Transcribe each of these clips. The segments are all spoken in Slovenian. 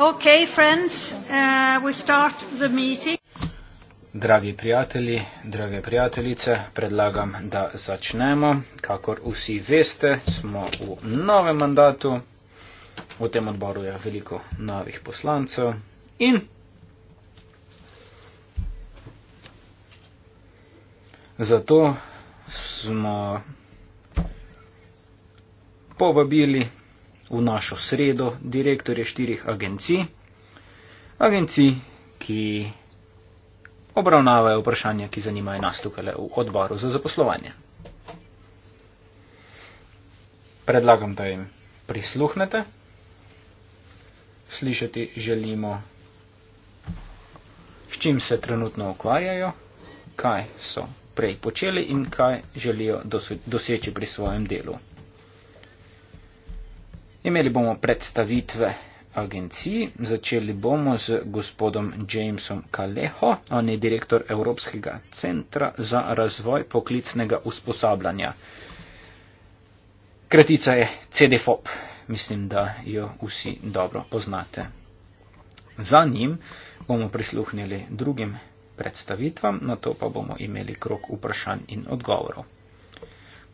Okay, friends, uh, we start the meeting. Dragi prijatelji, drage prijateljice, predlagam, da začnemo. Kakor vsi veste, smo v novem mandatu. V tem odboru je veliko novih poslancev in zato smo povabili v našo sredo direktorje štirih agencij, agencij, ki obravnavajo vprašanja, ki zanimajo nas tukaj v odboru za zaposlovanje. Predlagam, da jim prisluhnete. Slišati želimo, s čim se trenutno ukvarjajo, kaj so prej počeli in kaj želijo doseči pri svojem delu. Imeli bomo predstavitve agencij, začeli bomo z gospodom Jamesom Kaleho, on je direktor Evropskega centra za razvoj poklicnega usposabljanja. Kratica je CDFOP, mislim, da jo vsi dobro poznate. Za njim bomo prisluhnili drugim predstavitvam, na to pa bomo imeli krok vprašanj in odgovorov.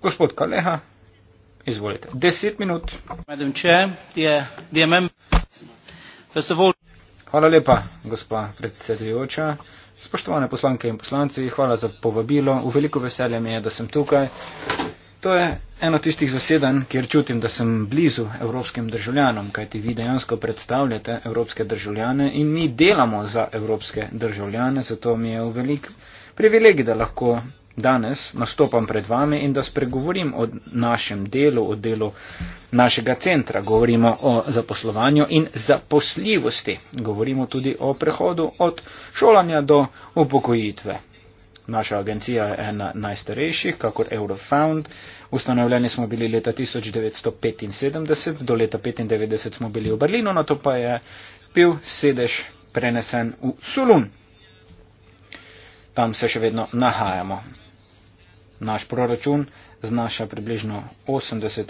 Gospod Kaleha, Izvolite. Deset minut. Hvala lepa, gospa predsedujoča. Spoštovane poslanke in poslanci, hvala za povabilo. V veliko veselje mi je, da sem tukaj. To je eno tistih zasedanj, kjer čutim, da sem blizu evropskim državljanom, kajti vi dejansko predstavljate evropske državljane in mi delamo za evropske državljane, zato mi je v velik privilegij, da lahko danes nastopam pred vami in da spregovorim o našem delu, o delu našega centra. Govorimo o zaposlovanju in zaposljivosti. Govorimo tudi o prehodu od šolanja do upokojitve. Naša agencija je ena najstarejših, kakor Eurofound. Ustanovljeni smo bili leta 1975, do leta 1995 smo bili v Berlinu, na to pa je bil sedež prenesen v Sulun. Tam se še vedno nahajamo naš proračun znaša približno 80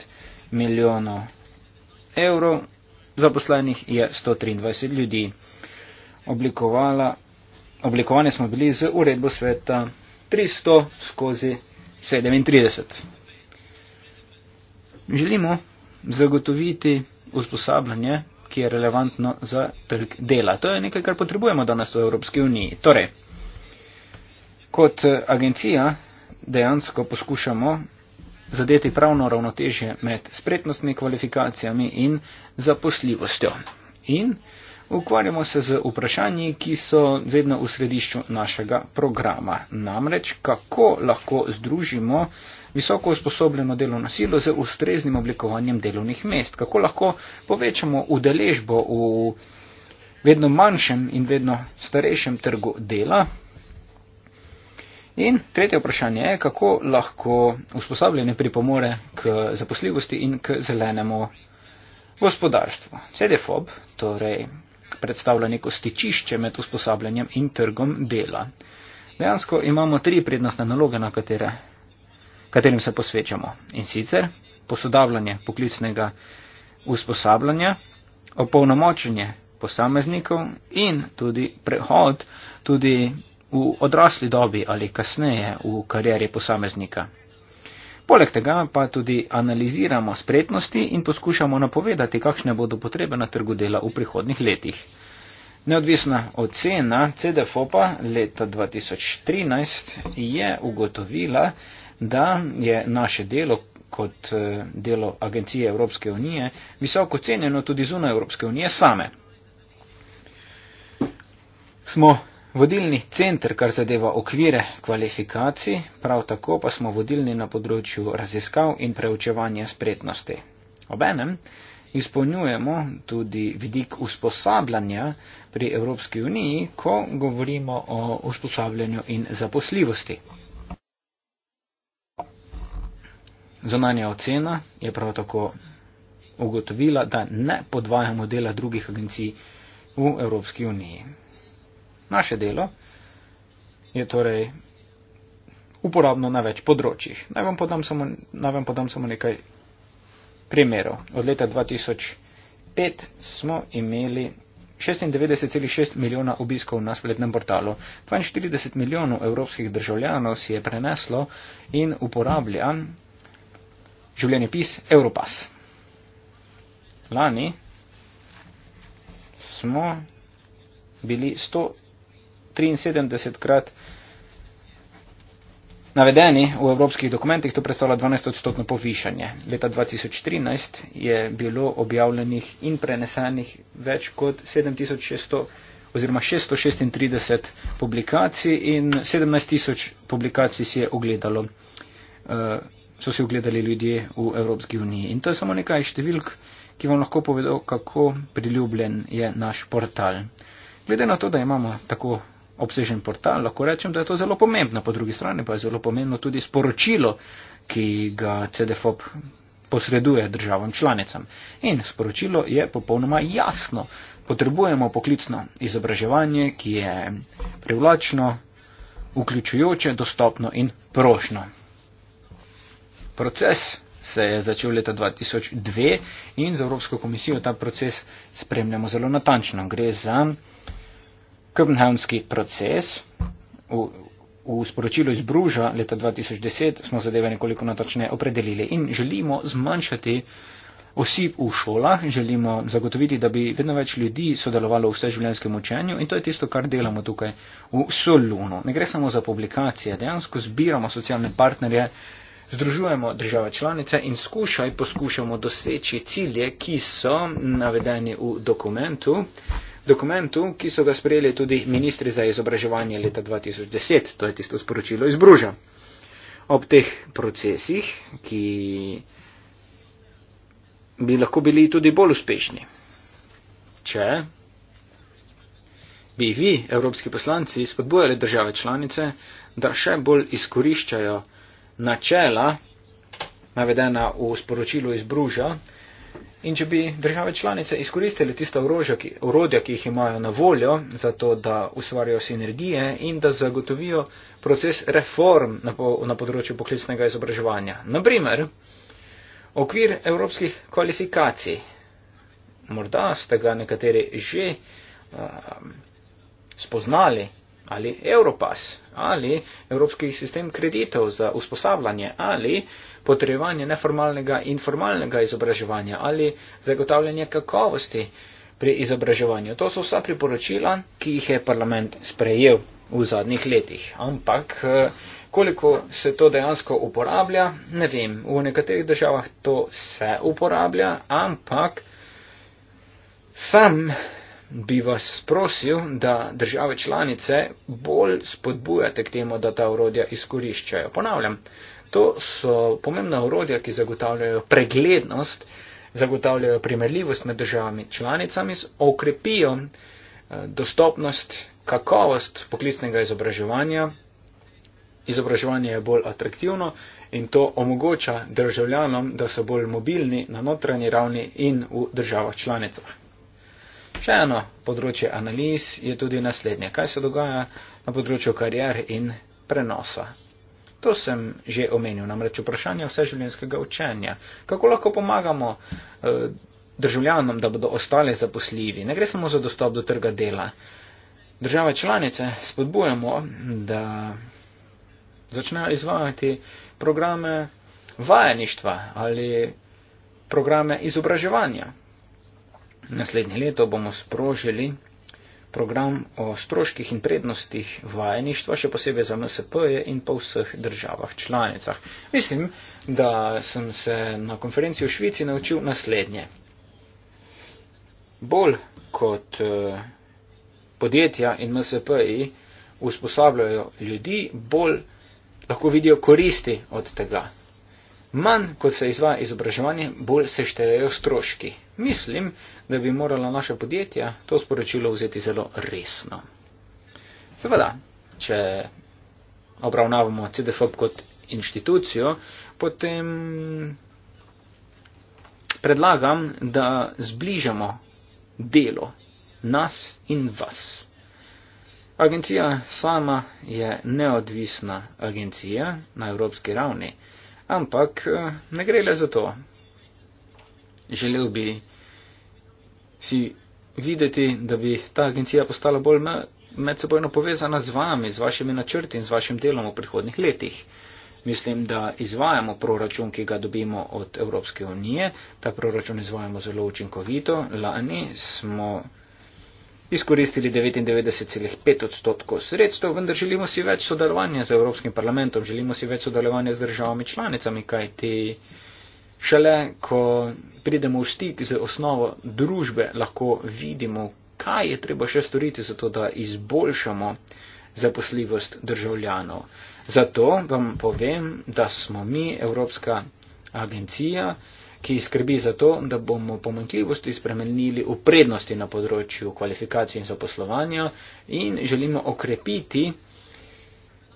milijonov evrov, zaposlenih je 123 ljudi. Oblikovala, oblikovane smo bili z uredbo sveta 300 skozi 37. Želimo zagotoviti usposabljanje, ki je relevantno za trg dela. To je nekaj, kar potrebujemo danes v Evropski uniji. Torej, kot agencija dejansko poskušamo zadeti pravno ravnotežje med spretnostnimi kvalifikacijami in zaposljivostjo. In ukvarjamo se z vprašanji, ki so vedno v središču našega programa. Namreč, kako lahko združimo visoko usposobljeno delovno silo z ustreznim oblikovanjem delovnih mest, kako lahko povečamo udeležbo v vedno manjšem in vedno starejšem trgu dela In tretje vprašanje je, kako lahko usposabljanje pripomore k zaposljivosti in k zelenemu gospodarstvu. CDFOB torej predstavlja neko stičišče med usposabljanjem in trgom dela. Dejansko imamo tri prednostne naloge, na katere, katerim se posvečamo. In sicer posodabljanje poklicnega usposabljanja, opolnomočenje posameznikov in tudi prehod, tudi v odrasli dobi ali kasneje v karieri posameznika. Poleg tega pa tudi analiziramo spretnosti in poskušamo napovedati, kakšne bodo potrebe na trgu dela v prihodnih letih. Neodvisna ocena CDFOPA leta 2013 je ugotovila, da je naše delo kot eh, delo Agencije Evropske unije visoko cenjeno tudi zunaj Evropske unije same. Smo vodilni center, kar zadeva okvire kvalifikacij, prav tako pa smo vodilni na področju raziskav in preučevanja spretnosti. Obenem izpolnjujemo tudi vidik usposabljanja pri Evropski uniji, ko govorimo o usposabljanju in zaposljivosti. Zonanja ocena je prav tako ugotovila, da ne podvajamo dela drugih agencij v Evropski uniji. Naše delo je torej uporabno na več področjih. Naj vam podam samo, naj vam podam samo nekaj primerov. Od leta 2005 smo imeli 96,6 milijona obiskov na spletnem portalu. 42 milijonov evropskih državljanov si je preneslo in uporablja življenjepis Europass. Lani smo bili 100 73 krat navedeni v evropskih dokumentih, to predstavlja 12 odstotno povišanje. Leta 2013 je bilo objavljenih in prenesenih več kot 7600 oziroma 636 publikacij in 17 tisoč publikacij si je ogledalo, eh, so si ogledali ljudje v Evropski uniji. In to je samo nekaj številk, ki vam lahko povedo, kako priljubljen je naš portal. Glede na to, da imamo tako obsežen portal, lahko rečem, da je to zelo pomembno. Po drugi strani pa je zelo pomembno tudi sporočilo, ki ga CDFOP posreduje državam članicam. In sporočilo je popolnoma jasno. Potrebujemo poklicno izobraževanje, ki je privlačno, vključujoče, dostopno in prošno. Proces se je začel leta 2002 in z Evropsko komisijo ta proces spremljamo zelo natančno. Gre za Kopenhavnski proces. V, v sporočilu iz Bruža leta 2010 smo zadeve nekoliko natočne opredelili in želimo zmanjšati osip v šolah, želimo zagotoviti, da bi vedno več ljudi sodelovalo v vseživljenjskem učenju in to je tisto, kar delamo tukaj v Solunu. Ne gre samo za publikacije, dejansko zbiramo socialne partnerje, združujemo države članice in skušaj poskušamo doseči cilje, ki so navedeni v dokumentu dokumentu, ki so ga sprejeli tudi ministri za izobraževanje leta 2010, to je tisto sporočilo iz Bruža. Ob teh procesih, ki bi lahko bili tudi bolj uspešni, če bi vi, evropski poslanci, spodbujali države članice, da še bolj izkoriščajo načela, navedena v sporočilu iz Bruža, In če bi države članice izkoristili tista orožja, ki, orodja, ki jih imajo na voljo, zato da ustvarjajo sinergije in da zagotovijo proces reform na, po, na področju poklicnega izobraževanja. Naprimer, okvir evropskih kvalifikacij. Morda ste ga nekateri že uh, spoznali, ali Europas, ali Evropski sistem kreditov za usposabljanje, ali potrebovanje neformalnega in formalnega izobraževanja, ali zagotavljanje kakovosti pri izobraževanju. To so vsa priporočila, ki jih je parlament sprejel v zadnjih letih. Ampak eh, koliko se to dejansko uporablja, ne vem. V nekaterih državah to se uporablja, ampak sam bi vas prosil, da države članice bolj spodbujate k temu, da ta urodja izkoriščajo. Ponavljam, to so pomembna urodja, ki zagotavljajo preglednost, zagotavljajo primerljivost med državami članicami, okrepijo eh, dostopnost, kakovost poklicnega izobraževanja. Izobraževanje je bolj atraktivno in to omogoča državljanom, da so bolj mobilni na notranji ravni in v državah članicah. Še eno področje analiz je tudi naslednje. Kaj se dogaja na področju karjer in prenosa? To sem že omenil, namreč vprašanje vseživljenjskega učenja. Kako lahko pomagamo eh, državljanom, da bodo ostali zaposljivi? Ne gre samo za dostop do trga dela. Države članice spodbujamo, da začnejo izvajati programe vajeništva ali programe izobraževanja. Naslednje leto bomo sprožili program o stroških in prednostih vajeništva, še posebej za MSP-je in po vseh državah članicah. Mislim, da sem se na konferenci v Švici naučil naslednje. Bolj kot eh, podjetja in MSP-ji usposabljajo ljudi, bolj lahko vidijo koristi od tega. Manj kot se izvaja izobraževanje, bolj se štejejo stroški. Mislim, da bi morala naša podjetja to sporočilo vzeti zelo resno. Seveda, če obravnavamo CDF kot inštitucijo, potem predlagam, da zbližamo delo nas in vas. Agencija sama je neodvisna agencija na evropski ravni. Ampak eh, ne gre le za to. Želel bi si videti, da bi ta agencija postala bolj medsebojno povezana z vami, z vašimi načrti in z vašim delom v prihodnih letih. Mislim, da izvajamo proračun, ki ga dobimo od Evropske unije. Ta proračun izvajamo zelo učinkovito. Lani smo izkoristili 99,5 odstotkov sredstev, vendar želimo si več sodelovanja z Evropskim parlamentom, želimo si več sodelovanja z državami članicami, kajti šele, ko pridemo v stik z osnovo družbe, lahko vidimo, kaj je treba še storiti, zato da izboljšamo zaposljivost državljanov. Zato vam povem, da smo mi Evropska agencija, ki skrbi za to, da bomo pomankljivosti spremenili v prednosti na področju kvalifikacij in zaposlovanja in želimo okrepiti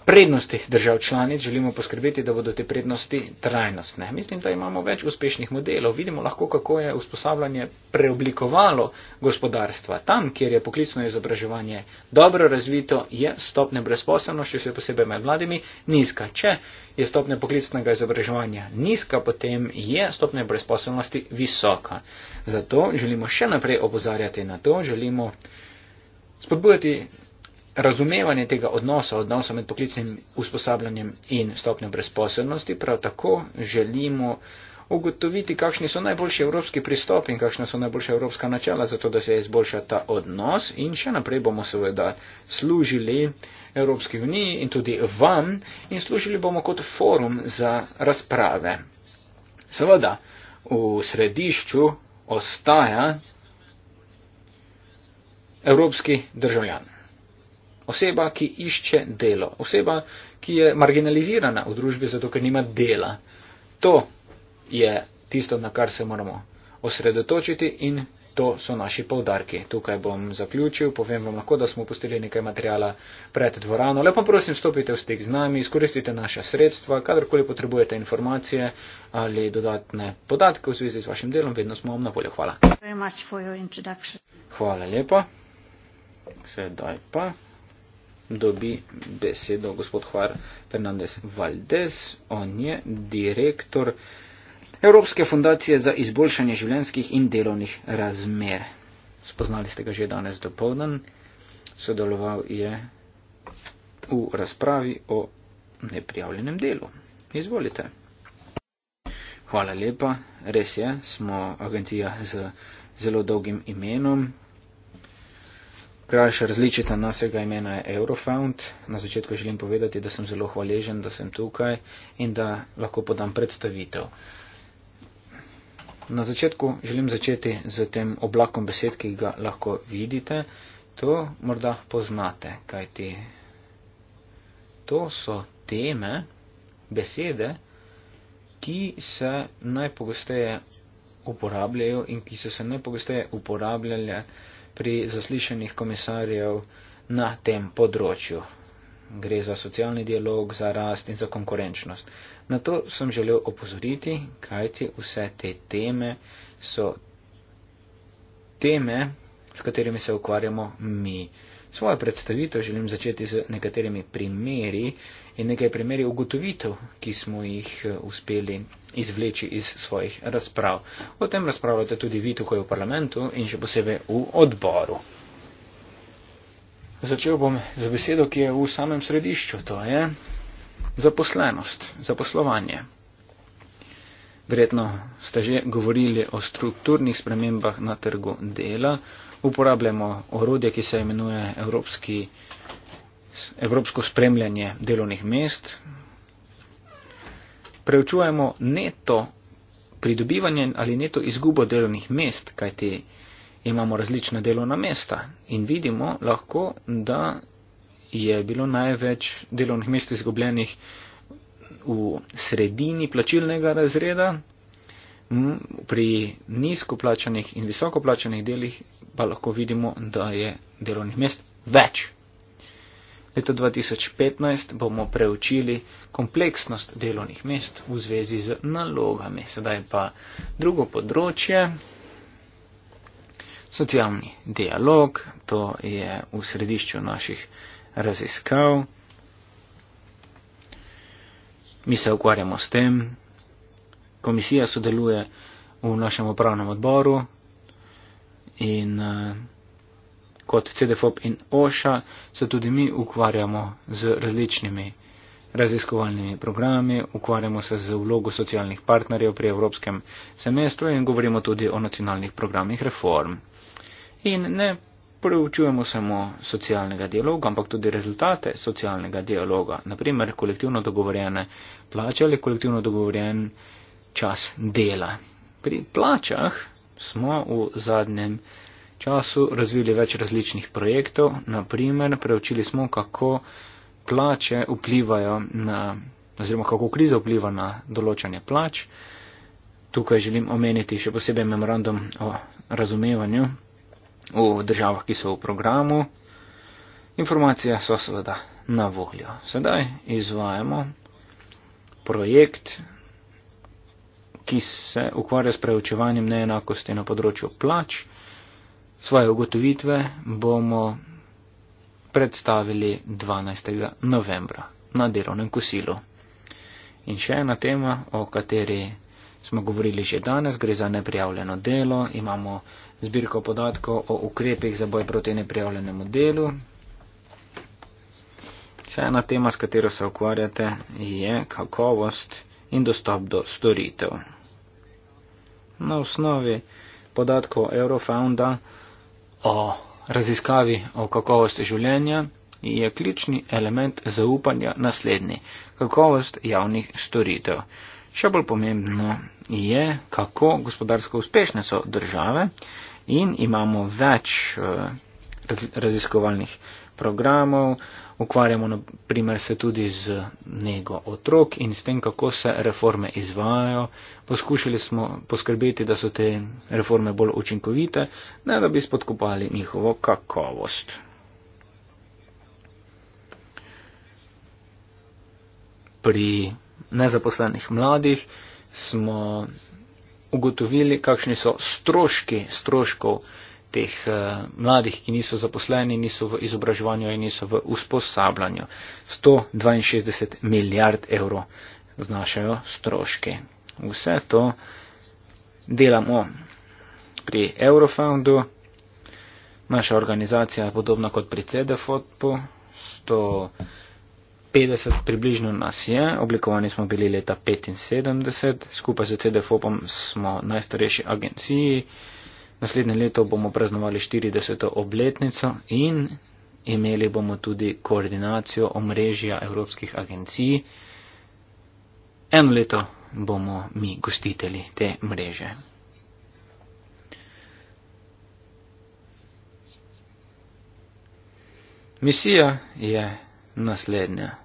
prednosti držav članic želimo poskrbeti, da bodo te prednosti trajnostne. Mislim, da imamo več uspešnih modelov. Vidimo lahko, kako je usposabljanje preoblikovalo gospodarstva. Tam, kjer je poklicno izobraževanje dobro razvito, je stopnja brezposobnosti, še posebej med mladimi, nizka. Če je stopnja poklicnega izobraževanja nizka, potem je stopnja brezposobnosti visoka. Zato želimo še naprej opozarjati na to, želimo spodbujati razumevanje tega odnosa, odnosa med poklicnim usposabljanjem in stopnjo brezposobnosti, prav tako želimo ugotoviti, kakšni so najboljši evropski pristopi in kakšna so najboljša evropska načela, zato da se izboljša ta odnos in še naprej bomo seveda služili Evropski uniji in tudi vam in služili bomo kot forum za razprave. Seveda, v središču ostaja evropski državljan. Oseba, ki išče delo. Oseba, ki je marginalizirana v družbi, zato ker nima dela. To je tisto, na kar se moramo osredotočiti in to so naši povdarki. Tukaj bom zaključil, povem vam lahko, da smo pustili nekaj materijala pred dvorano. Lepo prosim, stopite v stik z nami, izkoristite naša sredstva, kadarkoli potrebujete informacije ali dodatne podatke v zvezi z vašim delom, vedno smo vam na voljo. Hvala. Hvala lepa. Sedaj pa dobi besedo gospod Juar Fernandez Valdez. On je direktor Evropske fundacije za izboljšanje življenjskih in delovnih razmer. Spoznali ste ga že danes dopoldan. Sodeloval je v razpravi o neprijavljenem delu. Izvolite. Hvala lepa. Res je, smo agencija z zelo dolgim imenom, krajša različica našega imena je Eurofound. Na začetku želim povedati, da sem zelo hvaležen, da sem tukaj in da lahko podam predstavitev. Na začetku želim začeti z tem oblakom besed, ki ga lahko vidite. To morda poznate, kaj ti. To so teme, besede, ki se najpogosteje uporabljajo in ki so se najpogosteje uporabljale pri zaslišanjih komisarjev na tem področju. Gre za socialni dialog, za rast in za konkurenčnost. Na to sem želel opozoriti, kajti vse te teme so teme, s katerimi se ukvarjamo mi. Svojo predstavitev želim začeti z nekaterimi primeri in nekaj primeri ugotovitev, ki smo jih eh, uspeli izvleči iz svojih razprav. O tem razpravljate tudi vi tukaj v parlamentu in še posebej v odboru. Začel bom z besedo, ki je v samem središču, to je zaposlenost, zaposlovanje. Verjetno ste že govorili o strukturnih spremembah na trgu dela, uporabljamo orodje, ki se imenuje Evropski, Evropsko spremljanje delovnih mest. Preučujemo neto pridobivanje ali neto izgubo delovnih mest, kajti imamo različna delovna mesta in vidimo lahko, da je bilo največ delovnih mest izgubljenih v sredini plačilnega razreda, pri nizkoplačanih in visokoplačanih delih pa lahko vidimo, da je delovnih mest več. Leto 2015 bomo preučili kompleksnost delovnih mest v zvezi z nalogami. Sedaj pa drugo področje, socialni dialog, to je v središču naših raziskav. Mi se ukvarjamo s tem, komisija sodeluje v našem upravnem odboru in eh, kot CDFOP in OŠA se tudi mi ukvarjamo z različnimi raziskovalnimi programi, ukvarjamo se z vlogo socialnih partnerjev pri evropskem semestru in govorimo tudi o nacionalnih programih reform. In ne preučujemo samo socialnega dialoga, ampak tudi rezultate socialnega dialoga, naprimer kolektivno dogovorjene plače ali kolektivno dogovorjen čas dela. Pri plačah smo v zadnjem času razvili več različnih projektov, naprimer preučili smo, kako plače vplivajo na, oziroma kako kriza vpliva na določanje plač. Tukaj želim omeniti še posebej memorandum o razumevanju v državah, ki so v programu. Informacije so seveda na voljo. Sedaj izvajamo projekt ki se ukvarja s preučevanjem neenakosti na področju plač. Svoje ugotovitve bomo predstavili 12. novembra na delovnem kosilu. In še ena tema, o kateri smo govorili že danes, gre za neprijavljeno delo. Imamo zbirko podatkov o ukrepih za boj proti neprijavljenemu delu. Še ena tema, s katero se ukvarjate, je kakovost in dostop do storitev na osnovi podatkov Eurofounda o raziskavi o kakovosti življenja je ključni element zaupanja naslednji - kakovost javnih storitev. Še bolj pomembno je, kako gospodarsko uspešne so države in imamo več eh, raziskovalnih programov, ukvarjamo naprimer se tudi z nego otrok in s tem, kako se reforme izvajajo. Poskušali smo poskrbeti, da so te reforme bolj učinkovite, ne da bi spodkopali njihovo kakovost. Pri nezaposlenih mladih smo ugotovili, kakšni so stroški stroškov, teh eh, mladih, ki niso zaposleni, niso v izobraževanju in niso v usposabljanju. 162 milijard evrov znašajo stroške. Vse to delamo pri Eurofoundu. Naša organizacija je podobna kot pri CDFOTPU. 150 približno nas je, oblikovani smo bili leta 75, skupaj z CDFOPom smo najstarejši agenciji, uh, Naslednje leto bomo praznovali 40. obletnico in imeli bomo tudi koordinacijo omrežja evropskih agencij. Eno leto bomo mi gostiteli te mreže. Misija je naslednja.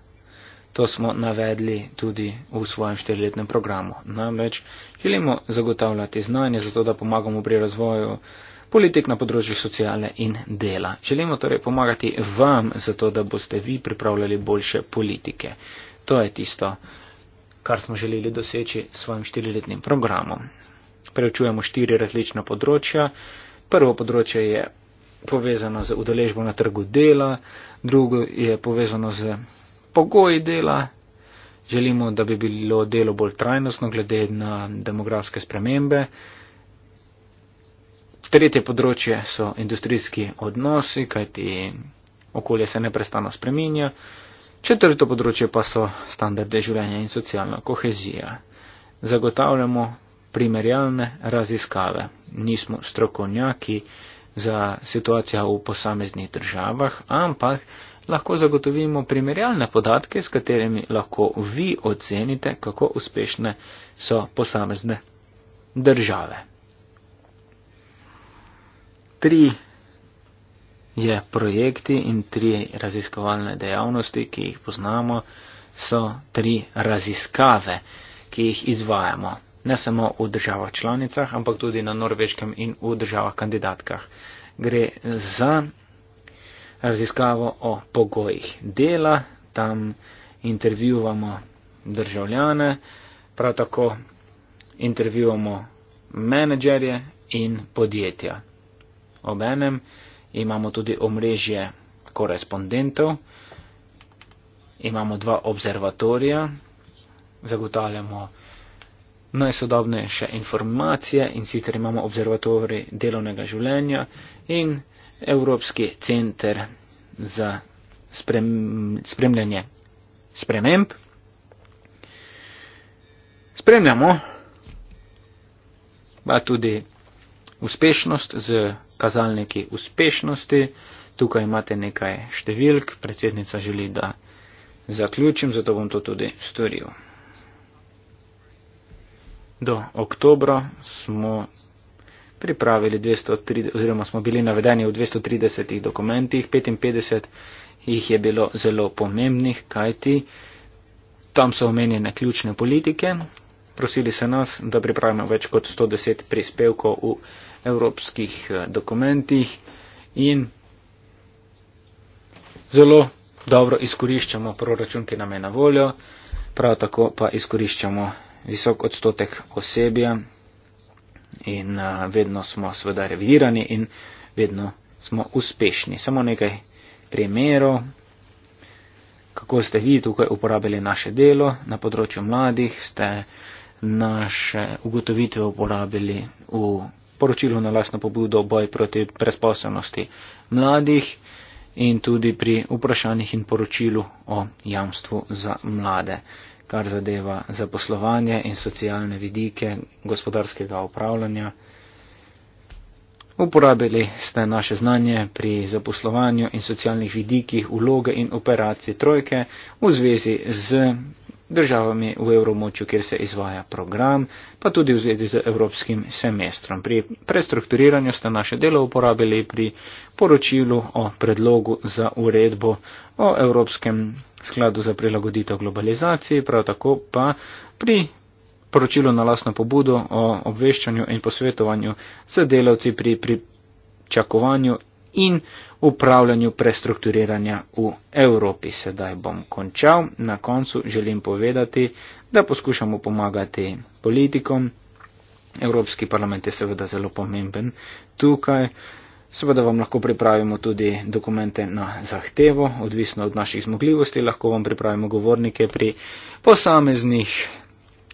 To smo navedli tudi v svojem štiriletnem programu. Namreč želimo zagotavljati znanje, zato da pomagamo pri razvoju politik na področju socialne in dela. Želimo torej pomagati vam, zato da boste vi pripravljali boljše politike. To je tisto, kar smo želeli doseči s svojim štiriletnim programom. Preučujemo štiri različna področja. Prvo področje je povezano z udeležbo na trgu dela, drugo je povezano z pogoji dela, želimo, da bi bilo delo bolj trajnostno glede na demografske spremembe. Tretje področje so industrijski odnosi, kajti okolje se neprestano spreminja. Četrto področje pa so standarde življenja in socialna kohezija. Zagotavljamo primerjalne raziskave. Nismo strokovnjaki za situacijo v posameznih državah, ampak lahko zagotovimo primerjalne podatke, s katerimi lahko vi ocenite, kako uspešne so posamezne države. Tri je projekti in tri raziskovalne dejavnosti, ki jih poznamo, so tri raziskave, ki jih izvajamo. Ne samo v državah članicah, ampak tudi na norveškem in v državah kandidatkah. Gre za raziskavo o pogojih dela, tam intervjuvamo državljane, prav tako intervjuvamo menedžerje in podjetja. Obenem imamo tudi omrežje korespondentov, imamo dva observatorija, zagotavljamo najsodobnejše informacije in sicer imamo observatorij delovnega življenja in Evropski center za spremljanje sprememb. Spremljamo pa tudi uspešnost z kazalniki uspešnosti. Tukaj imate nekaj številk, predsednica želi, da zaključim, zato bom to tudi storil. Do oktobra smo pripravili 230, oziroma smo bili navedeni v 230 dokumentih, 55 jih je bilo zelo pomembnih, kajti tam so omenjene ključne politike. Prosili so nas, da pripravimo več kot 110 prispevkov v evropskih eh, dokumentih in zelo dobro izkoriščamo proračun, ki nam je na voljo, prav tako pa izkoriščamo visok odstotek osebja, in uh, vedno smo seveda revidirani in vedno smo uspešni. Samo nekaj primerov, kako ste vi tukaj uporabili naše delo na področju mladih, ste naše ugotovitve uporabili v poročilu na lasno pobudo boj proti brezposobnosti mladih in tudi pri vprašanjih in poročilu o jamstvu za mlade kar zadeva zaposlovanje in socialne vidike gospodarskega upravljanja. Uporabili ste naše znanje pri zaposlovanju in socialnih vidikih vloge in operacije trojke v zvezi z državami v evromočju, kjer se izvaja program, pa tudi v zvezi z evropskim semestrom. Pri prestrukturiranju ste naše delo uporabili pri poročilu o predlogu za uredbo o evropskem skladu za prilagoditev globalizaciji, prav tako pa pri poročilu na lasno pobudo o obveščanju in posvetovanju z delavci pri pričakovanju in upravljanju prestrukturiranja v Evropi. Sedaj bom končal. Na koncu želim povedati, da poskušamo pomagati politikom. Evropski parlament je seveda zelo pomemben tukaj. Seveda vam lahko pripravimo tudi dokumente na zahtevo, odvisno od naših zmogljivosti, lahko vam pripravimo govornike pri posameznih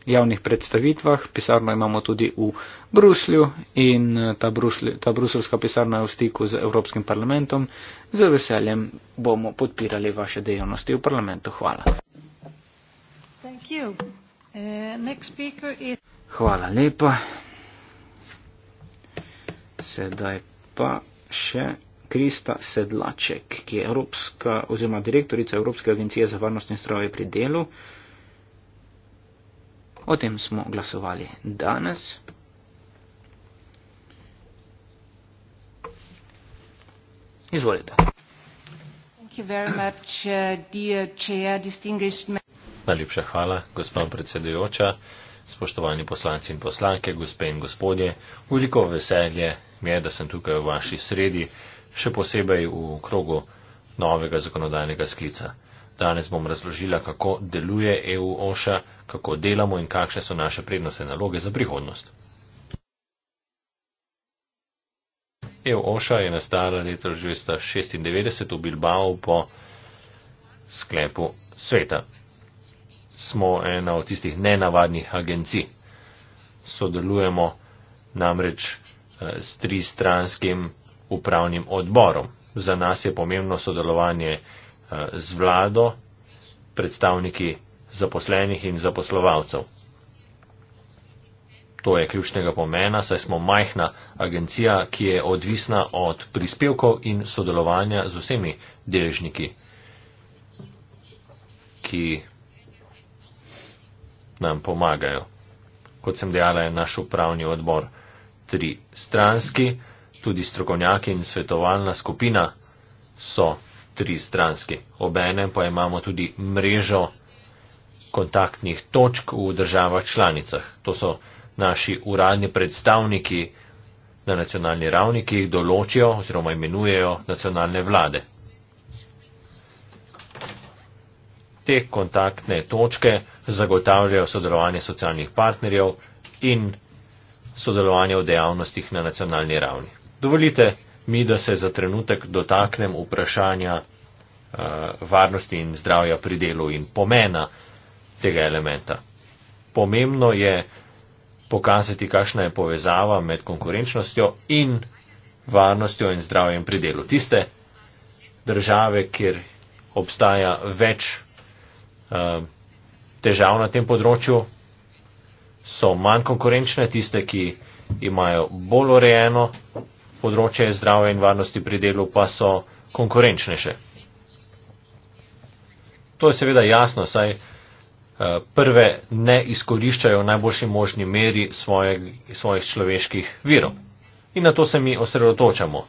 javnih predstavitvah. Pisarno imamo tudi v Bruslju in eh, ta, Brusli, ta bruselska pisarna je v stiku z Evropskim parlamentom. Z veseljem bomo podpirali vaše dejavnosti v parlamentu. Hvala. Uh, Hvala lepa. Sedaj pa še Krista Sedlaček, ki je Evropska, oziroma direktorica Evropske agencije za varnost in zdravje pri delu. O tem smo glasovali danes. Izvolite. Uh, Najlepša hvala, gospa predsedujoča, spoštovani poslanci in poslanke, gospe in gospodje. Veliko veselje mi je, da sem tukaj v vaši sredi, še posebej v krogu novega zakonodajnega sklica. Danes bom razložila, kako deluje EU OŠA, kako delamo in kakšne so naše prednostne naloge za prihodnost. EU OŠA je nastala leta 1996 v Bilbao po sklepu sveta. Smo ena od tistih nenavadnih agencij. Sodelujemo namreč Eh, s tristranskim upravnim odborom. Za nas je pomembno sodelovanje eh, z vlado, predstavniki zaposlenih in zaposlovalcev. To je ključnega pomena, saj smo majhna agencija, ki je odvisna od prispevkov in sodelovanja z vsemi deležniki, ki nam pomagajo. Kot sem dejala, je naš upravni odbor tri stranski, tudi strokovnjaki in svetovalna skupina so tri stranski. Obenem pa imamo tudi mrežo kontaktnih točk v državah članicah. To so naši uradni predstavniki na nacionalni ravni, ki jih določijo oziroma imenujejo nacionalne vlade. Te kontaktne točke zagotavljajo sodelovanje socialnih partnerjev in sodelovanja v dejavnostih na nacionalni ravni. Dovolite mi, da se za trenutek dotaknem vprašanja uh, varnosti in zdravja pri delu in pomena tega elementa. Pomembno je pokazati, kakšna je povezava med konkurenčnostjo in varnostjo in zdravjem pri delu. Tiste države, kjer obstaja več uh, težav na tem področju, so manj konkurenčne, tiste, ki imajo bolj urejeno področje zdravja in varnosti pri delu, pa so konkurenčnejše. To je seveda jasno, saj eh, prve ne izkoriščajo v najboljši možni meri svojeg, svojih človeških virov. In na to se mi osredotočamo.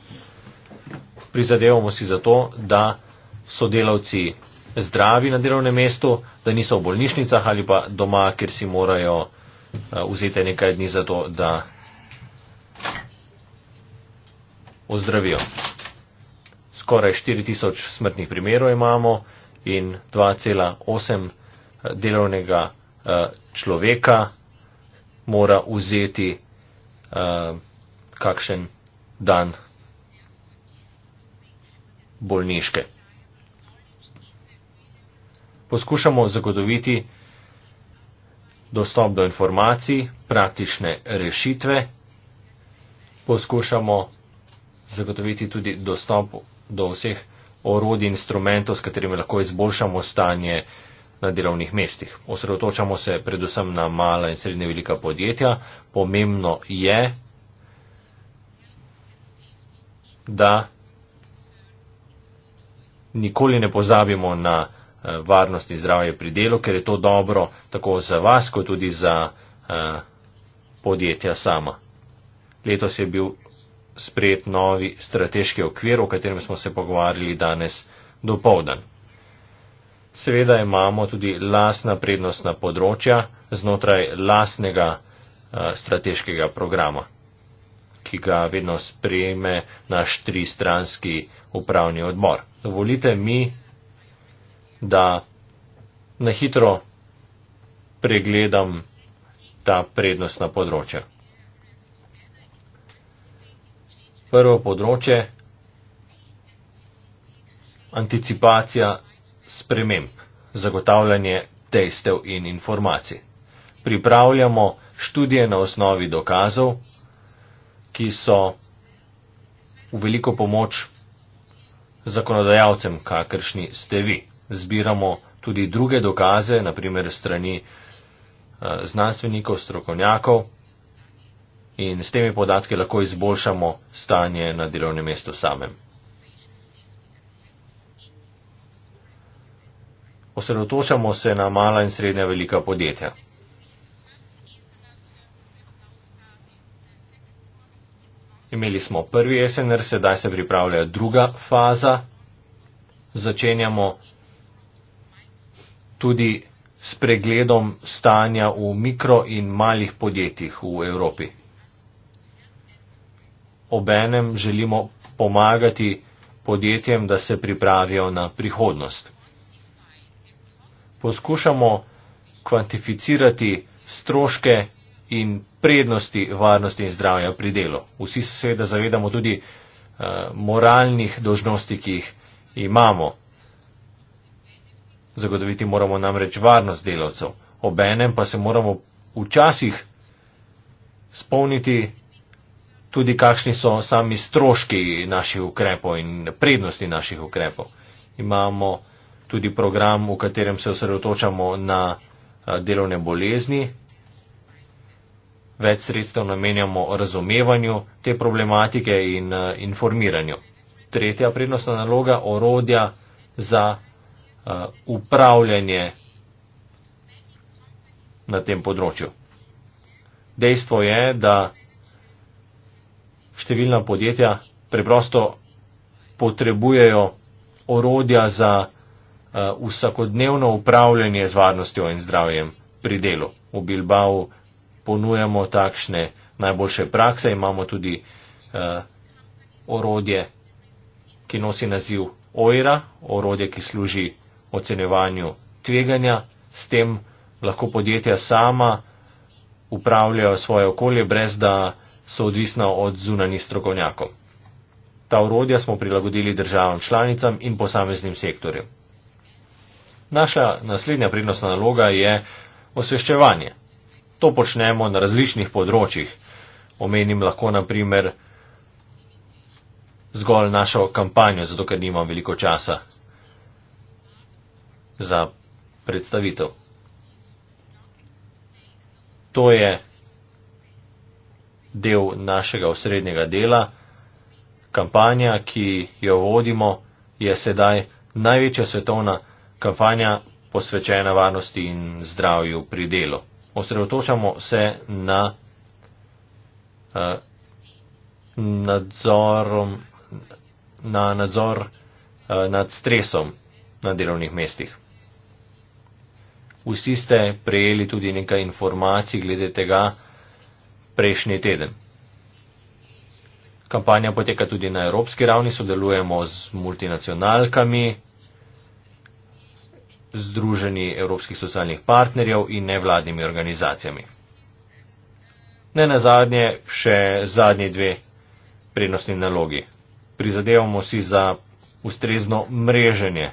Prizadevamo si za to, da so delavci zdravi na delovnem mestu, da niso v bolnišnicah ali pa doma, ker si morajo Eh, vzeti nekaj dni za to, da ozdravijo. Skoraj 4000 smrtnih primerov imamo in 2,8 eh, delovnega eh, človeka mora vzeti kakšen dan bolniške. Poskušamo zagotoviti, dostop do informacij, praktične rešitve, poskušamo zagotoviti tudi dostop do vseh orodij in instrumentov, s katerimi lahko izboljšamo stanje na delovnih mestih. Osredotočamo se predvsem na mala in srednje velika podjetja. Pomembno je, da nikoli ne pozabimo na Eh, varnost in zdravje pri delu, ker je to dobro tako za vas, kot tudi za eh, podjetja sama. Letos je bil sprejet novi strateški okvir, o katerem smo se pogovarjali danes do povdan. Seveda imamo tudi lasna prednostna področja znotraj lasnega eh, strateškega programa, ki ga vedno sprejme naš tristranski upravni odbor. Dovolite mi da na hitro pregledam ta prednostna področja. Prvo področje, anticipacija sprememb, zagotavljanje testev in informacij. Pripravljamo študije na osnovi dokazov, ki so v veliko pomoč zakonodajalcem, kakršni ste vi zbiramo tudi druge dokaze, naprimer strani eh, znanstvenikov, strokovnjakov in s temi podatki lahko izboljšamo stanje na delovnem mestu samem. Osredotočamo se na mala in srednja velika podjetja. Imeli smo prvi SNR, sedaj se pripravlja druga faza. Začenjamo tudi s pregledom stanja v mikro in malih podjetjih v Evropi. Obenem želimo pomagati podjetjem, da se pripravijo na prihodnost. Poskušamo kvantificirati stroške in prednosti varnosti in zdravja pri delu. Vsi se seveda zavedamo tudi uh, moralnih dožnosti, ki jih imamo. Zagotoviti moramo namreč varnost delavcev, obenem pa se moramo včasih spomniti tudi, kakšni so sami stroški naših ukrepov in prednosti naših ukrepov. Imamo tudi program, v katerem se osredotočamo na delovne bolezni, več sredstev namenjamo razumevanju te problematike in informiranju. Tretja prednostna naloga, orodja za Eh, upravljanje na tem področju. Dejstvo je, da številna podjetja preprosto potrebujejo orodja za uh, vsakodnevno upravljanje z varnostjo in zdravjem pri delu. V Bilbao ponujamo takšne najboljše prakse, imamo tudi uh, orodje, ki nosi naziv OIRA, orodje, ki služi ocenevanju tveganja, s tem lahko podjetja sama upravljajo svoje okolje, brez da so odvisna od zunanih strokovnjakov. Ta urodja smo prilagodili državam članicam in posameznim sektorjem. Naša naslednja prednostna naloga je osveščevanje. To počnemo na različnih področjih. Omenim lahko naprimer zgolj našo kampanjo, zato ker nimam veliko časa za predstavitev. To je del našega osrednjega dela. Kampanja, ki jo vodimo, je sedaj največja svetovna kampanja posvečena varnosti in zdravju pri delu. Osredotočamo se na uh, nadzorom, na nadzor uh, nad stresom na delovnih mestih. Vsi ste prejeli tudi nekaj informacij glede tega prejšnji teden. Kampanja poteka tudi na evropski ravni, sodelujemo z multinacionalkami, združeni evropskih socialnih partnerjev in nevladnimi organizacijami. Ne na zadnje, še zadnje dve prednostni nalogi. Prizadevamo si za ustrezno mreženje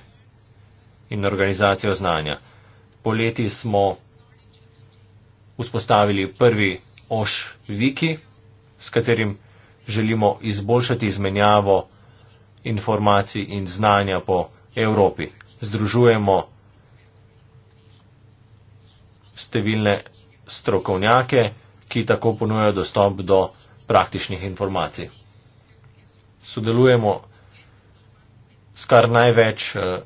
in organizacijo znanja poleti smo vzpostavili prvi OŠ Viki, s katerim želimo izboljšati izmenjavo informacij in znanja po Evropi. Združujemo številne strokovnjake, ki tako ponujajo dostop do praktičnih informacij. Sodelujemo s kar največ eh,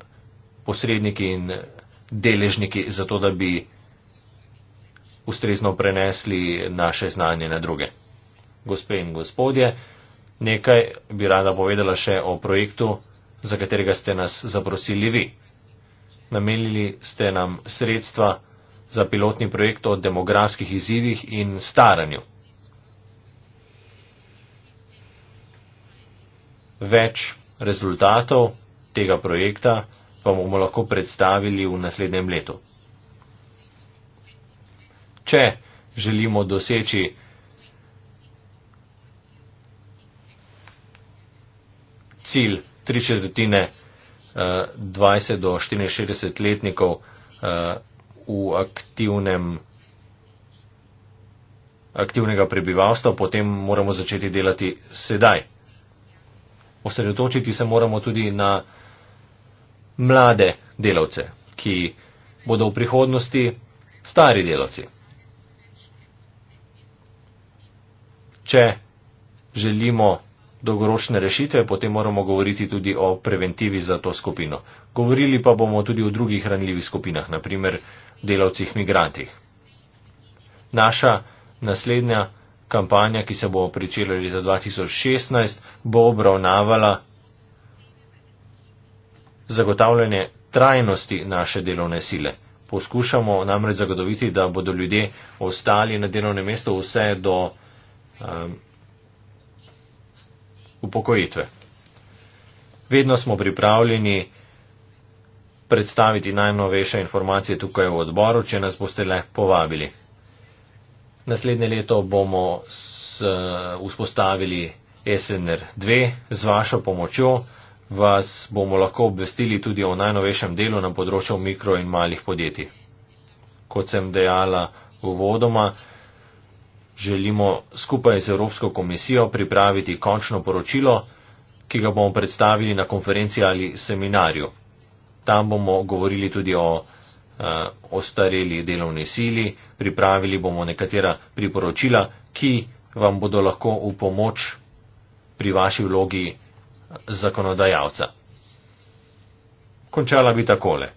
posredniki in deležniki, zato da bi ustrezno prenesli naše znanje na druge. Gospe in gospodje, nekaj bi rada povedala še o projektu, za katerega ste nas zaprosili vi. Namenili ste nam sredstva za pilotni projekt o demografskih izzivih in staranju. Več rezultatov tega projekta pa bomo lahko predstavili v naslednjem letu. Če želimo doseči cilj tri četrtine 20 eh, do 64 letnikov eh, v aktivnem aktivnega prebivalstva, potem moramo začeti delati sedaj. Osredotočiti se moramo tudi na mlade delavce, ki bodo v prihodnosti stari delavci. Če želimo dolgoročne rešitve, potem moramo govoriti tudi o preventivi za to skupino. Govorili pa bomo tudi o drugih ranljivih skupinah, naprimer delavcih migrantih. Naša naslednja kampanja, ki se bo pričela leta 2016, bo obravnavala zagotavljanje trajnosti naše delovne sile. Poskušamo namreč zagotoviti, da bodo ljudje ostali na delovnem mestu vse do um, upokojitve. Vedno smo pripravljeni predstaviti najnovejše informacije tukaj v odboru, če nas boste le povabili. Naslednje leto bomo s, uh, vzpostavili SNR 2 z vašo pomočjo vas bomo lahko obvestili tudi o najnovejšem delu na področju mikro in malih podjetij. Kot sem dejala uvodoma, želimo skupaj z Evropsko komisijo pripraviti končno poročilo, ki ga bomo predstavili na konferenci ali seminarju. Tam bomo govorili tudi o eh, ostareli delovni sili, pripravili bomo nekatera priporočila, ki vam bodo lahko v pomoč pri vaši vlogi zakonodajalca. Končala bi takole.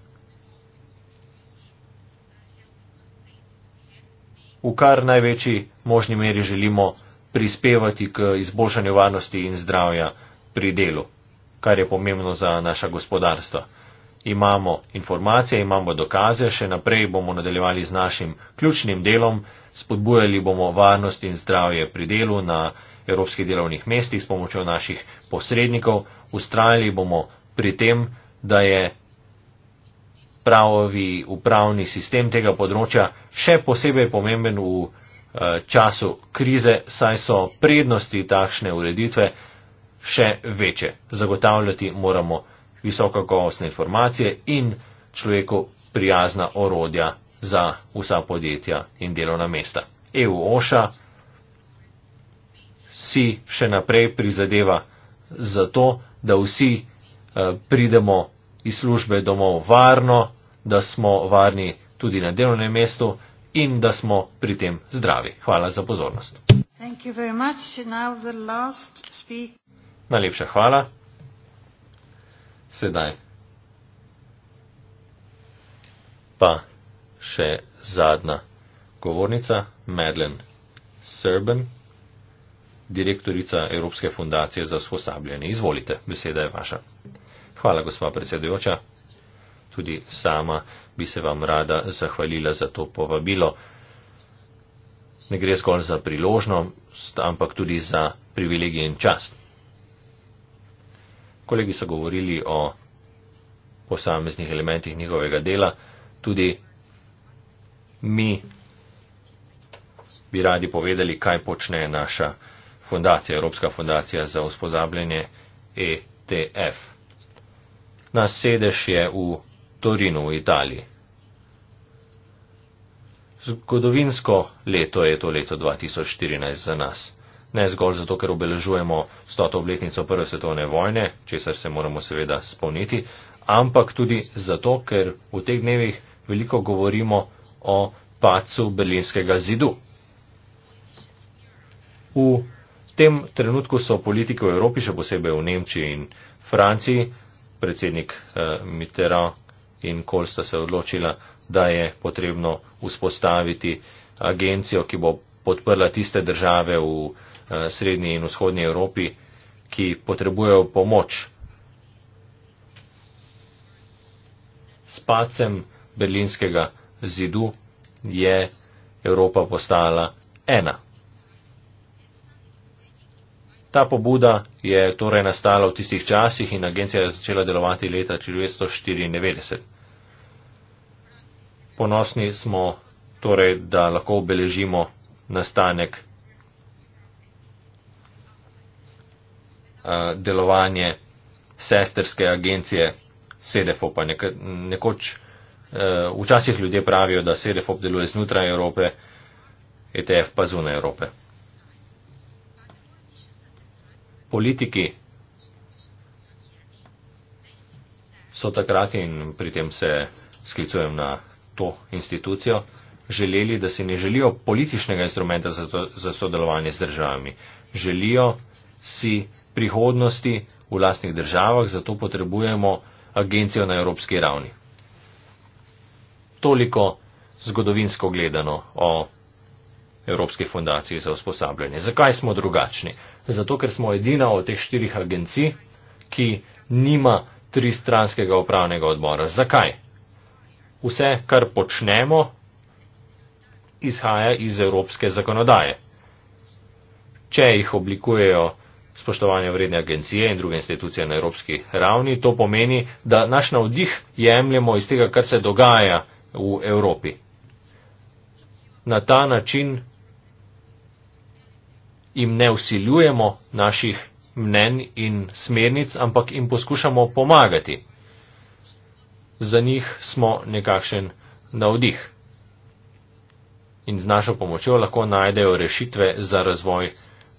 V kar največji možni meri želimo prispevati k izboljšanju varnosti in zdravja pri delu, kar je pomembno za naša gospodarstva. Imamo informacije, imamo dokaze, še naprej bomo nadaljevali z našim ključnim delom, spodbujali bomo varnost in zdravje pri delu na evropskih delovnih mestih s pomočjo naših posrednikov. Ustrajali bomo pri tem, da je pravi upravni sistem tega področja še posebej pomemben v eh, času krize, saj so prednosti takšne ureditve še večje. Zagotavljati moramo visokokosne informacije in človeku prijazna orodja za vsa podjetja in delovna mesta. EU OŠA si še naprej prizadeva za to, da vsi eh, pridemo iz službe domov varno, da smo varni tudi na delovnem mestu in da smo pri tem zdravi. Hvala za pozornost. Najlepša hvala. Sedaj pa še zadnja govornica, Madeleine Serben direktorica Evropske fundacije za usposabljanje. Izvolite, beseda je vaša. Hvala, gospa predsedujoča. Tudi sama bi se vam rada zahvalila za to povabilo. Ne gre zgolj za priložnost, ampak tudi za privilegij in čast. Kolegi so govorili o posameznih elementih njihovega dela, tudi mi bi radi povedali, kaj počne naša fundacija, Evropska fundacija za ospozabljanje ETF. Nas sedež je v Torinu v Italiji. Zgodovinsko leto je to leto 2014 za nas. Ne zgolj zato, ker obeležujemo 100. obletnico Prve svetovne vojne, česar se moramo seveda spomniti, ampak tudi zato, ker v teh dnevih veliko govorimo o pacu berlinskega zidu. V tem trenutku so politiki v Evropi, še posebej v Nemčiji in Franciji, predsednik eh, Mitterrand in Kohl sta se odločila, da je potrebno vzpostaviti agencijo, ki bo podprla tiste države v eh, srednji in vzhodnji Evropi, ki potrebujejo pomoč. S pacem berlinskega zidu je Evropa postala ena. Ta pobuda je torej nastala v tistih časih in agencija je začela delovati leta 1994. Ponosni smo torej, da lahko obeležimo nastanek delovanje sesterske agencije Sedefopa. Nekoč, včasih ljudje pravijo, da Sedefop deluje znotraj Evrope, ETF pa zunaj Evrope politiki so takrat in pri tem se sklicujem na to institucijo, želeli, da si ne želijo političnega instrumenta za, to, za sodelovanje z državami. Želijo si prihodnosti v lastnih državah, zato potrebujemo agencijo na evropski ravni. Toliko zgodovinsko gledano o. Evropske fundacije za usposabljanje. Zakaj smo drugačni? Zato, ker smo edina od teh štirih agencij, ki nima tristranskega upravnega odbora. Zakaj? Vse, kar počnemo, izhaja iz evropske zakonodaje. Če jih oblikujejo spoštovanje vredne agencije in druge institucije na evropski ravni, to pomeni, da naš navdih jemljemo iz tega, kar se dogaja v Evropi. Na ta način jim ne usiljujemo naših mnen in smernic, ampak jim poskušamo pomagati. Za njih smo nekakšen navdih. In z našo pomočjo lahko najdejo rešitve za razvoj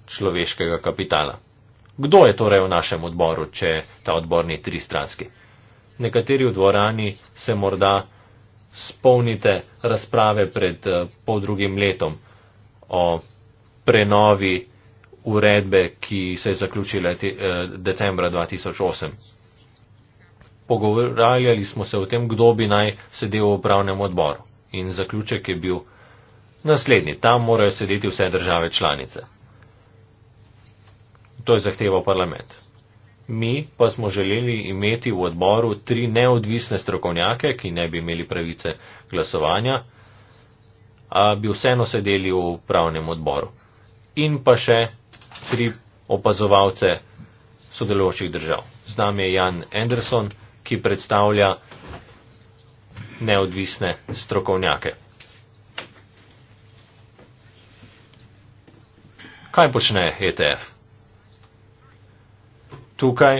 človeškega kapitala. Kdo je torej v našem odboru, če ta odbor ni tristranski? Nekateri v dvorani se morda spomnite razprave pred eh, pol drugim letom o prenovi uredbe, ki se je zaključila eh, decembra 2008. Pogovarjali smo se o tem, kdo bi naj sedel v upravnem odboru. In zaključek je bil naslednji. Tam morajo sedeti vse države članice. To je zahteval parlament. Mi pa smo želeli imeti v odboru tri neodvisne strokovnjake, ki ne bi imeli pravice glasovanja, a bi vseeno sedeli v upravnem odboru. In pa še tri opazovalce sodelujočih držav. Z nami je Jan Anderson, ki predstavlja neodvisne strokovnjake. Kaj počne ETF? Tukaj,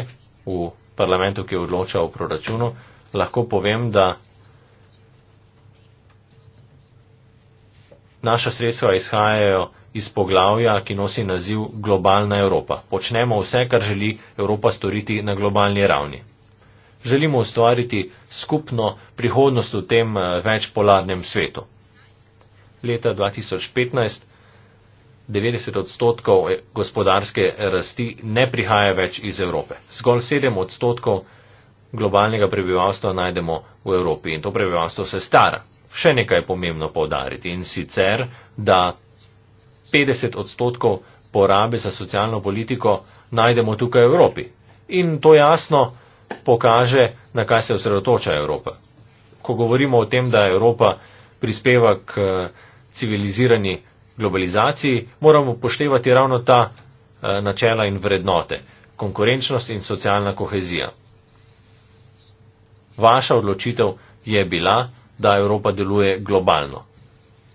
v parlamentu, ki odloča o proračunu, lahko povem, da naša sredstva izhajajo iz poglavja, ki nosi naziv Globalna Evropa. Počnemo vse, kar želi Evropa storiti na globalni ravni. Želimo ustvariti skupno prihodnost v tem eh, večpolarnem svetu. Leta 2015 90 odstotkov eh, gospodarske rasti ne prihaja več iz Evrope. Zgolj 7 odstotkov globalnega prebivalstva najdemo v Evropi in to prebivalstvo se stara. Še nekaj je pomembno povdariti in sicer, da 50 odstotkov porabe za socialno politiko najdemo tukaj v Evropi. In to jasno pokaže, na kaj se osredotoča Evropa. Ko govorimo o tem, da Evropa prispeva k eh, civilizirani globalizaciji, moramo poštevati ravno ta eh, načela in vrednote - konkurenčnost in socialna kohezija. Vaša odločitev je bila, da Evropa deluje globalno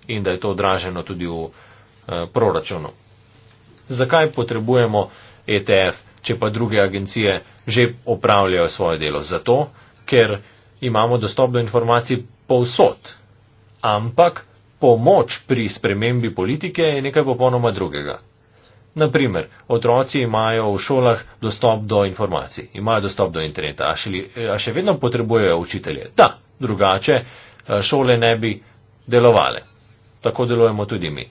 in da je to odraženo tudi v uh, Eh, proračunu. Zakaj potrebujemo ETF, če pa druge agencije že opravljajo svoje delo? Zato, ker imamo dostop do informacij povsod. Ampak pomoč pri spremembi politike je nekaj popolnoma drugega. Naprimer, otroci imajo v šolah dostop do informacij, imajo dostop do interneta, a, šli, eh, a še vedno potrebujejo učitelje. Da, drugače eh, šole ne bi delovale. Tako delujemo tudi mi.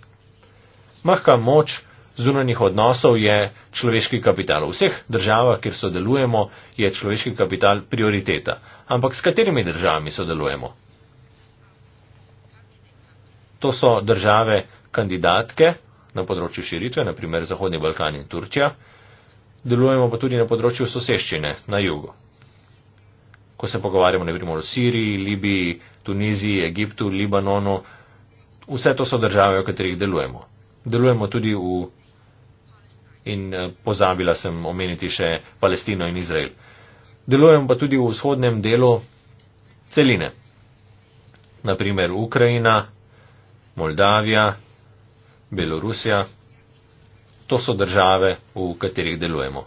Mahka moč zunanjih odnosov je človeški kapital. V vseh državah, kjer sodelujemo, je človeški kapital prioriteta. Ampak s katerimi državami sodelujemo? To so države kandidatke na področju širitve, naprimer Zahodni Balkan in Turčja. Delujemo pa tudi na področju soseščine na jugu. Ko se pogovarjamo, ne vem, o Siriji, Libiji, Tuniziji, Egiptu, Libanonu, vse to so države, v katerih delujemo delujemo tudi v. In eh, pozabila sem omeniti še Palestino in Izrael. Delujemo pa tudi v vzhodnem delu celine. Naprimer Ukrajina, Moldavija, Belorusija. To so države, v katerih delujemo.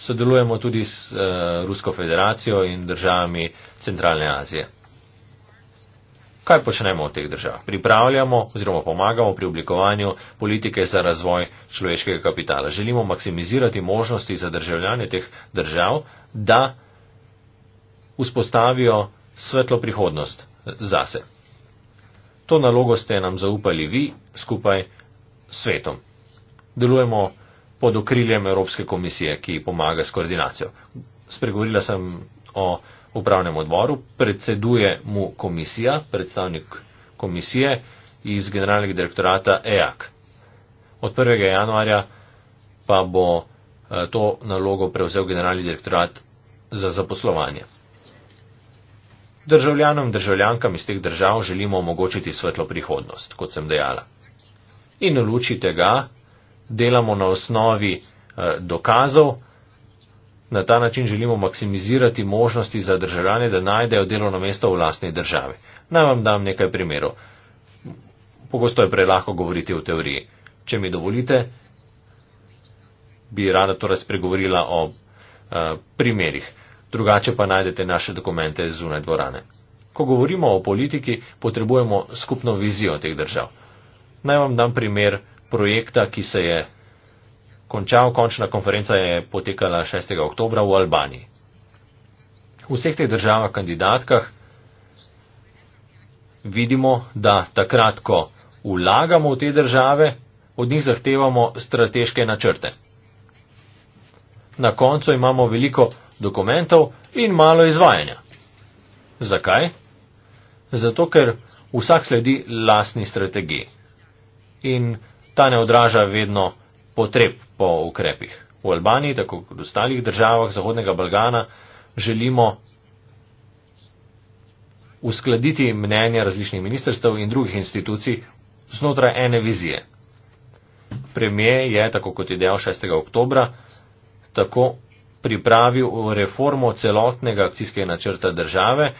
Sodelujemo tudi s uh, Rusko federacijo in državami Centralne Azije. Kaj počnemo v teh državah? Pripravljamo oziroma pomagamo pri oblikovanju politike za razvoj človeškega kapitala. Želimo maksimizirati možnosti za državljanje teh držav, da vzpostavijo svetlo prihodnost zase. To nalogo ste nam zaupali vi skupaj s svetom. Delujemo pod okriljem Evropske komisije, ki pomaga s koordinacijo. Spregovorila sem o upravnem odboru, predseduje mu komisija, predstavnik komisije iz generalnega direktorata EAK. Od 1. januarja pa bo eh, to nalogo prevzel generalni direktorat za zaposlovanje. Državljanom in državljankam iz teh držav želimo omogočiti svetlo prihodnost, kot sem dejala. In v luči tega delamo na osnovi eh, dokazov, Na ta način želimo maksimizirati možnosti za državljane, da najdejo delovno mesto v lastni državi. Naj vam dam nekaj primerov. Pogosto je prelahko govoriti o teoriji. Če mi dovolite, bi rada torej spregovorila o a, eh, primerih. Drugače pa najdete naše dokumente zunaj dvorane. Ko govorimo o politiki, potrebujemo skupno vizijo teh držav. Naj vam dam primer projekta, ki se je končal, končna konferenca je potekala 6. oktober v Albaniji. V vseh teh državah kandidatkah vidimo, da takrat, ko vlagamo v te države, od njih zahtevamo strateške načrte. Na koncu imamo veliko dokumentov in malo izvajanja. Zakaj? Zato, ker vsak sledi lastni strategiji in ta ne odraža vedno potreb po ukrepih. V Albaniji, tako kot v ostalih državah Zahodnega Balkana, želimo uskladiti mnenja različnih ministrstev in drugih institucij znotraj ene vizije. Premijer je, tako kot je dejal 6. oktober, tako pripravil reformo celotnega akcijskega načrta države,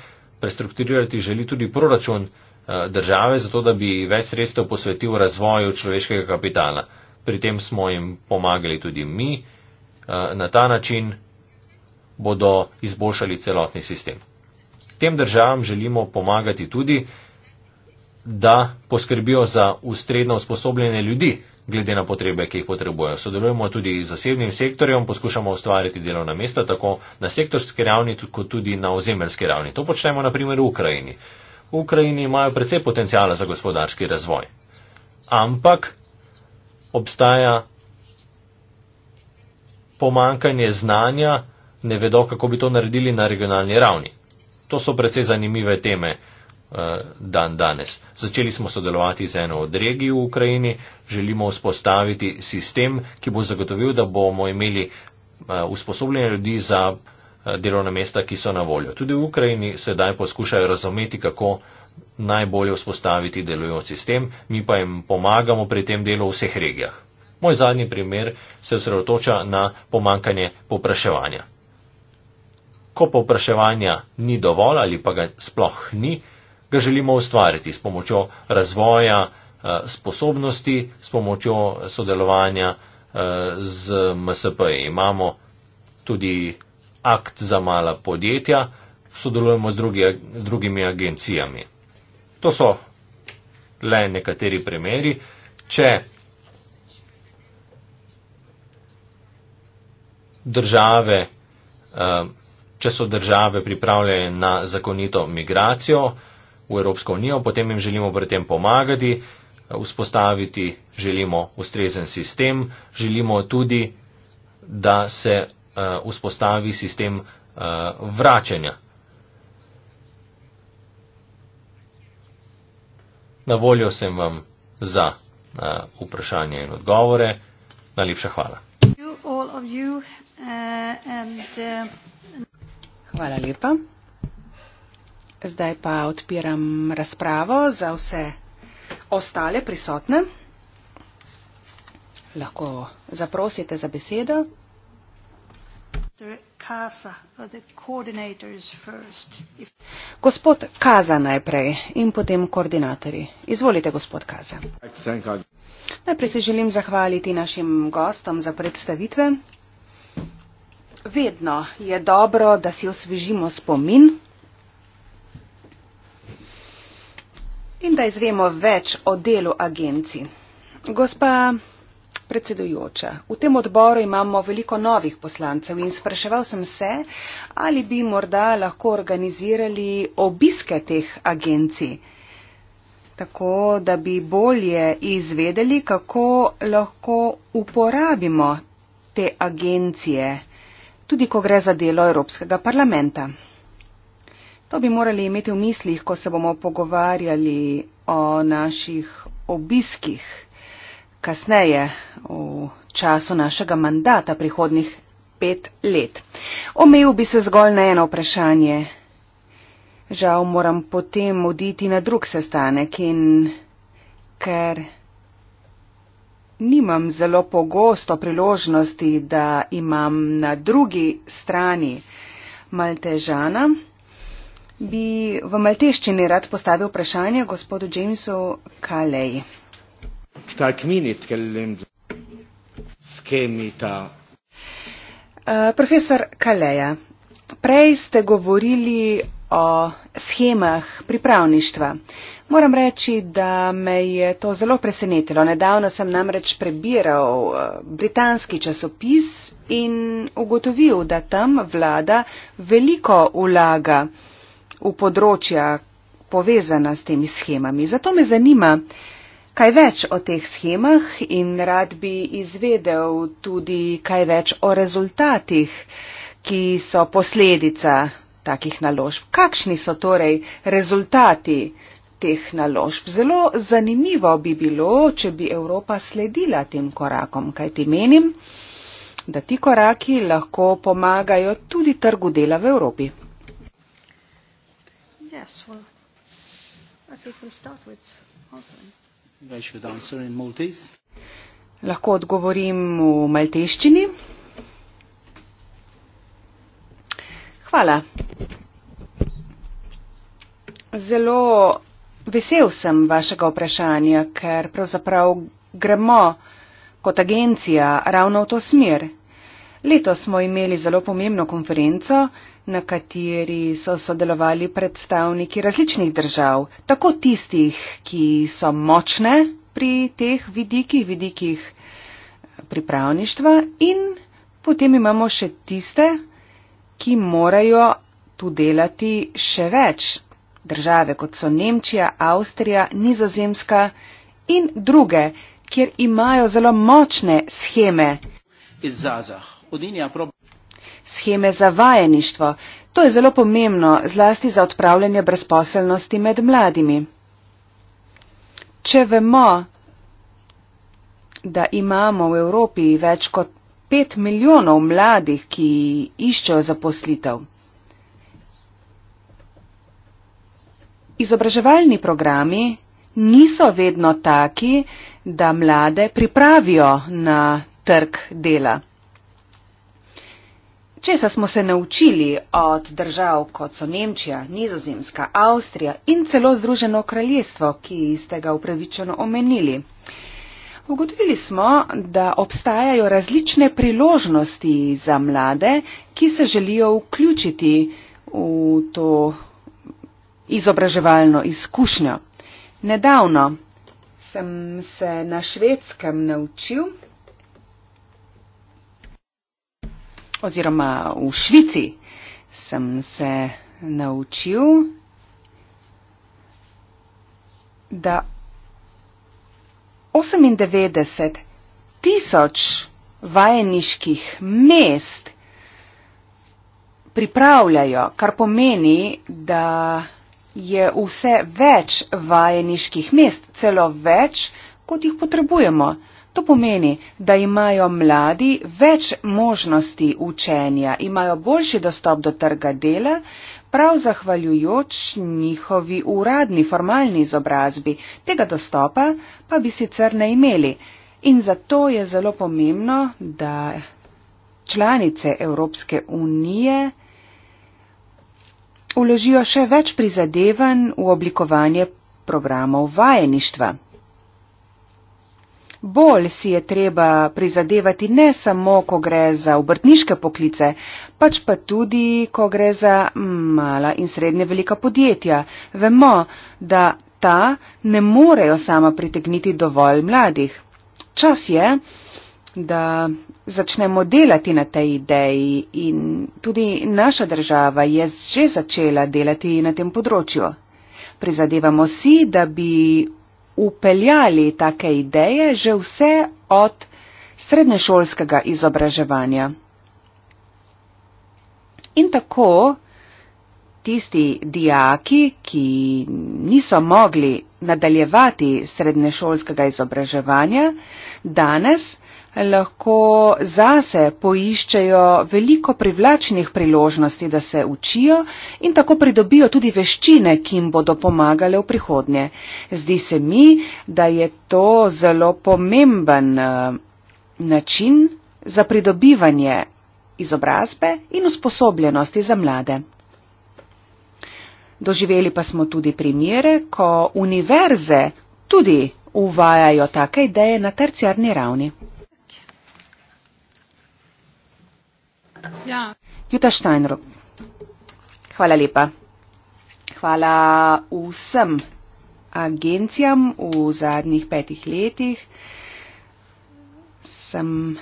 prestrukturirati želi tudi proračun eh, države, zato da bi več sredstev posvetil razvoju človeškega kapitala pri tem smo jim pomagali tudi mi, eh, na ta način bodo izboljšali celotni sistem. Tem državam želimo pomagati tudi, da poskrbijo za ustredno usposobljene ljudi, glede na potrebe, ki jih potrebujejo. Sodelujemo tudi z zasebnim sektorjem, poskušamo ustvariti delovna mesta tako na sektorski ravni, kot tudi na ozemeljski ravni. To počnemo na primer v Ukrajini. V Ukrajini imajo precej potencijala za gospodarski razvoj. Ampak obstaja pomankanje znanja, ne vedo, kako bi to naredili na regionalni ravni. To so precej zanimive teme eh, dan danes. Začeli smo sodelovati z eno od regij v Ukrajini, želimo vzpostaviti sistem, ki bo zagotovil, da bomo imeli eh, usposobljene ljudi za eh, delovna mesta, ki so na voljo. Tudi v Ukrajini sedaj poskušajo razumeti, kako najbolje vzpostaviti delujoč sistem, mi pa jim pomagamo pri tem delu v vseh regijah. Moj zadnji primer se osredotoča na pomankanje popraševanja. Ko popraševanja ni dovolj ali pa ga sploh ni, ga želimo ustvariti s pomočjo razvoja eh, sposobnosti, s pomočjo sodelovanja eh, z MSP. Imamo tudi akt za mala podjetja, sodelujemo z drugimi agencijami. To so le nekateri primeri. Če države, eh, če so države pripravljene na zakonito migracijo v Evropsko unijo, potem jim želimo pri tem pomagati, eh, vzpostaviti želimo ustrezen sistem, želimo tudi, da se eh, vzpostavi sistem vračanja. Na voljo sem vam za uh, vprašanje in odgovore. Najlepša hvala. Uh, uh, hvala lepa. Zdaj pa odpiram razpravo za vse ostale prisotne. Lahko zaprosite za besedo. Uh, gospod Kaza najprej in potem koordinatorji. Izvolite, gospod Kaza. Najprej se želim zahvaliti našim gostom za predstavitve. Vedno je dobro, da si osvežimo spomin in da izvemo več o delu agenci. Gospa Predsedujoča, v tem odboru imamo veliko novih poslancev in spraševal sem se, ali bi morda lahko organizirali obiske teh agencij, tako da bi bolje izvedeli, kako lahko uporabimo te agencije, tudi ko gre za delo Evropskega parlamenta. To bi morali imeti v mislih, ko se bomo pogovarjali o naših obiskih kasneje v času našega mandata prihodnih pet let. Omejil bi se zgolj na eno vprašanje. Žal moram potem oditi na drug sestanek in ker nimam zelo pogosto priložnosti, da imam na drugi strani Maltežana, bi v malteščini rad postavil vprašanje gospodu Jamesu Kalej. كتار كمين يتكلم سكيمي تا بروفيسور كاليا Prej ste govorili o schemah pripravništva. Moram reči, da me je to zelo presenetilo. Nedavno sem namreč prebiral eh, britanski časopis in ugotovil, da tam vlada veliko vlaga v področja povezana s temi schemami. Zato me zanima, kaj več o teh schemah in rad bi izvedel tudi kaj več o rezultatih, ki so posledica takih naložb. Kakšni so torej rezultati teh naložb? Zelo zanimivo bi bilo, če bi Evropa sledila tem korakom, kaj ti menim, da ti koraki lahko pomagajo tudi trgu dela v Evropi. Yes, well, I think we'll start with Oswald. Lahko odgovorim v malteščini. Hvala. Zelo vesel sem vašega vprašanja, ker pravzaprav gremo kot agencija ravno v to smer. Letos smo imeli zelo pomembno konferenco, na kateri so sodelovali predstavniki različnih držav, tako tistih, ki so močne pri teh vidikih, vidikih eh, pripravništva in potem imamo še tiste, ki morajo tu delati še več. Države kot so Nemčija, Avstrija, Nizozemska in druge, kjer imajo zelo močne scheme. Scheme za vajeništvo. To je zelo pomembno, zlasti za odpravljanje brezposelnosti med mladimi. Če vemo, da imamo v Evropi več kot pet milijonov mladih, ki iščejo zaposlitev. Izobraževalni programi niso vedno taki, da mlade pripravijo na trg dela. Česa smo se naučili od držav, kot so Nemčija, Nizozemska, Avstrija in celo Združeno kraljestvo, ki ste ga upravičeno omenili? Ugotovili smo, da obstajajo različne priložnosti za mlade, ki se želijo vključiti v to izobraževalno izkušnjo. Nedavno sem se na švedskem naučil, oziroma v Švici sem se naučil, da 98 tisoč vajeniških mest pripravljajo, kar pomeni, da je vse več vajeniških mest, celo več, kot jih potrebujemo. To pomeni, da imajo mladi več možnosti učenja, imajo boljši dostop do trga dela, prav zahvaljujoč njihovi uradni formalni izobrazbi. Tega dostopa pa bi sicer ne imeli. In zato je zelo pomembno, da članice Evropske unije uložijo še več prizadevanj v oblikovanje programov vajeništva. Bolj si je treba prizadevati ne samo, ko gre za obrtniške poklice, pač pa tudi, ko gre za mala in srednje velika podjetja. Vemo, da ta ne morejo sama pritegniti dovolj mladih. Čas je, da začnemo delati na tej ideji in tudi naša država je že začela delati na tem področju. Prizadevamo si, da bi upeljali take ideje že vse od srednješolskega izobraževanja. In tako tisti dijaki, ki niso mogli nadaljevati srednješolskega izobraževanja, danes lahko zase poiščejo veliko privlačnih priložnosti, da se učijo in tako pridobijo tudi veščine, ki jim bodo pomagale v prihodnje. Zdi se mi, da je to zelo pomemben eh, način za pridobivanje izobrazbe in usposobljenosti za mlade. Doživeli pa smo tudi primere, ko univerze tudi uvajajo take ideje na terciarni ravni. Ja. Juta Steinrup, hvala lepa. Hvala vsem agencijam v zadnjih petih letih. Sem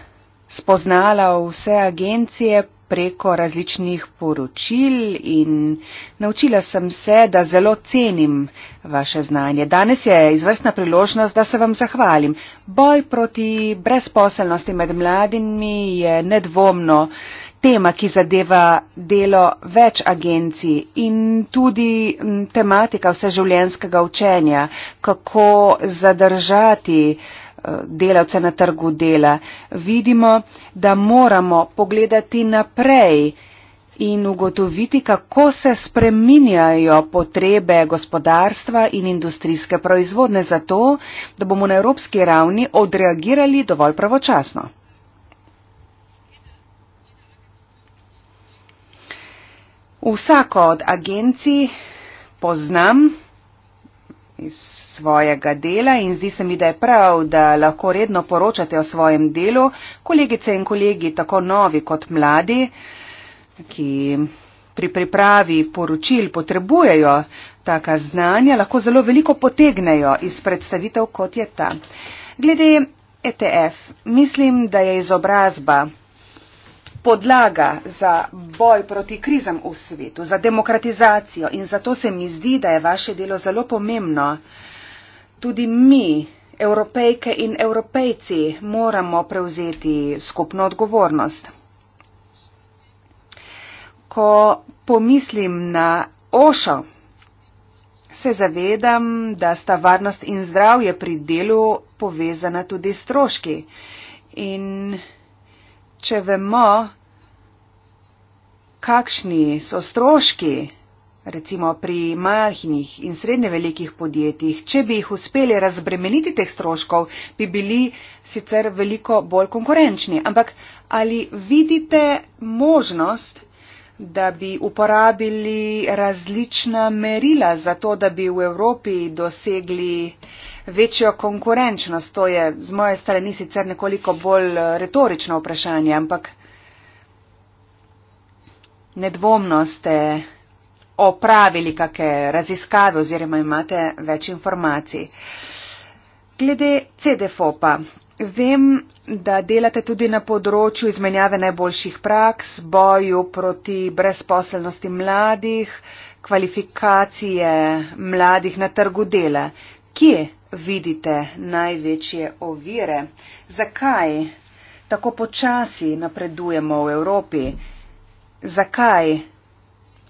spoznala vse agencije preko različnih poročil in naučila sem se, da zelo cenim vaše znanje. Danes je izvrstna priložnost, da se vam zahvalim. Boj proti brezposelnosti med mladimi je nedvomno uh, tema, ki zadeva delo več agencij in tudi tematika vseživljenskega učenja, kako zadržati eh, delavce na trgu dela. Vidimo, da moramo pogledati naprej in ugotoviti, kako se spreminjajo potrebe gospodarstva in industrijske proizvodne zato, da bomo na evropski ravni odreagirali dovolj pravočasno. Vsako od agencij poznam iz svojega dela in zdi se mi, da je prav, da lahko redno poročate o svojem delu, kolegice in kolegi, tako novi kot mladi, ki pri pripravi poročil potrebujejo taka znanja, lahko zelo veliko potegnejo iz predstavitev kot je ta. Glede ETF, mislim, da je izobrazba podlaga za boj proti krizam v svetu, za demokratizacijo in zato se mi zdi, da je vaše delo zelo pomembno. Tudi mi, evropejke in evropejci, moramo prevzeti skupno odgovornost. Ko pomislim na Ošo, se zavedam, da sta varnost in zdravje pri delu povezana tudi s stroški. In če vemo, kakšni so stroški, recimo pri majhnih in srednje velikih podjetjih, če bi jih uspeli razbremeniti teh stroškov, bi bili sicer veliko bolj konkurenčni. Ampak ali vidite možnost, da bi uporabili različna merila za to, da bi v Evropi dosegli večjo konkurenčnost? To je z moje strani sicer nekoliko bolj eh, retorično vprašanje, ampak nedvomno ste opravili kakšne raziskave oziroma imate več informacij. Glede CDFOPA. Vem, da delate tudi na področju izmenjave najboljših praks, boju proti brezposelnosti mladih, kvalifikacije mladih na trgu dela. Kje vidite največje ovire? Zakaj tako počasi napredujemo v Evropi? Zakaj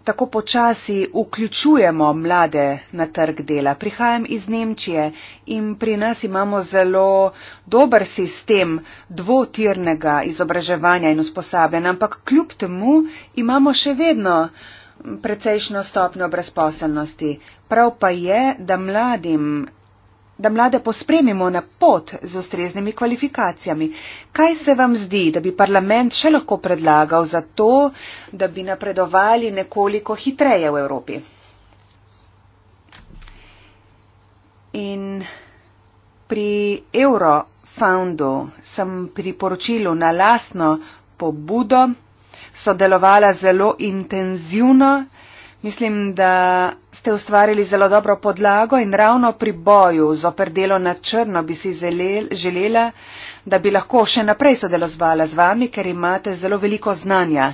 tako počasi vključujemo mlade na trg dela? Prihajam iz Nemčije in pri nas imamo zelo dober sistem dvotirnega izobraževanja in usposabljanja, ampak kljub temu imamo še vedno precejšno stopnjo brezposelnosti. Prav pa je, da mladim da mlade pospremimo na pot z ustreznimi kvalifikacijami. Kaj se vam zdi, da bi parlament še lahko predlagal za to, da bi napredovali nekoliko hitreje v Evropi? In pri Eurofundu sem pri poročilu na lasno pobudo sodelovala zelo intenzivno. Mislim, da ste ustvarili zelo dobro podlago in ravno pri boju z oper delo na črno bi si želela, da bi lahko še naprej sodelovala z vami, ker imate zelo veliko znanja.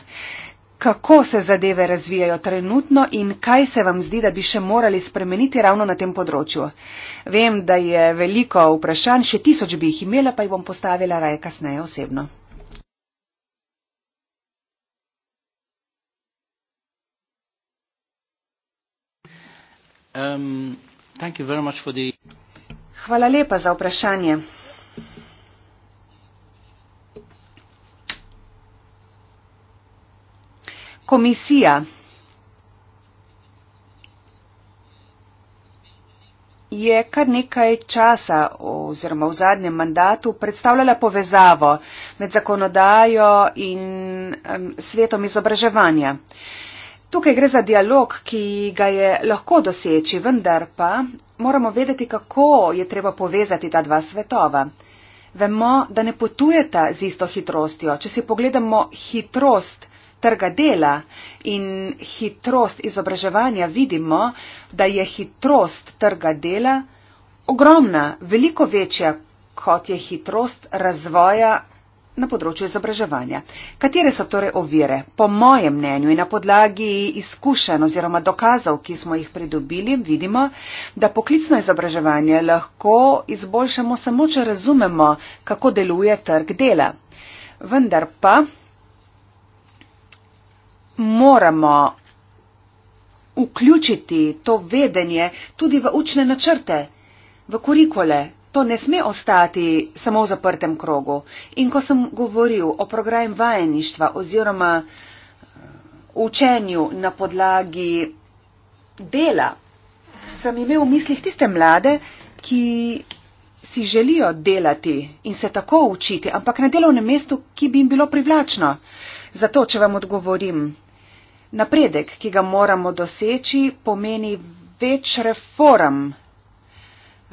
Kako se zadeve razvijajo trenutno in kaj se vam zdi, da bi še morali spremeniti ravno na tem področju? Vem, da je veliko vprašanj, še tisoč bi jih imela, pa jih bom postavila raje kasneje osebno. Um, the... Hvala lepa za vprašanje. Komisija je kar nekaj časa oziroma v zadnjem mandatu predstavljala povezavo med zakonodajo in um, svetom izobraževanja. Tukaj gre za dialog, ki ga je lahko doseči, vendar pa moramo vedeti, kako je treba povezati ta dva svetova. Vemo, da ne potujeta z isto hitrostjo. Če si pogledamo hitrost trga dela in hitrost izobraževanja, vidimo, da je hitrost trga dela ogromna, veliko večja, kot je hitrost razvoja na področju izobraževanja. Katere so torej ovire? Po mojem mnenju in na podlagi izkušenj oziroma dokazov, ki smo jih pridobili, vidimo, da poklicno izobraževanje lahko izboljšamo samo, če razumemo, kako deluje trg dela. Vendar pa moramo vključiti to vedenje tudi v učne načrte, v kurikole, to ne sme ostati samo v zaprtem krogu. In ko sem govoril o programu vajeništva oziroma eh, učenju na podlagi dela, sem imel v mislih tiste mlade, ki si želijo delati in se tako učiti, ampak na delovnem mestu, ki bi jim bilo privlačno. Zato, če vam odgovorim, napredek, ki ga moramo doseči, pomeni več reform.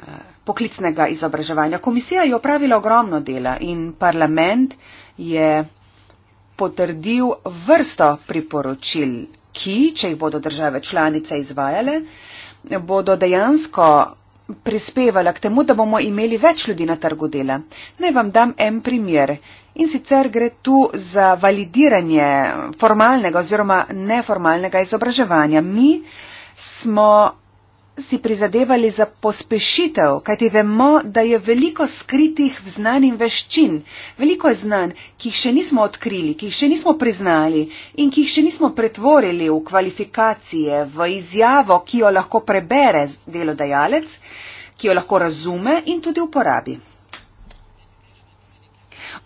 Eh, poklicnega izobraževanja. Komisija je opravila ogromno dela in parlament je potrdil vrsto priporočil, ki, če jih bodo države članice izvajale, bodo dejansko prispevala k temu, da bomo imeli več ljudi na trgu dela. Naj vam dam en primer. In sicer gre tu za validiranje formalnega oziroma neformalnega izobraževanja. Mi smo si prizadevali za pospešitev, kajti vemo, da je veliko skritih v znanim veščin, veliko je znan, ki jih še nismo odkrili, ki jih še nismo priznali in ki jih še nismo pretvorili v kvalifikacije, v izjavo, ki jo lahko prebere delodajalec, ki jo lahko razume in tudi uporabi.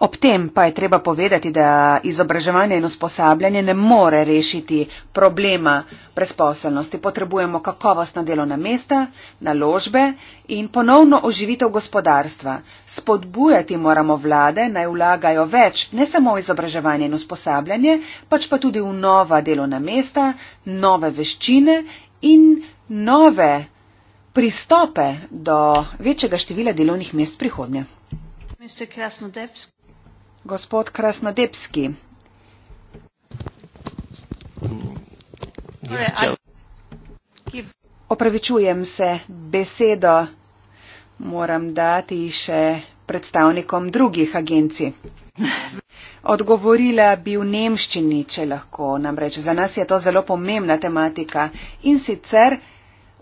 Ob tem pa je treba povedati, da izobraževanje in usposabljanje ne more rešiti problema brezposelnosti. Potrebujemo kakovostna delovna mesta, naložbe in ponovno oživitev gospodarstva. Spodbujati moramo vlade, naj vlagajo več ne samo v izobraževanje in usposabljanje, pač pa tudi v nova delovna mesta, nove veščine in nove pristope do večjega števila delovnih mest prihodnje. Mr. Krasnodebski. Gospod Krasnodebski. Opravičujem se, besedo moram dati še predstavnikom drugih agencij. Odgovorila bi v nemščini, če lahko, namreč za nas je to zelo pomembna tematika in sicer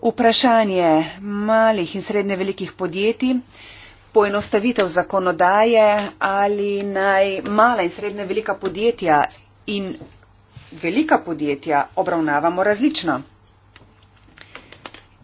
vprašanje malih in srednje velikih podjetij poenostavitev zakonodaje ali naj mala in srednje velika podjetja in velika podjetja obravnavamo različno.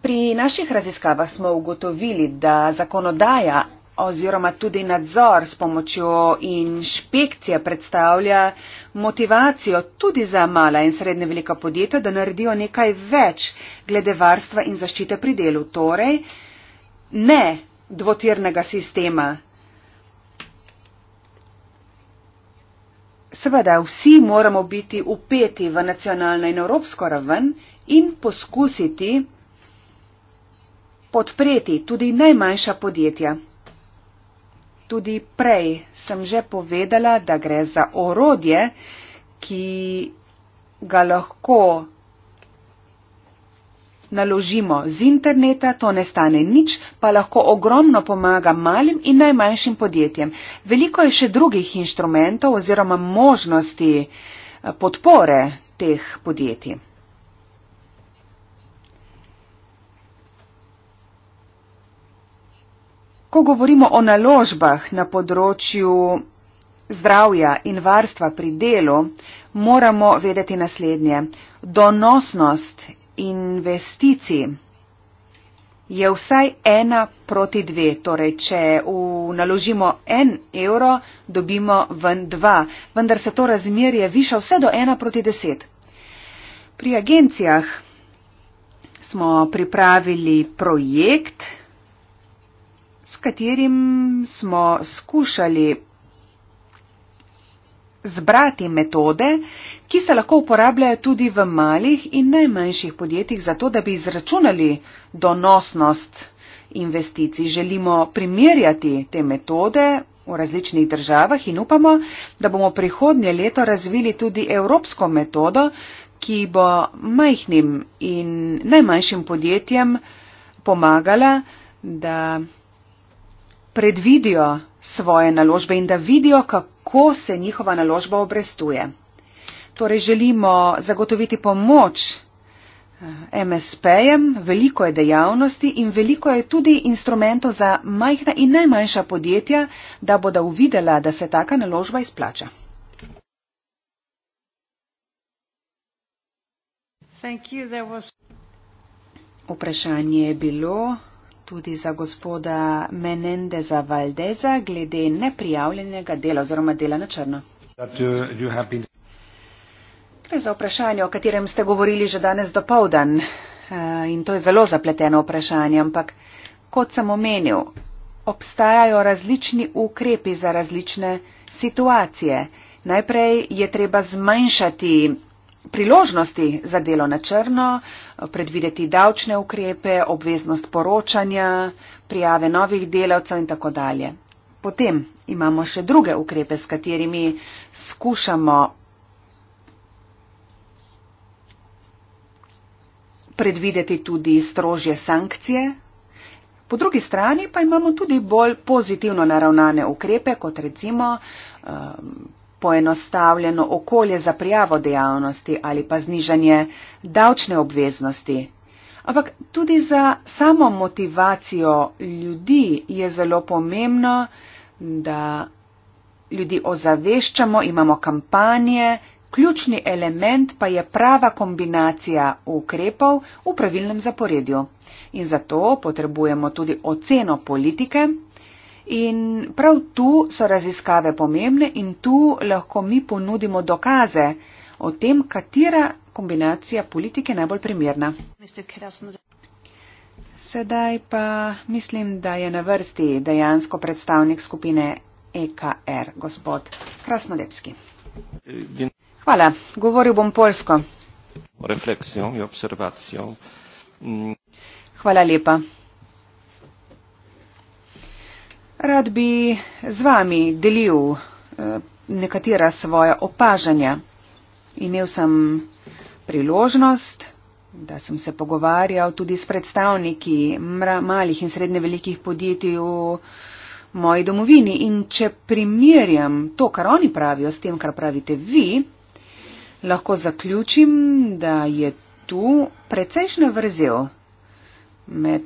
Pri naših raziskavah smo ugotovili, da zakonodaja oziroma tudi nadzor s pomočjo inšpekcije predstavlja motivacijo tudi za mala in srednje velika podjetja, da naredijo nekaj več glede varstva in zaščite pri delu. Torej, ne dvotirnega sistema. Seveda, vsi moramo biti upeti v nacionalno in evropsko raven in poskusiti podpreti tudi najmanjša podjetja. Tudi prej sem že povedala, da gre za orodje, ki ga lahko naložimo z interneta, to ne stane nič, pa lahko ogromno pomaga malim in najmanjšim podjetjem. Veliko je še drugih inštrumentov oziroma možnosti eh, podpore teh podjetij. Ko govorimo o naložbah na področju zdravja in varstva pri delu, moramo vedeti naslednje. Donosnost investicij je vsaj ena proti dve. Torej, če naložimo en evro, dobimo ven dva. Vendar se to razmerje viša vse do ena proti deset. Pri agencijah smo pripravili projekt, s katerim smo skušali zbrati metode, ki se lahko uporabljajo tudi v malih in najmanjših podjetjih, zato da bi izračunali donosnost investicij. Želimo primerjati te metode v različnih državah in upamo, da bomo prihodnje leto razvili tudi evropsko metodo, ki bo majhnim in najmanjšim podjetjem pomagala, da predvidijo svoje naložbe in da vidijo, kako se njihova naložba obrestuje. Torej želimo zagotoviti pomoč eh, MSP-jem, veliko je dejavnosti in veliko je tudi instrumentov za majhna in najmanjša podjetja, da bodo uvidela, da se taka naložba izplača. Vprašanje je bilo tudi za gospoda Menendeza Valdeza glede neprijavljenega dela oziroma dela na črno. Uh, Gre za vprašanje, o katerem ste govorili že danes do povdan uh, in to je zelo zapleteno vprašanje, ampak kot sem omenil, obstajajo različni ukrepi za različne situacije. Najprej je treba zmanjšati priložnosti za delo na črno, predvideti davčne ukrepe, obveznost poročanja, prijave novih delavcev in tako dalje. Potem imamo še druge ukrepe, s katerimi skušamo predvideti tudi strožje sankcije. Po drugi strani pa imamo tudi bolj pozitivno naravnane ukrepe, kot recimo eh, poenostavljeno okolje za prijavo dejavnosti ali pa znižanje davčne obveznosti. Ampak tudi za samo motivacijo ljudi je zelo pomembno, da ljudi ozaveščamo, imamo kampanje, ključni element pa je prava kombinacija ukrepov v pravilnem zaporedju. In zato potrebujemo tudi oceno politike, In prav tu so raziskave pomembne in tu lahko mi ponudimo dokaze o tem, katera kombinacija politike je najbolj primerna. Sedaj pa mislim, da je na vrsti dejansko predstavnik skupine EKR, gospod Krasnodebski. Hvala, govoril bom polsko. Refleksijo in observacijo. Mm. Hvala lepa rad bi z vami delil eh, nekatera svoja opažanja. Imel sem priložnost, da sem se pogovarjal tudi s predstavniki malih in srednje velikih podjetij v moji domovini. In če primerjam to, kar oni pravijo, s tem, kar pravite vi, lahko zaključim, da je tu precejšnja vrzel med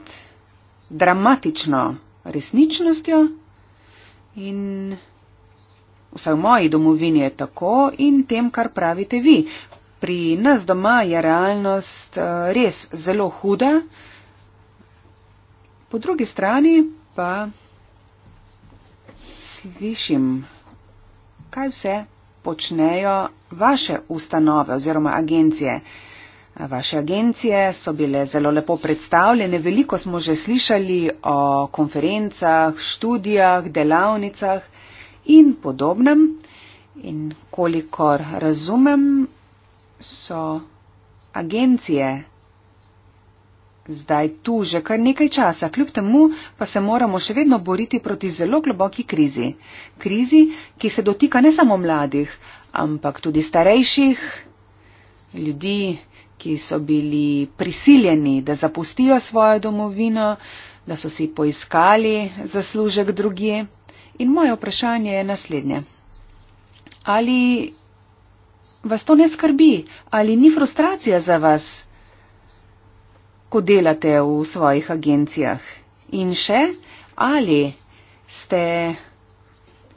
dramatično resničnostjo in vsaj v moji domovini je tako in tem, kar pravite vi. Pri nas doma je realnost eh, res zelo huda, po drugi strani pa slišim, kaj vse počnejo vaše ustanove oziroma agencije. Vaše agencije so bile zelo lepo predstavljene. Veliko smo že slišali o konferencah, študijah, delavnicah in podobnem. In kolikor razumem, so agencije zdaj tu že kar nekaj časa. Kljub temu pa se moramo še vedno boriti proti zelo globoki krizi. Krizi, ki se dotika ne samo mladih, ampak tudi starejših ljudi, ki so bili prisiljeni, da zapustijo svojo domovino, da so si poiskali zaslužek drugje. In moje vprašanje je naslednje. Ali vas to ne skrbi? Ali ni frustracija za vas, ko delate v svojih agencijah? In še, ali ste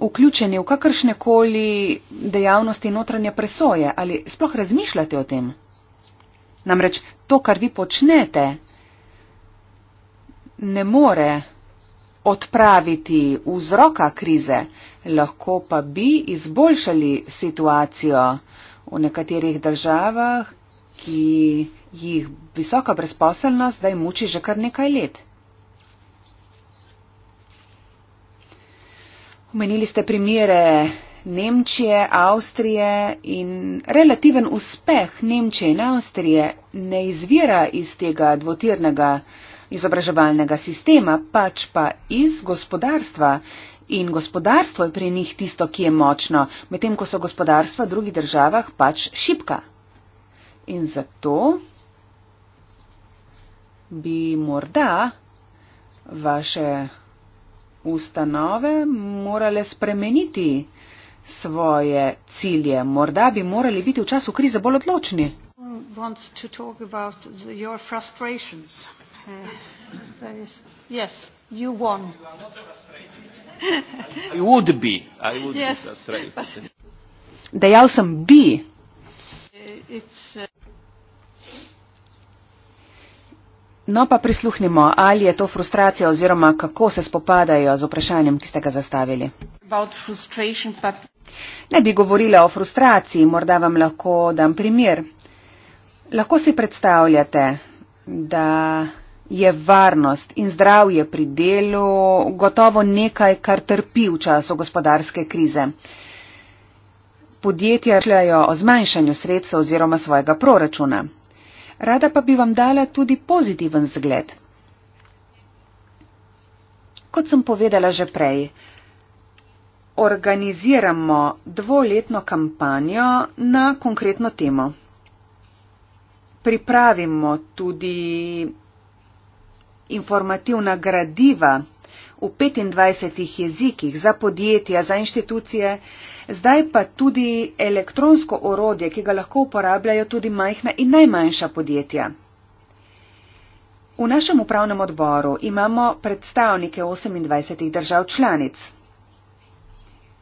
vključeni v kakršne koli dejavnosti notranje presoje ali sploh razmišljate o tem? Namreč to, kar vi počnete, ne more odpraviti vzroka krize, lahko pa bi izboljšali situacijo v nekaterih državah, ki jih visoka brezposelnost zdaj muči že kar nekaj let. Omenili ste primere Nemčije, Avstrije in relativen uspeh Nemčije in Avstrije ne izvira iz tega dvotirnega izobraževalnega sistema, pač pa iz gospodarstva. In gospodarstvo je pri njih tisto, ki je močno, medtem ko so gospodarstva v drugih državah pač šipka. In zato bi morda vaše ustanove morale spremeniti svoje cilje. Morda bi morali biti v času krize bolj odločni. Uh, Dejal sem bi. Uh, uh, no pa prisluhnimo, ali je to frustracija oziroma kako se spopadajo z vprašanjem, ki ste ga zastavili. Ne bi govorila o frustraciji, morda vam lahko dam primer. Lahko si predstavljate, da je varnost in zdravje pri delu gotovo nekaj, kar trpi v času gospodarske krize. Podjetja šljajo o zmanjšanju sredstva oziroma svojega proračuna. Rada pa bi vam dala tudi pozitiven zgled. Kot sem povedala že prej, organiziramo dvoletno kampanjo na konkretno temo. Pripravimo tudi informativna gradiva v 25 jezikih za podjetja, za inštitucije, zdaj pa tudi elektronsko orodje, ki ga lahko uporabljajo tudi majhna in najmanjša podjetja. V našem upravnem odboru imamo predstavnike 28 držav članic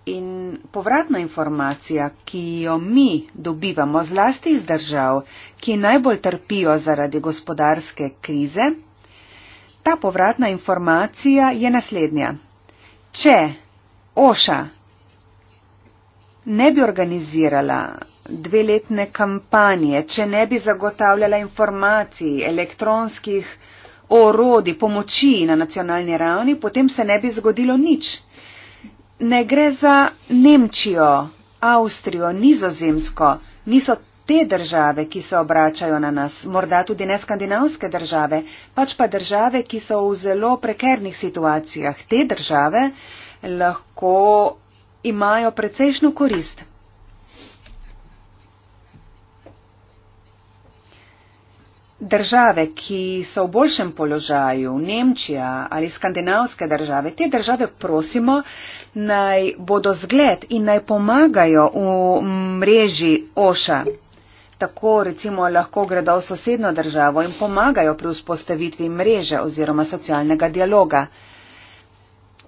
in povratna informacija, ki jo mi dobivamo zlasti iz držav, ki najbolj trpijo zaradi gospodarske krize, ta povratna informacija je naslednja. Če Oša ne bi organizirala dveletne kampanje, če ne bi zagotavljala informacij, elektronskih orodij, pomoči na nacionalni ravni, potem se ne bi zgodilo nič ne gre za Nemčijo, Avstrijo, Nizozemsko, niso te države, ki se obračajo na nas, morda tudi ne skandinavske države, pač pa države, ki so v zelo prekernih situacijah. Te države lahko imajo precejšno korist države, ki so v boljšem položaju, Nemčija ali skandinavske države, te države prosimo, naj bodo zgled in naj pomagajo v mreži OŠA. Tako recimo lahko gredo v sosedno državo in pomagajo pri vzpostavitvi mreže oziroma socialnega dialoga.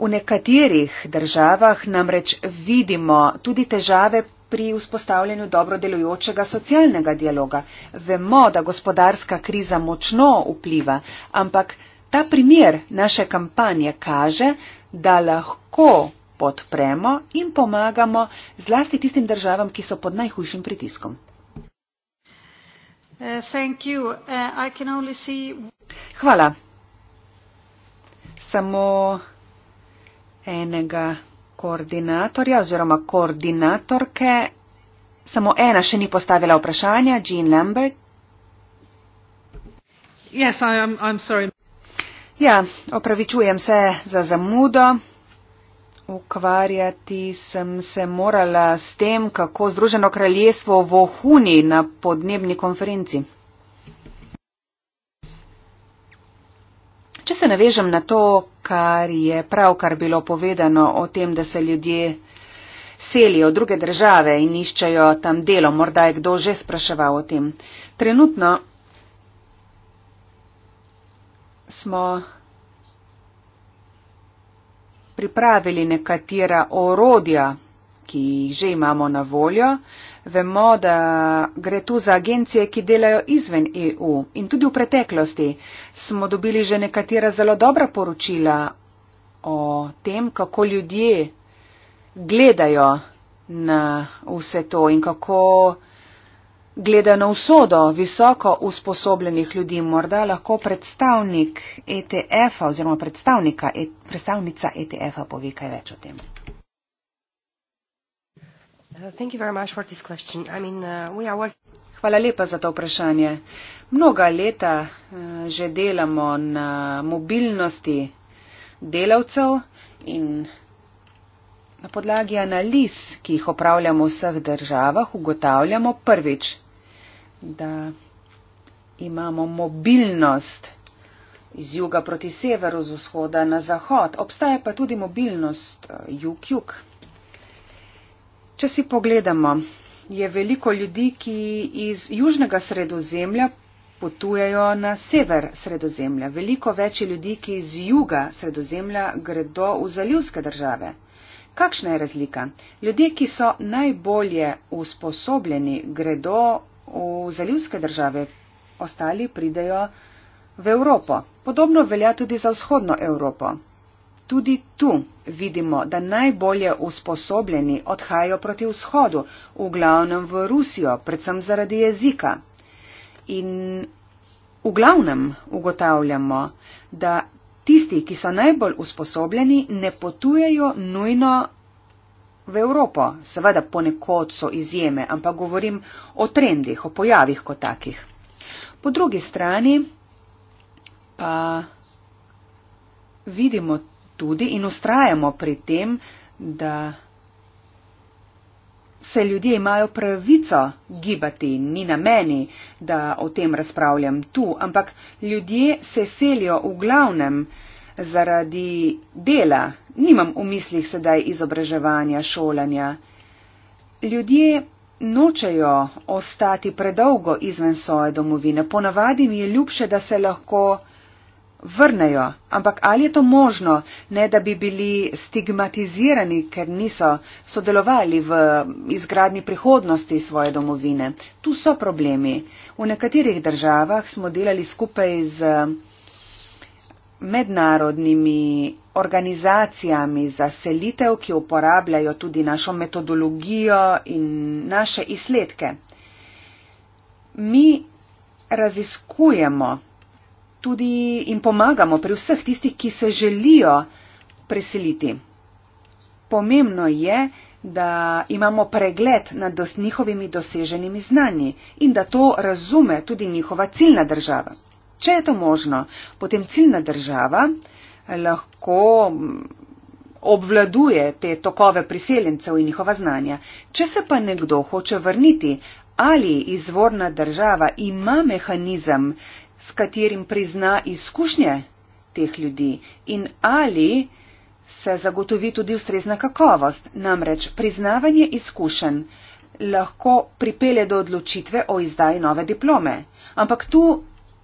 V nekaterih državah namreč vidimo tudi težave pri vzpostavljanju dobro delujočega socialnega dialoga. Vemo, da gospodarska kriza močno vpliva, ampak ta primer naše kampanje kaže, da lahko podpremo in pomagamo zlasti tistim državam, ki so pod najhujšim pritiskom. Uh, uh, Hvala. Samo enega koordinatorja oziroma koordinatorke. Samo ena še ni postavila vprašanja, Jean Lambert. Yes, I am, I'm sorry. Ja, opravičujem se za zamudo. Ukvarjati sem se morala s tem, kako Združeno kraljestvo vohuni na podnebni konferenci. Če se navežem na to, kar je pravkar bilo povedano o tem, da se ljudje selijo v druge države in iščajo tam delo, morda je kdo že spraševal o tem. Trenutno smo pripravili nekatera orodja, ki jih že imamo na voljo, vemo, da gre tu za agencije, ki delajo izven EU. In tudi v preteklosti smo dobili že nekatera zelo dobra poročila o tem, kako ljudje gledajo na vse to in kako gledajo na usodo visoko usposobljenih ljudi. Morda lahko predstavnik ETF-a oziroma e, predstavnica ETF-a pove kaj več o tem. Uh, Hvala lepa za to vprašanje. Mnoga leta uh, že delamo na mobilnosti delavcev in na podlagi analiz, ki jih opravljamo v vseh državah, ugotavljamo prvič, da imamo mobilnost iz juga proti severu, z vzhoda na zahod. Obstaja pa tudi mobilnost uh, jug-jug. Če si pogledamo, je veliko ljudi, ki iz južnega sredozemlja potujejo na sever sredozemlja. Veliko več je ljudi, ki iz juga sredozemlja gredo v zalivske države. Kakšna je razlika? Ljudje, ki so najbolje usposobljeni, gredo v zalivske države, ostali pridejo v Evropo. Podobno velja tudi za vzhodno Evropo tudi tu vidimo, da najbolje usposobljeni odhajajo proti vzhodu, v glavnem v Rusijo, predvsem zaradi jezika. In v glavnem ugotavljamo, da tisti, ki so najbolj usposobljeni, ne potujejo nujno v Evropo. Seveda ponekod so izjeme, ampak govorim o trendih, o pojavih kot takih. Po drugi strani pa vidimo tudi in ustrajamo pri tem, da se ljudje imajo pravico gibati, ni na meni, da o tem razpravljam tu, ampak ljudje se selijo v glavnem zaradi dela, nimam v mislih sedaj izobraževanja, šolanja. Ljudje nočejo ostati predolgo izven svoje domovine, ponavadi mi je ljubše, da se lahko vrnejo, ampak ali je to možno, ne da bi bili stigmatizirani, ker niso sodelovali v izgradni prihodnosti svoje domovine. Tu so problemi. V nekaterih državah smo delali skupaj z mednarodnimi organizacijami za selitev, ki uporabljajo tudi našo metodologijo in naše izsledke. Mi raziskujemo tudi in pomagamo pri vseh tistih, ki se želijo preseliti. Pomembno je, da imamo pregled nad dos njihovimi doseženimi znanji in da to razume tudi njihova ciljna država. Če je to možno, potem ciljna država eh, lahko mm, obvladuje te tokove priseljencev in njihova znanja. Če se pa nekdo hoče vrniti ali izvorna država ima mehanizem s katerim prizna izkušnje teh ljudi in ali se zagotovi tudi ustrezna kakovost. Namreč priznavanje izkušenj lahko pripelje do odločitve o izdaji nove diplome. Ampak tu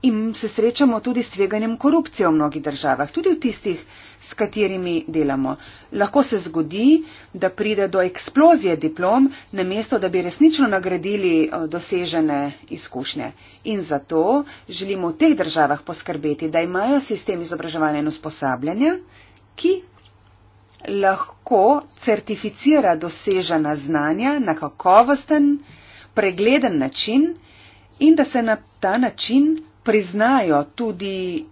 in se srečamo tudi s tveganjem korupcije v mnogih državah, tudi v tistih, s katerimi delamo. Lahko se zgodi, da pride do eksplozije diplom, namesto da bi resnično nagradili eh, dosežene izkušnje. In zato želimo v teh državah poskrbeti, da imajo sistem izobraževanja in usposabljanja, ki lahko certificira dosežena znanja na kakovosten, pregleden način in da se na ta način priznajo tudi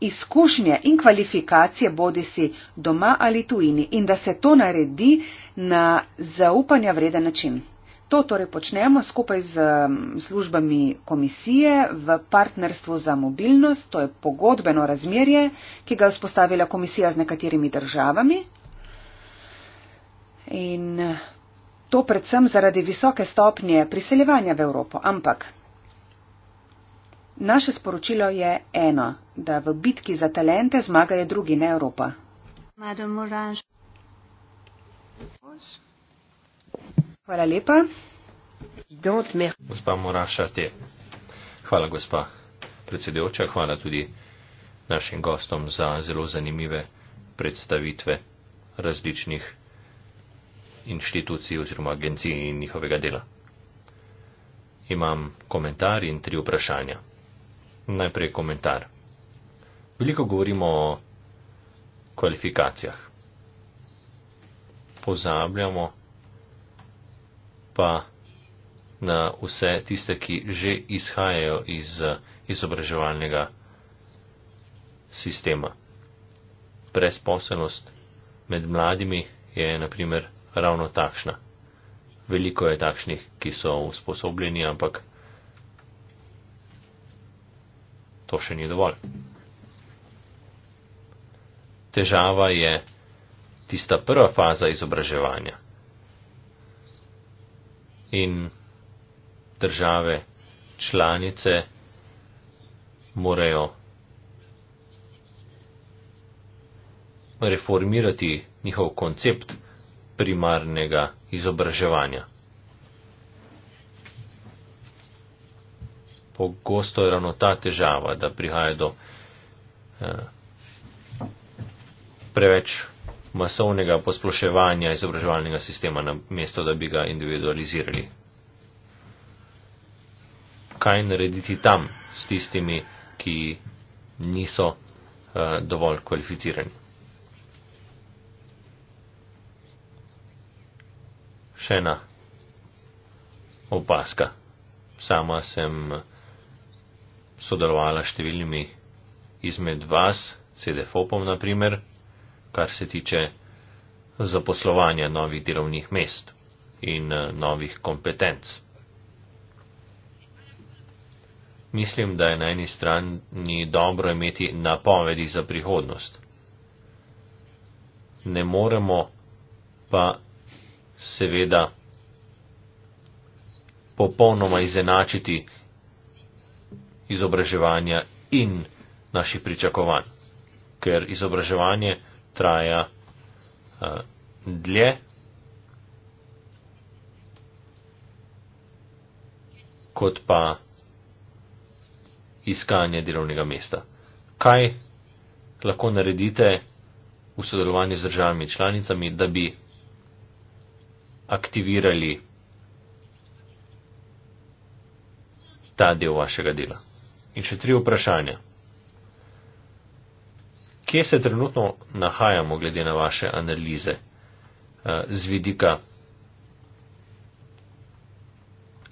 izkušnje in kvalifikacije, bodi si doma ali tujini, in da se to naredi na zaupanja vreden način. To torej počnemo skupaj z službami komisije v partnerstvu za mobilnost, to je pogodbeno razmerje, ki ga je vzpostavila komisija z nekaterimi državami. In to predvsem zaradi visoke stopnje priseljevanja v Evropo. Ampak Naše sporočilo je eno, da v bitki za talente zmagajo drugi, ne Evropa. Hvala lepa. Gospa Morašate, hvala gospa predsedujoča, hvala tudi našim gostom za zelo zanimive predstavitve različnih inštitucij oziroma agencij in njihovega dela. Imam komentar in tri vprašanja najprej komentar. Veliko govorimo o kvalifikacijah. Pozabljamo pa na vse tiste, ki že izhajajo iz izobraževalnega sistema. Presposelnost med mladimi je naprimer ravno takšna. Veliko je takšnih, ki so usposobljeni, ampak to še ni dovolj. Težava je tista prva faza izobraževanja. In države članice morajo reformirati njihov koncept primarnega izobraževanja. pogosto je ravno ta težava, da prihaja do eh, preveč masovnega posploševanja izobraževalnega sistema na mesto, da bi ga individualizirali. Kaj narediti tam s tistimi, ki niso eh, dovolj kvalificirani? Še ena opaska. Sama sem uh, sodelovala številnimi izmed vas, CDFOP-om naprimer, kar se tiče zaposlovanja novih delovnih mest in eh, novih kompetenc. Mislim, da je na eni strani dobro imeti napovedi za prihodnost. Ne moremo pa seveda popolnoma izenačiti izobraževanja in naših pričakovanj. Ker izobraževanje traja uh, dlje, kot pa iskanje delovnega mesta. Kaj lahko naredite v sodelovanju z državami članicami, da bi aktivirali ta del vašega dela? in še tri vprašanja. Kje se trenutno nahajamo, glede na vaše analize, eh, z vidika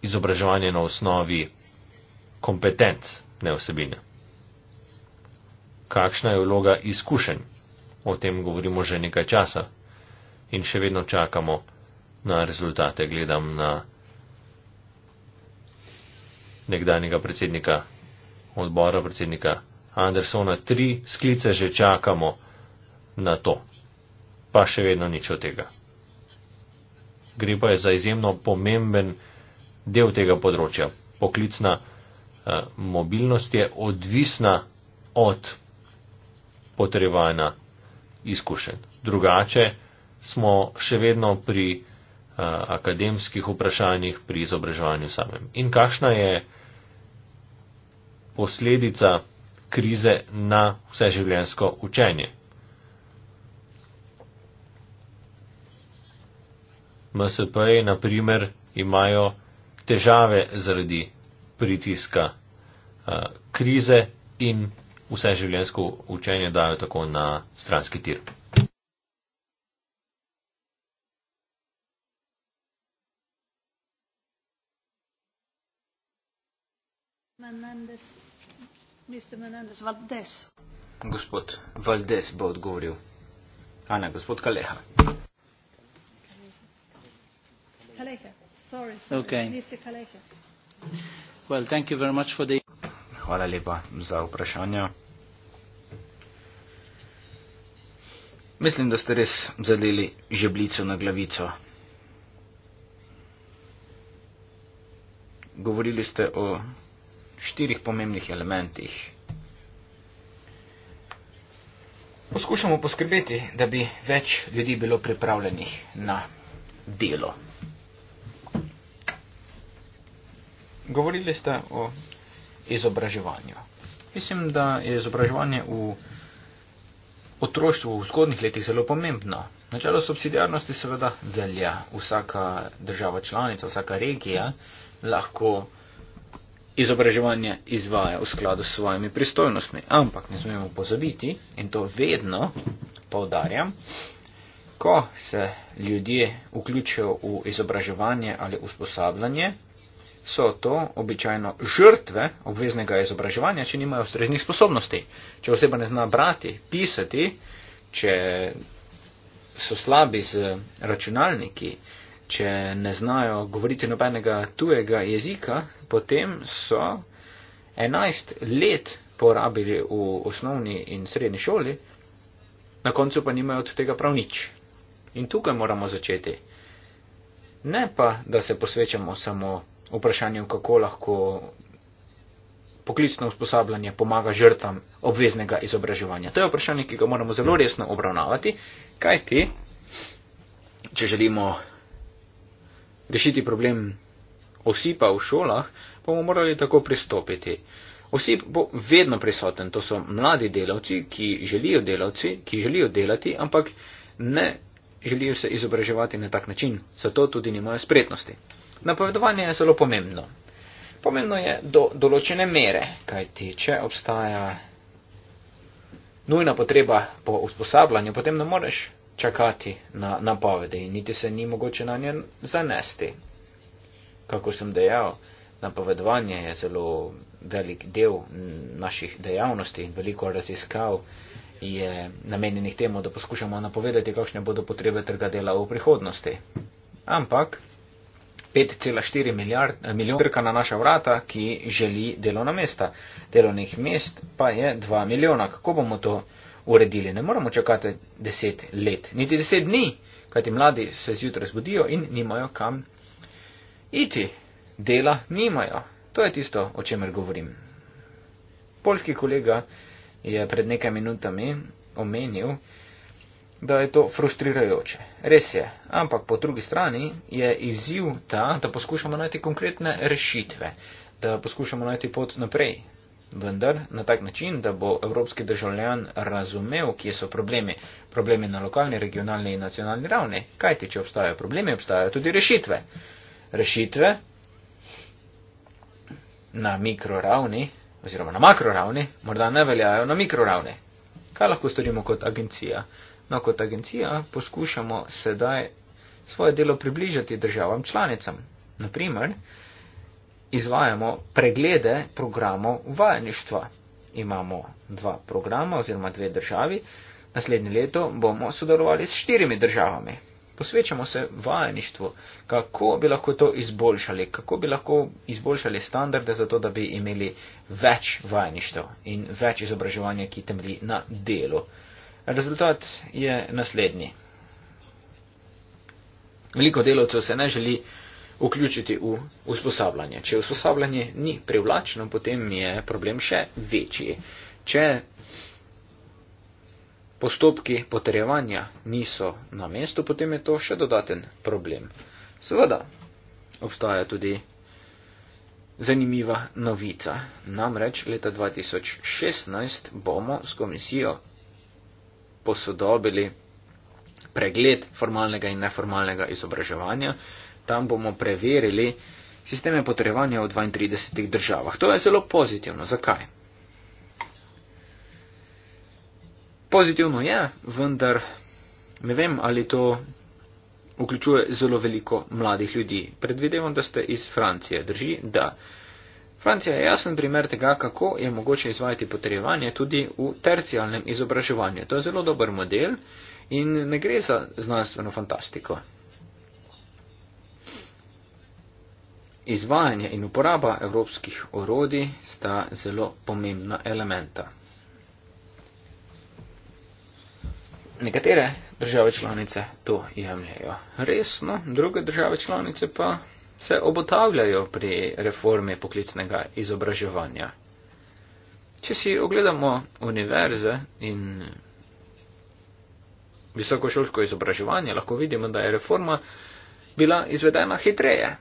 izobraževanja na osnovi kompetenc, ne osebine? Kakšna je vloga izkušenj? O tem govorimo že nekaj časa in še vedno čakamo na rezultate. Gledam na nekdanjega predsednika odbora predsednika Andersona, tri sklice že čakamo na to, pa še vedno nič od tega. Gre pa za izjemno pomemben del tega področja. Poklicna eh, mobilnost je odvisna od potrebovanja izkušenj. Drugače smo še vedno pri eh, akademskih vprašanjih, pri izobraževanju samem. In kakšna je eh, posledica krize na vseživljenjsko učenje. MSP-je, naprimer, imajo težave zaradi pritiska uh, krize in vseživljenjsko učenje dajo tako na stranski tir. Menendez Mr. Menendez Valdez. Gospod Valdez bo odgovoril. A ne, gospod Kaleha. Kaleha, sorry, sorry. Okay. Mr. Kaleha. Well, the... Hvala lepa za vprašanje. Mislim, da ste res zadeli žeblico na glavico. Govorili ste o štirih pomembnih elementih. Poskušamo poskrbeti, da bi več ljudi bilo pripravljenih na delo. Govorili ste o izobraževanju. Mislim, da je izobraževanje v otroštvu v zgodnih letih zelo pomembno. Načelo subsidijarnosti seveda velja. Vsaka država članica, vsaka regija lahko izobraževanje izvaja v skladu s svojimi pristojnostmi. Ampak ne smemo pozabiti in to vedno povdarjam, ko se ljudje vključijo v izobraževanje ali usposabljanje, so to običajno žrtve obveznega izobraževanja, če nimajo ustreznih sposobnosti. Če oseba ne zna brati, pisati, če so slabi z računalniki, če ne znajo govoriti nobenega tujega jezika, potem so 11 let porabili v osnovni in srednji šoli, na koncu pa nimajo od tega prav nič. In tukaj moramo začeti. Ne pa, da se posvečamo samo vprašanju, kako lahko poklicno usposabljanje pomaga žrtvam obveznega izobraževanja. To je vprašanje, ki ga moramo zelo resno obravnavati, kajti, če želimo rešiti problem osipa v šolah, bomo morali tako pristopiti. Osip bo vedno prisoten, to so mladi delavci, ki želijo, delavci, ki želijo delati, ampak ne želijo se izobraževati na tak način, zato tudi nimajo spretnosti. Napovedovanje je zelo pomembno. Pomembno je do določene mere, kajti če obstaja nujna potreba po usposabljanju, potem ne moreš čakati na napovedi in niti se ni mogoče na njen zanesti. Kako sem dejal, napovedovanje je zelo velik del naših dejavnosti in veliko raziskav je namenjenih temu, da poskušamo napovedati, kakšne bodo potrebe trga dela v prihodnosti. Ampak 5,4 milijard eh, milijon trka na naša vrata, ki želi delovna mesta. Delovnih mest pa je 2 milijona. Kako bomo to uredili. Ne moramo čakati deset let, niti deset dni, kajti mladi se zjutraj zbudijo in nimajo kam iti. Dela nimajo. To je tisto, o čemer govorim. Polski kolega je pred nekaj minutami omenil, da je to frustrirajoče. Res je, ampak po drugi strani je izziv ta, da poskušamo najti konkretne rešitve, da poskušamo najti pot naprej, vendar na tak način, da bo evropski državljan razumev, kje so problemi. Problemi na lokalni, regionalni in nacionalni ravni. Kaj ti, če obstajajo problemi, obstajajo tudi rešitve. Rešitve na mikroravni oziroma na makroravni morda ne veljajo na mikroravni. Kaj lahko storimo kot agencija? No, kot agencija poskušamo sedaj svoje delo približati državam članicam. Naprimer, izvajamo preglede programov vajeništva. Imamo dva programa oziroma dve državi. Naslednje leto bomo sodelovali s štirimi državami. Posvečamo se vajeništvu, kako bi lahko to izboljšali, kako bi lahko izboljšali standarde za to, da bi imeli več vajeništev in več izobraževanja, ki temelji na delu. Rezultat je naslednji. Veliko delovcev se ne želi vključiti v usposabljanje. Če usposabljanje ni privlačno, potem je problem še večji. Če postopki potrjevanja niso na mestu, potem je to še dodaten problem. Seveda obstaja tudi zanimiva novica. Namreč leta 2016 bomo s komisijo posodobili pregled formalnega in neformalnega izobraževanja, tam bomo preverili sisteme potrevanja v 32 državah. To je zelo pozitivno. Zakaj? Pozitivno je, vendar ne vem, ali to vključuje zelo veliko mladih ljudi. Predvidevam, da ste iz Francije. Drži, da. Francija je jasen primer tega, kako je mogoče izvajati potrejevanje tudi v tercijalnem izobraževanju. To je zelo dober model in ne gre za znanstveno fantastiko. Izvajanje in uporaba evropskih orodij sta zelo pomembna elementa. Nekatere države članice to jemljajo resno, druge države članice pa se obotavljajo pri reformi poklicnega izobraževanja. Če si ogledamo univerze in visokošolsko izobraževanje, lahko vidimo, da je reforma bila izvedena hitreje,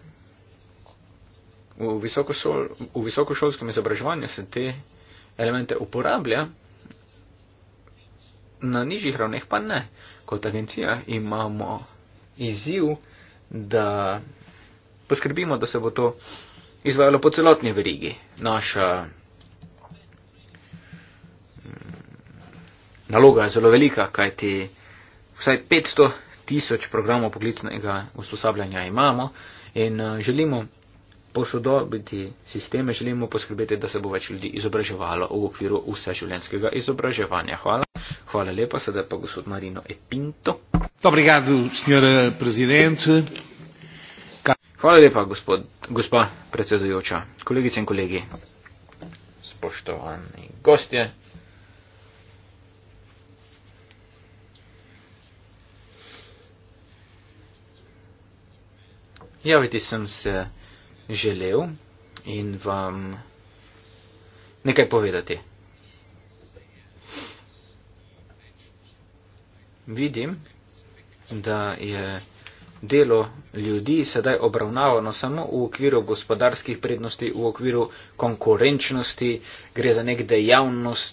v, visokošol, v visokošolskem izobraževanju se te elemente uporablja, na nižjih ravneh pa ne. Kot agencija imamo izziv, da poskrbimo, da se bo to izvajalo po celotni verigi. Naša mm, naloga je zelo velika, kajti vsaj 500 tisoč programov poklicnega usposabljanja imamo in eh, želimo posodobiti sisteme, želimo poskrbeti, da se bo več ljudi izobraževalo v okviru vseživljenjskega izobraževanja. Hvala. Hvala lepa, sedaj pa gospod Marino Epinto. Hvala lepa, gospod, gospa predsedujoča, kolegice in kolegi, spoštovani gostje. Javiti sem se želel in vam nekaj povedati. Vidim, da je delo ljudi sedaj obravnavano samo v okviru gospodarskih prednosti, v okviru konkurenčnosti, gre za nek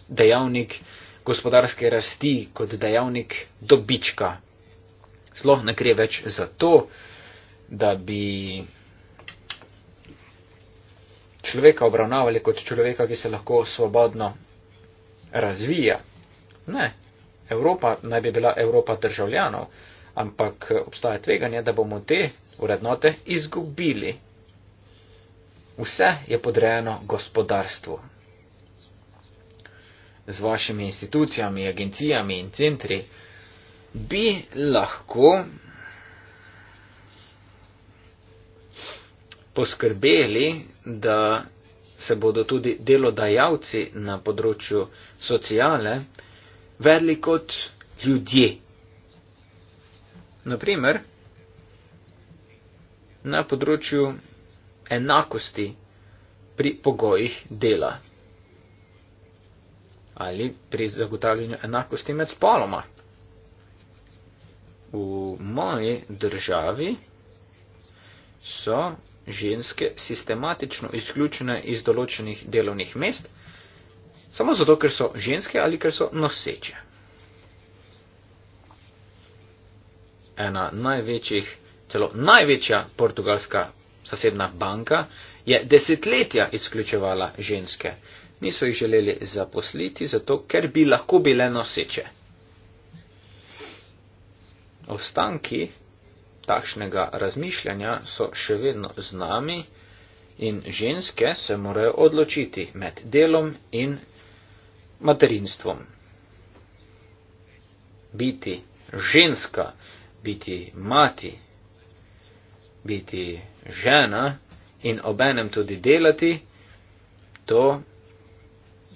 dejavnik gospodarske rasti kot dejavnik dobička. Sloh ne gre več za to, da bi človeka obravnavali kot človeka, ki se lahko svobodno razvija. Ne, Evropa naj bi bila Evropa državljanov, ampak obstaja tveganje, da bomo te urednote izgubili. Vse je podrejeno gospodarstvu. Z vašimi institucijami, agencijami in centri bi lahko poskrbeli da se bodo tudi delodajalci na področju sociale vedli kot ljudje. Naprimer, na področju enakosti pri pogojih dela ali pri zagotavljanju enakosti med spoloma. V moji državi so ženske sistematično izključene iz določenih delovnih mest, samo zato, ker so ženske ali ker so noseče. Ena največjih, celo največja portugalska sosedna banka je desetletja izključevala ženske. Niso jih želeli zaposliti, zato ker bi lahko bile noseče. Ostanki takšnega razmišljanja so še vedno z nami in ženske se morajo odločiti med delom in materinstvom. Biti ženska, biti mati, biti žena in obenem tudi delati, to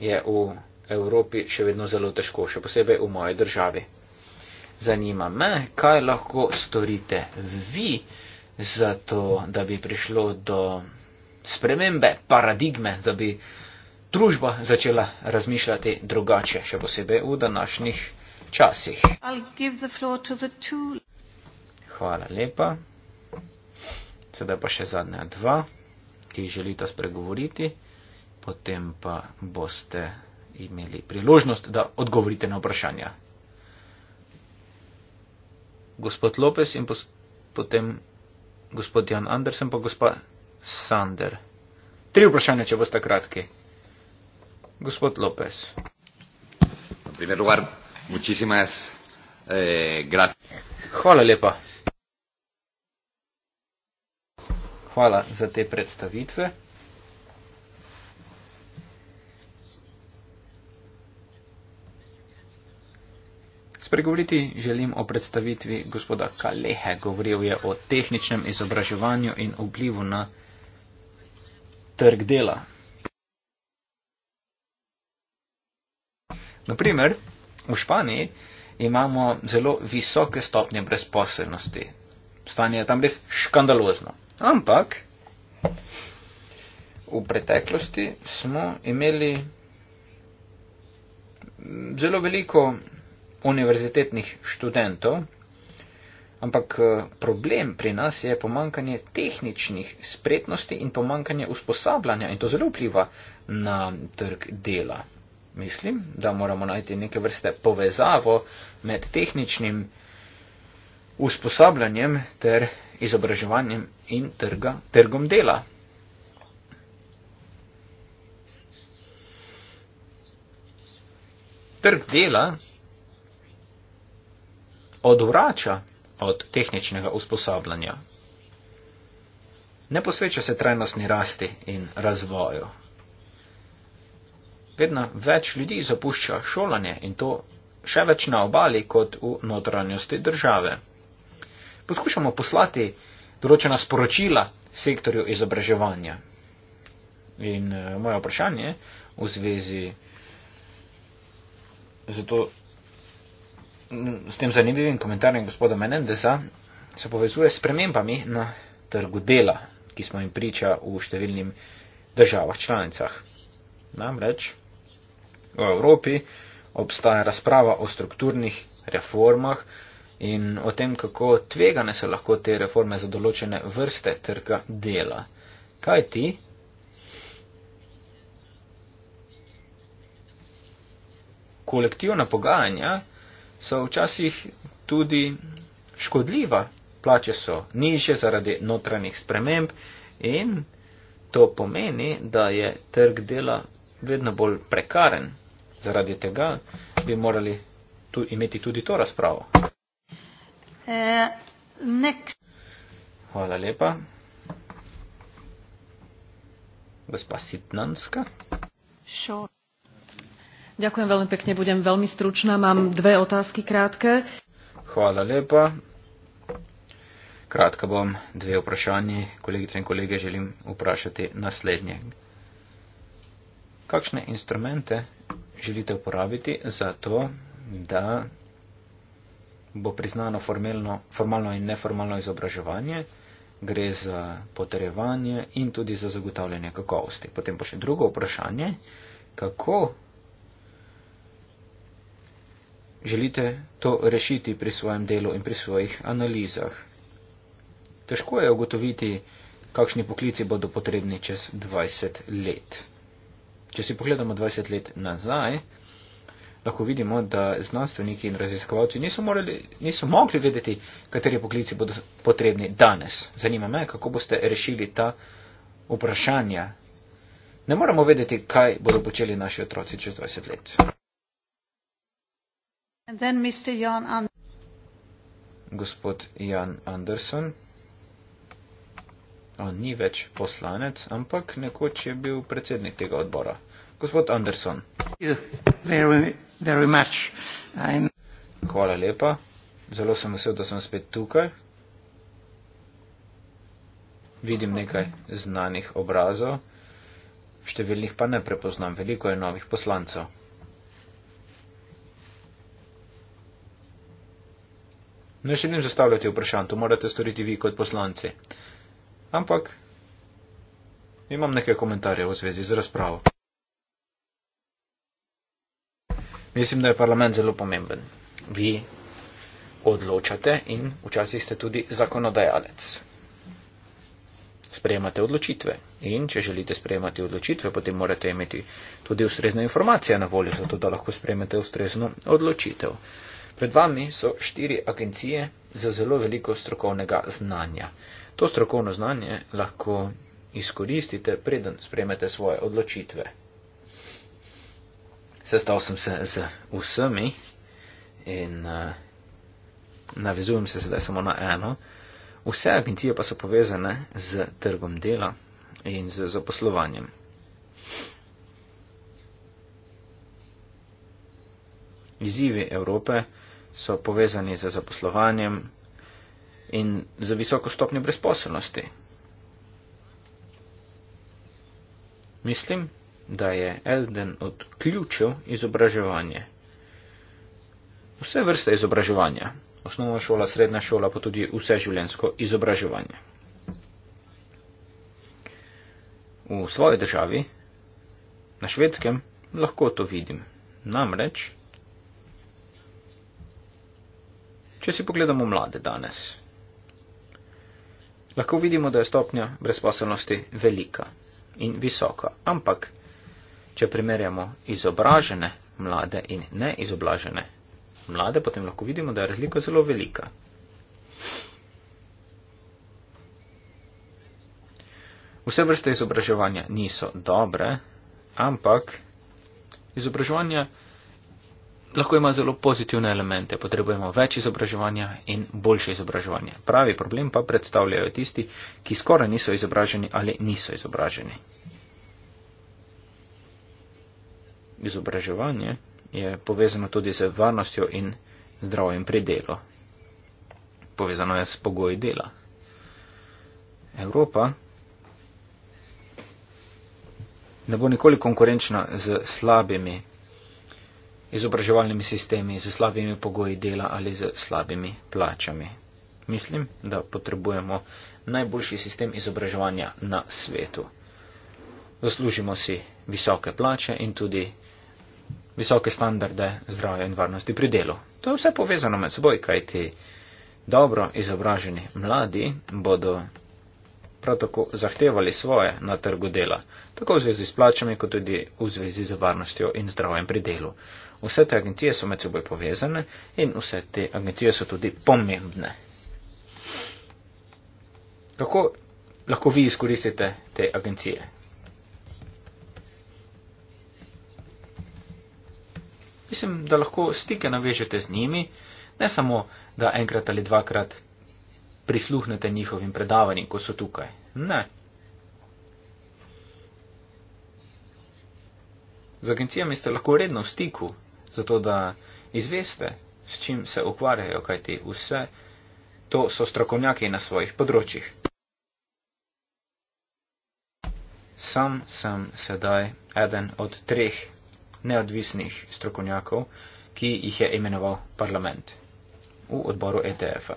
je v Evropi še vedno zelo težko, še posebej v moji državi zanima me, kaj lahko storite vi, zato da bi prišlo do spremembe paradigme, da bi družba začela razmišljati drugače, še posebej v današnjih časih. Hvala lepa. Sedaj pa še zadnja dva, ki želita spregovoriti, potem pa boste imeli priložnost, da odgovorite na vprašanja gospod Lopes in pos, potem gospod Jan Andersen, pa gospa Sander. Tri vprašanja, če boste kratki. Gospod Lopes. Eh, Hvala lepa. Hvala za te predstavitve. Spregovoriti želim o predstavitvi gospoda Kalehe. Govoril je o tehničnem izobraževanju in vplivu na trg dela. Naprimer, v Španiji imamo zelo visoke stopnje brezposelnosti. Stanje je tam res škandalozno. Ampak v preteklosti smo imeli zelo veliko univerzitetnih študentov, ampak eh, problem pri nas je pomankanje tehničnih spretnosti in pomankanje usposabljanja in to zelo vpliva na trg dela. Mislim, da moramo najti neke vrste povezavo med tehničnim usposabljanjem ter izobraževanjem in trga, trgom dela. Trg dela odvrača od tehničnega usposabljanja. Ne posveča se trajnostni rasti in razvoju. Vedno več ljudi zapušča šolanje in to še več na obali kot v notranjosti države. Poskušamo poslati določena sporočila sektorju izobraževanja. In eh, moje vprašanje v zvezi z to Mm, s tem zanimivim komentarjem gospoda Menendeza se povezuje s spremembami na trgu dela, ki smo jim priča v številnim državah članicah. Namreč v Evropi obstaja razprava o strukturnih reformah in o tem, kako tvegane so lahko te reforme za določene vrste trga dela. Kaj ti? Kolektivna pogajanja so včasih tudi škodljiva. Plače so niže zaradi notranjih sprememb in to pomeni, da je trg dela vedno bolj prekaren. Zaradi tega bi morali tu imeti tudi to razpravo. Uh, Hvala lepa. Gospa Sitnanska. Sure. Ďakujem veľmi pekne, budem veľmi stručná, mám dve otázky krátke. Hvala lepa. Kratko bom dve vprašanje, kolegice in kolege, želim vprašati naslednje. Kakšne instrumente želite uporabiti za to, da bo priznano formelno, formalno in neformalno izobraževanje, gre za potrejevanje in tudi za zagotavljanje kakovosti? Potem pa še drugo vprašanje, kako želite to rešiti pri svojem delu in pri svojih analizah. Težko je ugotoviti, kakšni poklici bodo potrebni čez 20 let. Če si pogledamo 20 let nazaj, lahko vidimo, da znanstveniki in raziskovalci niso, morali, niso mogli vedeti, kateri poklici bodo potrebni danes. Zanima me, kako boste rešili ta vprašanja. Ne moramo vedeti, kaj bodo počeli naši otroci čez 20 let. And then Mr. Jan Gospod Jan Anderson. On ni več poslanec, ampak nekoč je bil predsednik tega odbora. Gospod Anderson. Very, very Hvala lepa. Zelo sem vesel, da sem spet tukaj. Vidim okay. nekaj znanih obrazov, številnih pa ne prepoznam. Veliko je novih poslancev. Ne želim zastavljati vprašanj, to morate storiti vi kot poslanci. Ampak imam nekaj komentarjev v zvezi z razpravo. Mislim, da je parlament zelo pomemben. Vi odločate in včasih ste tudi zakonodajalec. Sprejemate odločitve in če želite sprejemati odločitve, potem morate imeti tudi ustrezne informacije na voljo, zato da lahko sprejmete ustrezno odločitev. Pred vami so štiri agencije za zelo veliko strokovnega znanja. To strokovno znanje lahko izkoristite, preden sprejmete svoje odločitve. Sestal sem se z vsemi in uh, navezujem se sedaj samo na eno. Vse agencije pa so povezane z trgom dela in z zaposlovanjem. Izzivi Evrope so povezani z zaposlovanjem in z visoko stopnjo brezposobnosti. Mislim, da je Elden odključil izobraževanje. Vse vrste izobraževanja, osnovna šola, srednja šola, pa tudi vse življensko izobraževanje. V svoji državi, na švedskem, lahko to vidim. Namreč Če si pogledamo mlade danes, lahko vidimo, da je stopnja brezposelnosti velika in visoka, ampak če primerjamo izobražene mlade in neizobražene mlade, potem lahko vidimo, da je razlika zelo velika. Vse vrste izobraževanja niso dobre, ampak izobraževanja lahko ima zelo pozitivne elemente. Potrebujemo več izobraževanja in boljše izobraževanje. Pravi problem pa predstavljajo tisti, ki skoraj niso izobraženi ali niso izobraženi. Izobraževanje je povezano tudi z varnostjo in zdravjem pri delu. Povezano je s pogoji dela. Evropa ne bo nikoli konkurenčna z slabimi izobraževalnimi sistemi, z slabimi pogoji dela ali z slabimi plačami. Mislim, da potrebujemo najboljši sistem izobraževanja na svetu. Zaslužimo si visoke plače in tudi visoke standarde zdravja in varnosti pri delu. To je vse povezano med seboj, kaj ti dobro izobraženi mladi bodo prav tako zahtevali svoje na trgu dela, tako v zvezi s plačami, kot tudi v zvezi z varnostjo in zdravjem pri delu vse te agencije so med seboj povezane in vse te agencije so tudi pomembne. Kako lahko vi izkoristite te agencije? Mislim, da lahko stike navežete z njimi, ne samo, da enkrat ali dvakrat prisluhnete njihovim predavanjem, ko so tukaj. Ne. Z agencijami ste lahko redno v stiku, zato da izveste, s čim se ukvarjajo, kajti vse to so strokovnjaki na svojih področjih. Sam sem sedaj eden od treh neodvisnih strokovnjakov, ki jih je imenoval parlament v odboru ETF-a.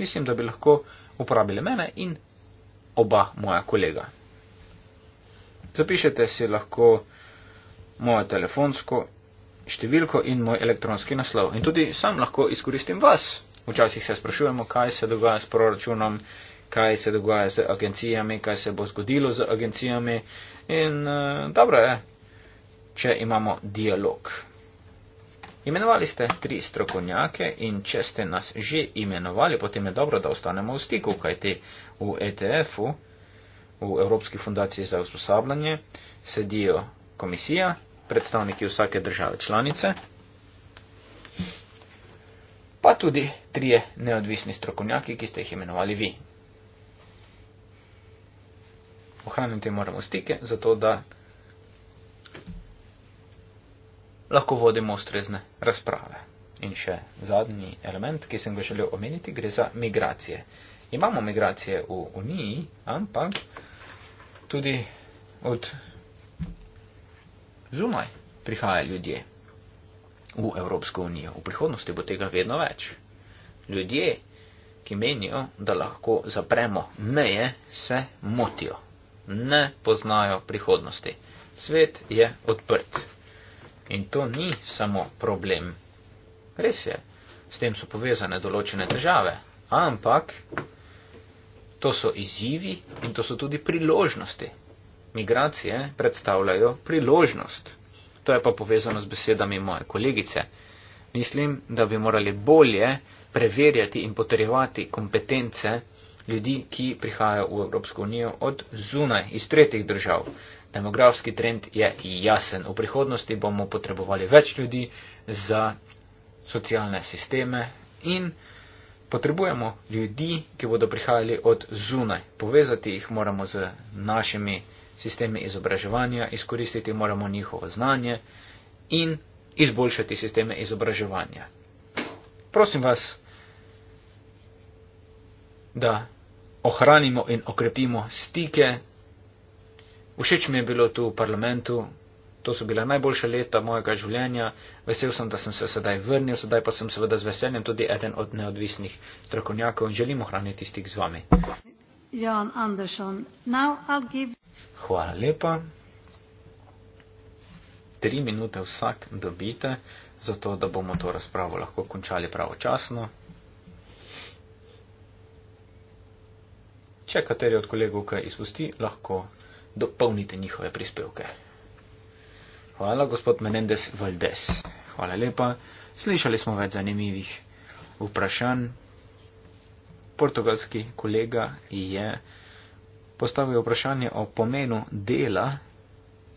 Mislim, da bi lahko uporabili mene in oba moja kolega. Zapišete si lahko mojo telefonsko številko in moj elektronski naslov. In tudi sam lahko izkoristim vas. Včasih se sprašujemo, kaj se dogaja s proračunom, kaj se dogaja z agencijami, kaj se bo zgodilo z agencijami. In uh, dobro je, če imamo dialog. Imenovali ste tri strokovnjake in če ste nas že imenovali, potem je dobro, da ostanemo v stiku, kajti v ETF-u v Evropski fundaciji za usposabljanje sedijo komisija, predstavniki vsake države članice, pa tudi trije neodvisni strokovnjaki, ki ste jih imenovali vi. Ohraniti moramo stike, zato da lahko vodimo ustrezne razprave. In še zadnji element, ki sem ga želel omeniti, gre za migracije. Imamo migracije v Uniji, ampak tudi od zunaj prihajajo ljudje v Evropsko unijo. V prihodnosti bo tega vedno več. Ljudje, ki menijo, da lahko zapremo meje, se motijo. Ne poznajo prihodnosti. Svet je odprt. In to ni samo problem. Res je, s tem so povezane določene države. Ampak To so izzivi in to so tudi priložnosti. Migracije predstavljajo priložnost. To je pa povezano z besedami moje kolegice. Mislim, da bi morali bolje preverjati in potrjevati kompetence ljudi, ki prihajajo v Evropsko unijo od zunaj, iz tretjih držav. Demografski trend je jasen. V prihodnosti bomo potrebovali več ljudi za socialne sisteme in. Potrebujemo ljudi, ki bodo prihajali od zunaj. Povezati jih moramo z našimi sistemi izobraževanja, izkoristiti moramo njihovo znanje in izboljšati sisteme izobraževanja. Prosim vas, da ohranimo in okrepimo stike. Všeč mi je bilo tu v parlamentu, to so bila najboljša leta mojega življenja, vesel sem, da sem se sedaj vrnil, sedaj pa sem seveda z veseljem tudi eden od neodvisnih strokovnjakov in želim ohraniti stik z vami. John Anderson, now I'll give... Hvala lepa. Tri minute vsak dobite, zato da bomo to razpravo lahko končali pravočasno. Če kateri od kolegov kaj izpusti, lahko dopolnite njihove prispevke. Hvala, gospod Menendez Valdes. Hvala lepa. Slišali smo več zanimivih vprašanj. Portugalski kolega je postavil vprašanje o pomenu dela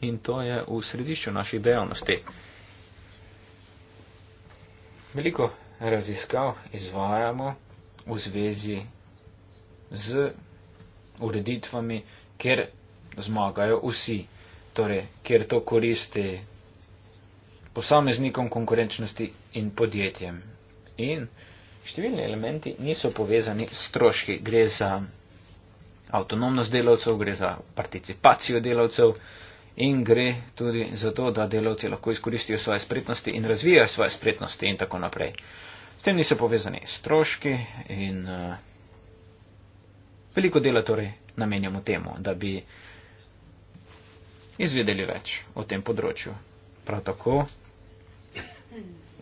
in to je v središču naših dejavnosti. Veliko raziskav izvajamo v zvezi z ureditvami, kjer zmagajo vsi torej, kjer to koristi posameznikom konkurenčnosti in podjetjem. In številni elementi niso povezani s stroški. Gre za avtonomnost delavcev, gre za participacijo delavcev in gre tudi za to, da delavci lahko izkoristijo svoje spretnosti in razvijajo svoje spretnosti in tako naprej. S tem niso povezani stroški in uh, veliko dela torej namenjamo temu, da bi uh, izvedeli več o tem področju. Prav tako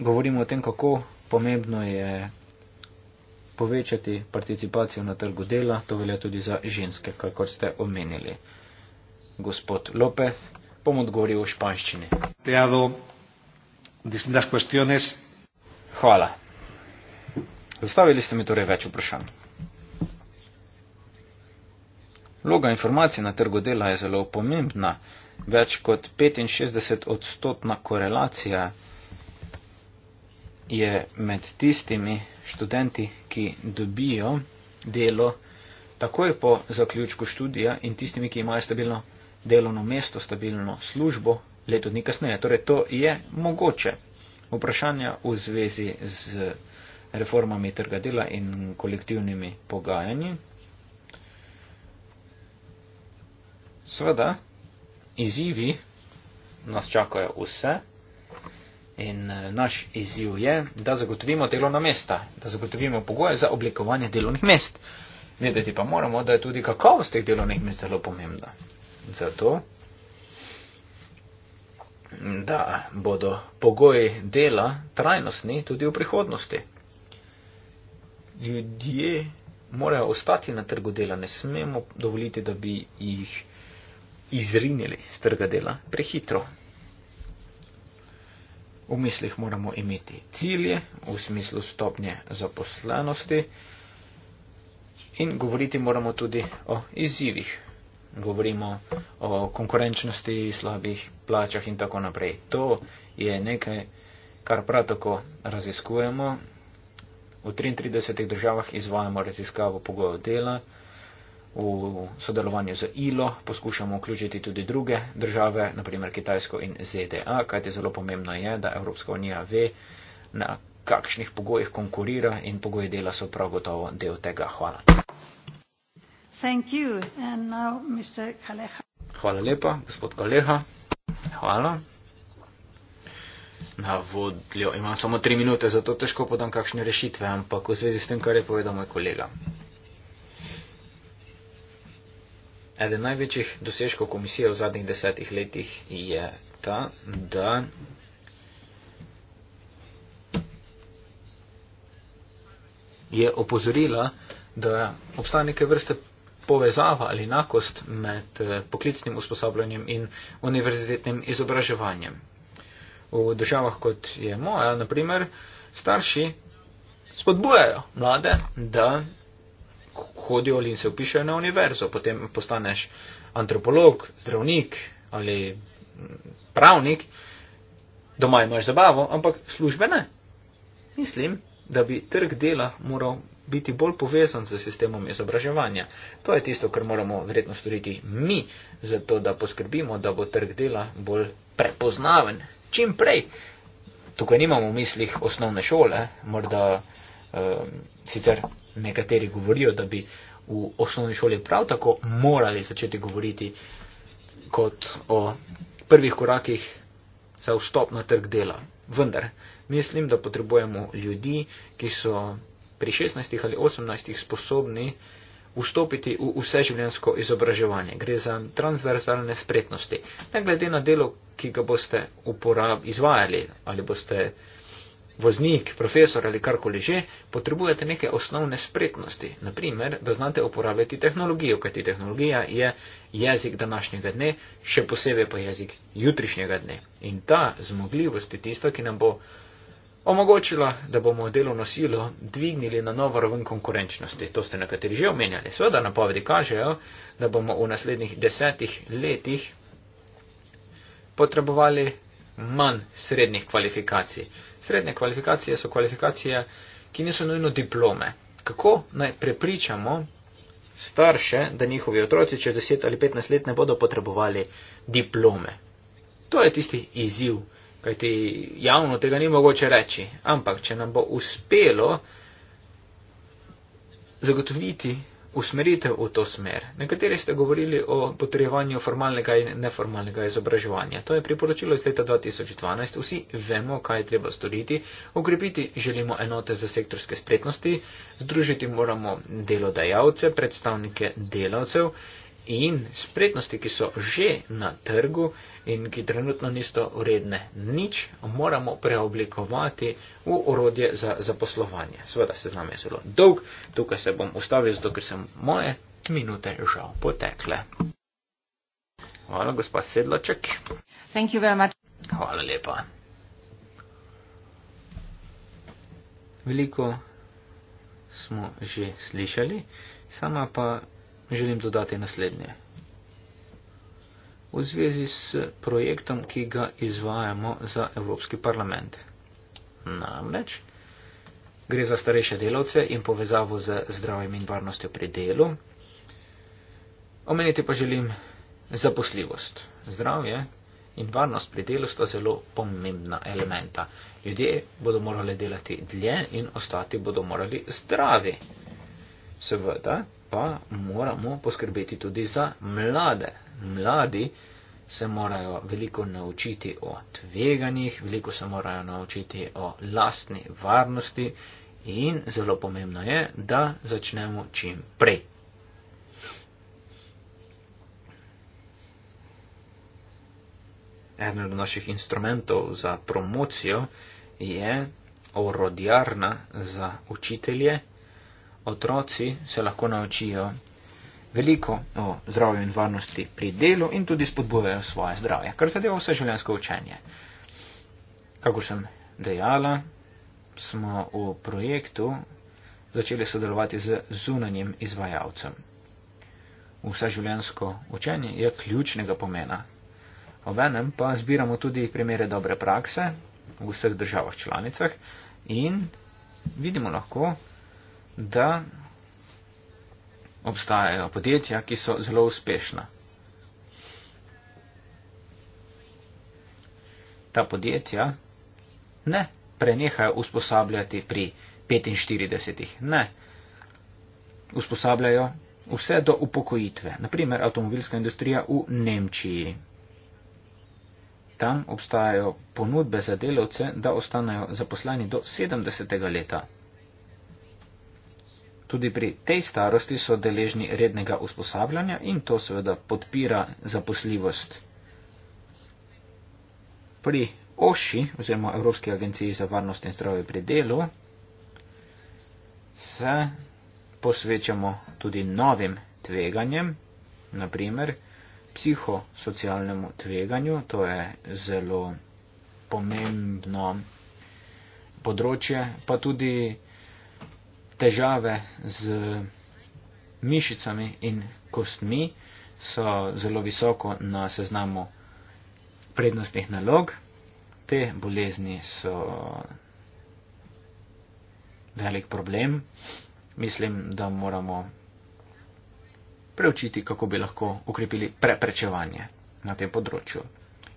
govorimo o tem, kako pomembno je povečati participacijo na trgu dela, to velja tudi za ženske, kakor ste omenili. Gospod Lopez, bom odgovoril v španščini. Hvala. Zastavili ste mi torej več vprašanj. Vloga informacij na trgu dela je zelo pomembna več kot 65 odstotna korelacija je med tistimi študenti, ki dobijo delo takoj po zaključku študija in tistimi, ki imajo stabilno delovno mesto, stabilno službo leto dni kasneje. Torej, to je mogoče. Vprašanja v zvezi z reformami trga dela in kolektivnimi pogajanji. Sveda, izzivi nas čakajo vse. In eh, naš izziv je, da zagotovimo delovna mesta, da zagotovimo pogoje za oblikovanje delovnih mest. Vedeti pa moramo, da je tudi kakovost teh delovnih mest zelo pomembna. Zato, da bodo pogoji dela trajnostni tudi v prihodnosti. Ljudje morajo ostati na trgu dela, ne smemo dovoliti, da bi jih izrinili z trga dela prehitro. V mislih moramo imeti cilje v smislu stopnje zaposlenosti in govoriti moramo tudi o izzivih. Govorimo o konkurenčnosti, slabih plačah in tako naprej. To je nekaj, kar prav tako raziskujemo. V 33 državah izvajamo raziskavo pogojev dela v sodelovanju z ILO poskušamo vključiti tudi druge države, naprimer Kitajsko in ZDA, kajti zelo pomembno je, da Evropska unija ve, na kakšnih pogojih konkurira in pogoji dela so prav gotovo del tega. Hvala. Now, Hvala lepa, gospod Kaleha. Hvala. Na vodljo imam samo tri minute, zato težko podam kakšne rešitve, ampak v zvezi s tem, kar je povedal moj kolega. eden največjih dosežkov komisije v zadnjih desetih letih je ta, da je opozorila, da obstaja neke vrste povezava ali enakost med eh, poklicnim usposabljanjem in univerzitetnim izobraževanjem. V državah, kot je moja, naprimer, starši spodbujajo mlade, da hodijo in se upišajo na univerzo, potem postaneš antropolog, zdravnik ali mm, pravnik, doma imaš zabavo, ampak službe ne. Mislim, da bi trg dela moral biti bolj povezan z sistemom izobraževanja. To je tisto, kar moramo verjetno storiti mi, zato da poskrbimo, da bo trg dela bolj prepoznaven. Čim prej. Tukaj nimamo v mislih osnovne šole, morda um, sicer nekateri govorijo, da bi v osnovni šoli prav tako morali začeti govoriti kot o prvih korakih za vstop na trg dela. Vendar mislim, da potrebujemo ljudi, ki so pri 16 ali 18 sposobni vstopiti v vseživljensko izobraževanje. Gre za transverzalne spretnosti. Ne glede na delo, ki ga boste uporab, izvajali ali boste voznik, profesor ali karkoli že, potrebujete neke osnovne spretnosti. Naprimer, da znate uporabljati tehnologijo, kajti tehnologija je jezik današnjega dne, še posebej pa jezik jutrišnjega dne. In ta zmogljivost je tista, ki nam bo omogočila, da bomo delovno silo dvignili na novo raven konkurenčnosti. To ste nekateri že omenjali. Sveda napovedi kažejo, da bomo v naslednjih desetih letih potrebovali manj srednjih kvalifikacij. Srednje kvalifikacije so kvalifikacije, ki niso nujno diplome. Kako naj prepričamo starše, da njihovi otroci, če 10 ali 15 let, ne bodo potrebovali diplome? To je tisti izziv, kajti javno tega ni mogoče reči. Ampak, če nam bo uspelo zagotoviti usmeritev v to smer. Nekateri ste govorili o potrejevanju formalnega in neformalnega izobraževanja. To je priporočilo iz leta 2012. Vsi vemo, kaj je treba storiti. Ukrepiti želimo enote za sektorske spretnosti, združiti moramo delodajalce, predstavnike delavcev in spretnosti, ki so že na trgu in ki trenutno niso vredne nič, moramo preoblikovati v orodje za zaposlovanje. Sveda se z nami je zelo dolg, tukaj se bom ustavil, zato ker sem moje minute žal potekle. Hvala, gospa Sedlaček. Hvala lepa. Veliko smo že slišali, sama pa želim dodati naslednje. V zvezi s projektom, ki ga izvajamo za Evropski parlament. Namreč gre za starejše delavce in povezavo z zdravjem in varnostjo pri delu. Omeniti pa želim zaposljivost. Zdravje in varnost pri delu sta zelo pomembna elementa. Ljudje bodo morali delati dlje in ostati bodo morali zdravi. Seveda, pa moramo poskrbeti tudi za mlade. Mladi se morajo veliko naučiti o tveganjih, veliko se morajo naučiti o lastni varnosti in zelo pomembno je, da začnemo čim prej. Eden od naših instrumentov za promocijo je orodjarna za učitelje otroci se lahko naučijo veliko o zdravju in varnosti pri delu in tudi spodbujajo svoje zdravje, kar zadeva vse življenjsko učenje. Kako sem dejala, smo v projektu začeli sodelovati z zunanjim izvajalcem. Vse življenjsko učenje je ključnega pomena. Ovenem pa zbiramo tudi primere dobre prakse v vseh državah članicah in vidimo lahko, da obstajajo podjetja, ki so zelo uspešna. Ta podjetja ne prenehajo usposabljati pri 45. Ne. Usposabljajo vse do upokojitve. Naprimer, avtomobilska industrija v Nemčiji. Tam obstajajo ponudbe za delavce, da ostanejo zaposleni do 70. leta. Tudi pri tej starosti so deležni rednega usposabljanja in to seveda podpira zaposljivost. Pri OŠI oziroma Evropski agenciji za varnost in zdravje pri delu se posvečamo tudi novim tveganjem, naprimer psihosocialnemu tveganju, to je zelo pomembno področje, pa tudi težave z mišicami in kostmi so zelo visoko na seznamu prednostnih nalog. Te bolezni so velik problem. Mislim, da moramo preučiti, kako bi lahko ukrepili preprečevanje na tem področju.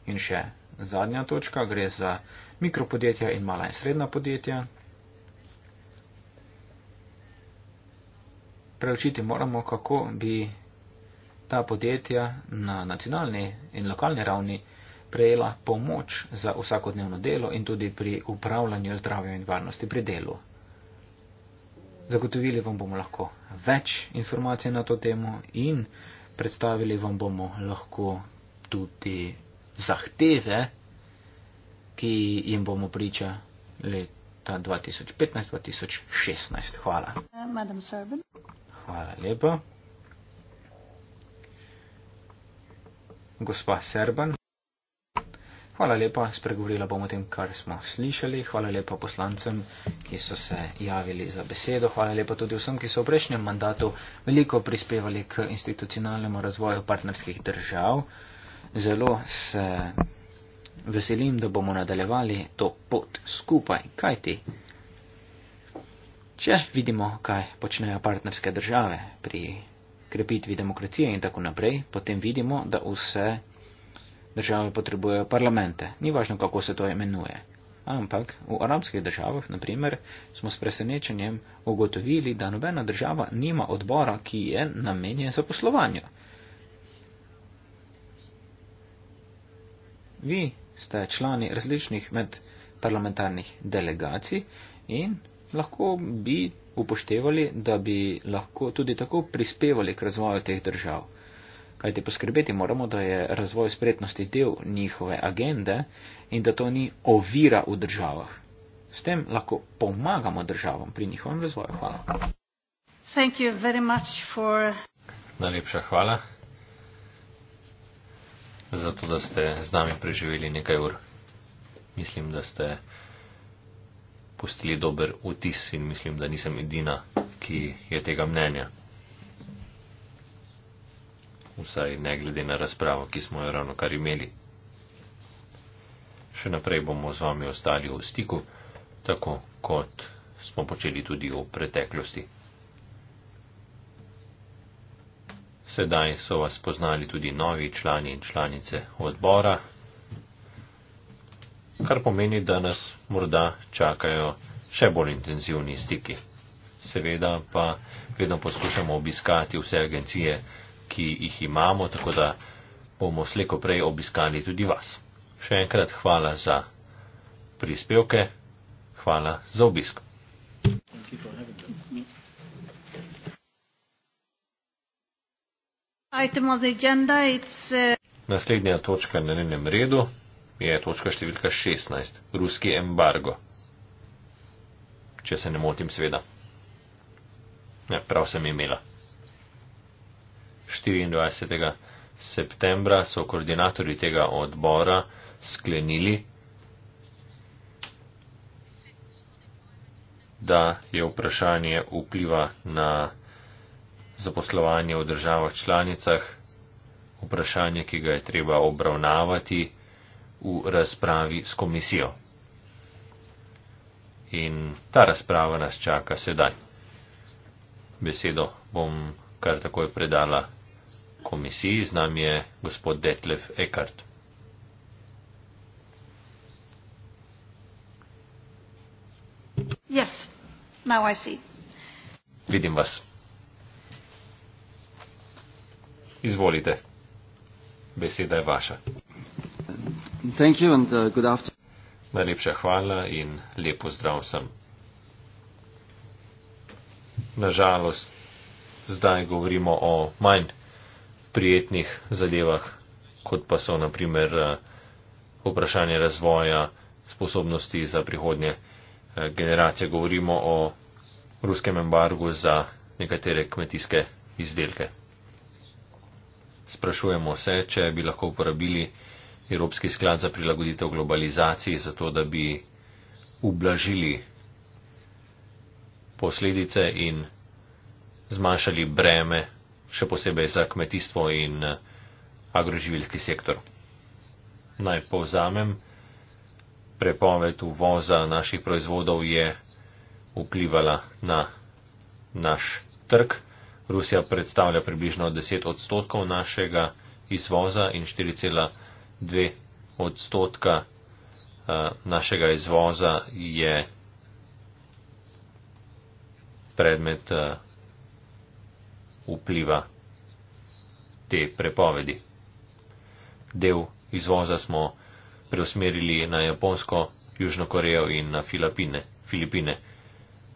In še zadnja točka gre za mikropodjetja in mala in srednja podjetja. preučiti moramo, kako bi ta podjetja na nacionalni in lokalni ravni prejela pomoč za vsakodnevno delo in tudi pri upravljanju zdravja in varnosti pri delu. Zagotovili vam bomo lahko več informacij na to temo in predstavili vam bomo lahko tudi zahteve, ki jim bomo priča leta 2015-2016. Hvala. Uh, Hvala lepa. Gospa Serban. Hvala lepa, spregovorila bom o tem, kar smo slišali. Hvala lepa poslancem, ki so se javili za besedo. Hvala lepa tudi vsem, ki so v prejšnjem mandatu veliko prispevali k institucionalnemu razvoju partnerskih držav. Zelo se veselim, da bomo nadaljevali to pot skupaj. Kaj ti? Če vidimo, kaj počnejo partnerske države pri krepitvi demokracije in tako naprej, potem vidimo, da vse države potrebujejo parlamente. Ni važno, kako se to imenuje. Ampak v arabskih državah, naprimer, smo s presenečenjem ugotovili, da nobena država nima odbora, ki je namenjen za poslovanje. Vi ste člani različnih med parlamentarnih delegacij in lahko bi upoštevali, da bi lahko tudi tako prispevali k razvoju teh držav. Kajti poskrbeti moramo, da je razvoj spretnosti del njihove agende in da to ni ovira v državah. S tem lahko pomagamo državam pri njihovem razvoju. Hvala. For... Najlepša hvala za to, da ste z nami preživeli nekaj ur. Mislim, da ste pustili dober vtis in mislim, da nisem edina, ki je tega mnenja. Vsaj ne glede na razpravo, ki smo jo ravno kar imeli. Še naprej bomo z vami ostali v stiku, tako kot smo počeli tudi v preteklosti. Sedaj so vas poznali tudi novi člani in članice odbora, kar pomeni, da nas morda čakajo še bolj intenzivni stiki. Seveda pa vedno poskušamo obiskati vse agencije, ki jih imamo, tako da bomo sleko prej obiskali tudi vas. Še enkrat hvala za prispevke, hvala za obisk. Uh, Naslednja točka na njenem redu je točka številka 16, ruski embargo. Če se ne motim, seveda. Ja, prav sem imela. 24. septembra so koordinatori tega odbora sklenili, da je vprašanje vpliva na zaposlovanje v državah članicah, vprašanje, ki ga je treba obravnavati v razpravi s komisijo. In ta razprava nas čaka sedaj. Besedo bom kar takoj predala komisiji, z nami je gospod Detlef Eckart. Yes, now I see. Vidim vas. Izvolite. Beseda je vaša. Uh, Najlepša hvala in lepo zdrav sem. Nažalost, zdaj govorimo o manj prijetnih zadevah, kot pa so naprimer uh, vprašanje razvoja sposobnosti za prihodnje uh, generacije. Govorimo o ruskem embargu za nekatere kmetijske izdelke. Sprašujemo se, če bi lahko uporabili Evropski sklad za prilagoditev globalizaciji, zato da bi ublažili posledice in zmanjšali breme, še posebej za kmetijstvo in eh, agroživilski sektor. Naj povzamem, prepoved uvoza naših proizvodov je vplivala na naš trg. Rusija predstavlja približno 10 odstotkov našega izvoza in 4,5 odstotkov dve odstotka eh, našega izvoza je predmet eh, vpliva te prepovedi. Del izvoza smo preusmerili na Japonsko, Južno Korejo in na Filipine. Filipine.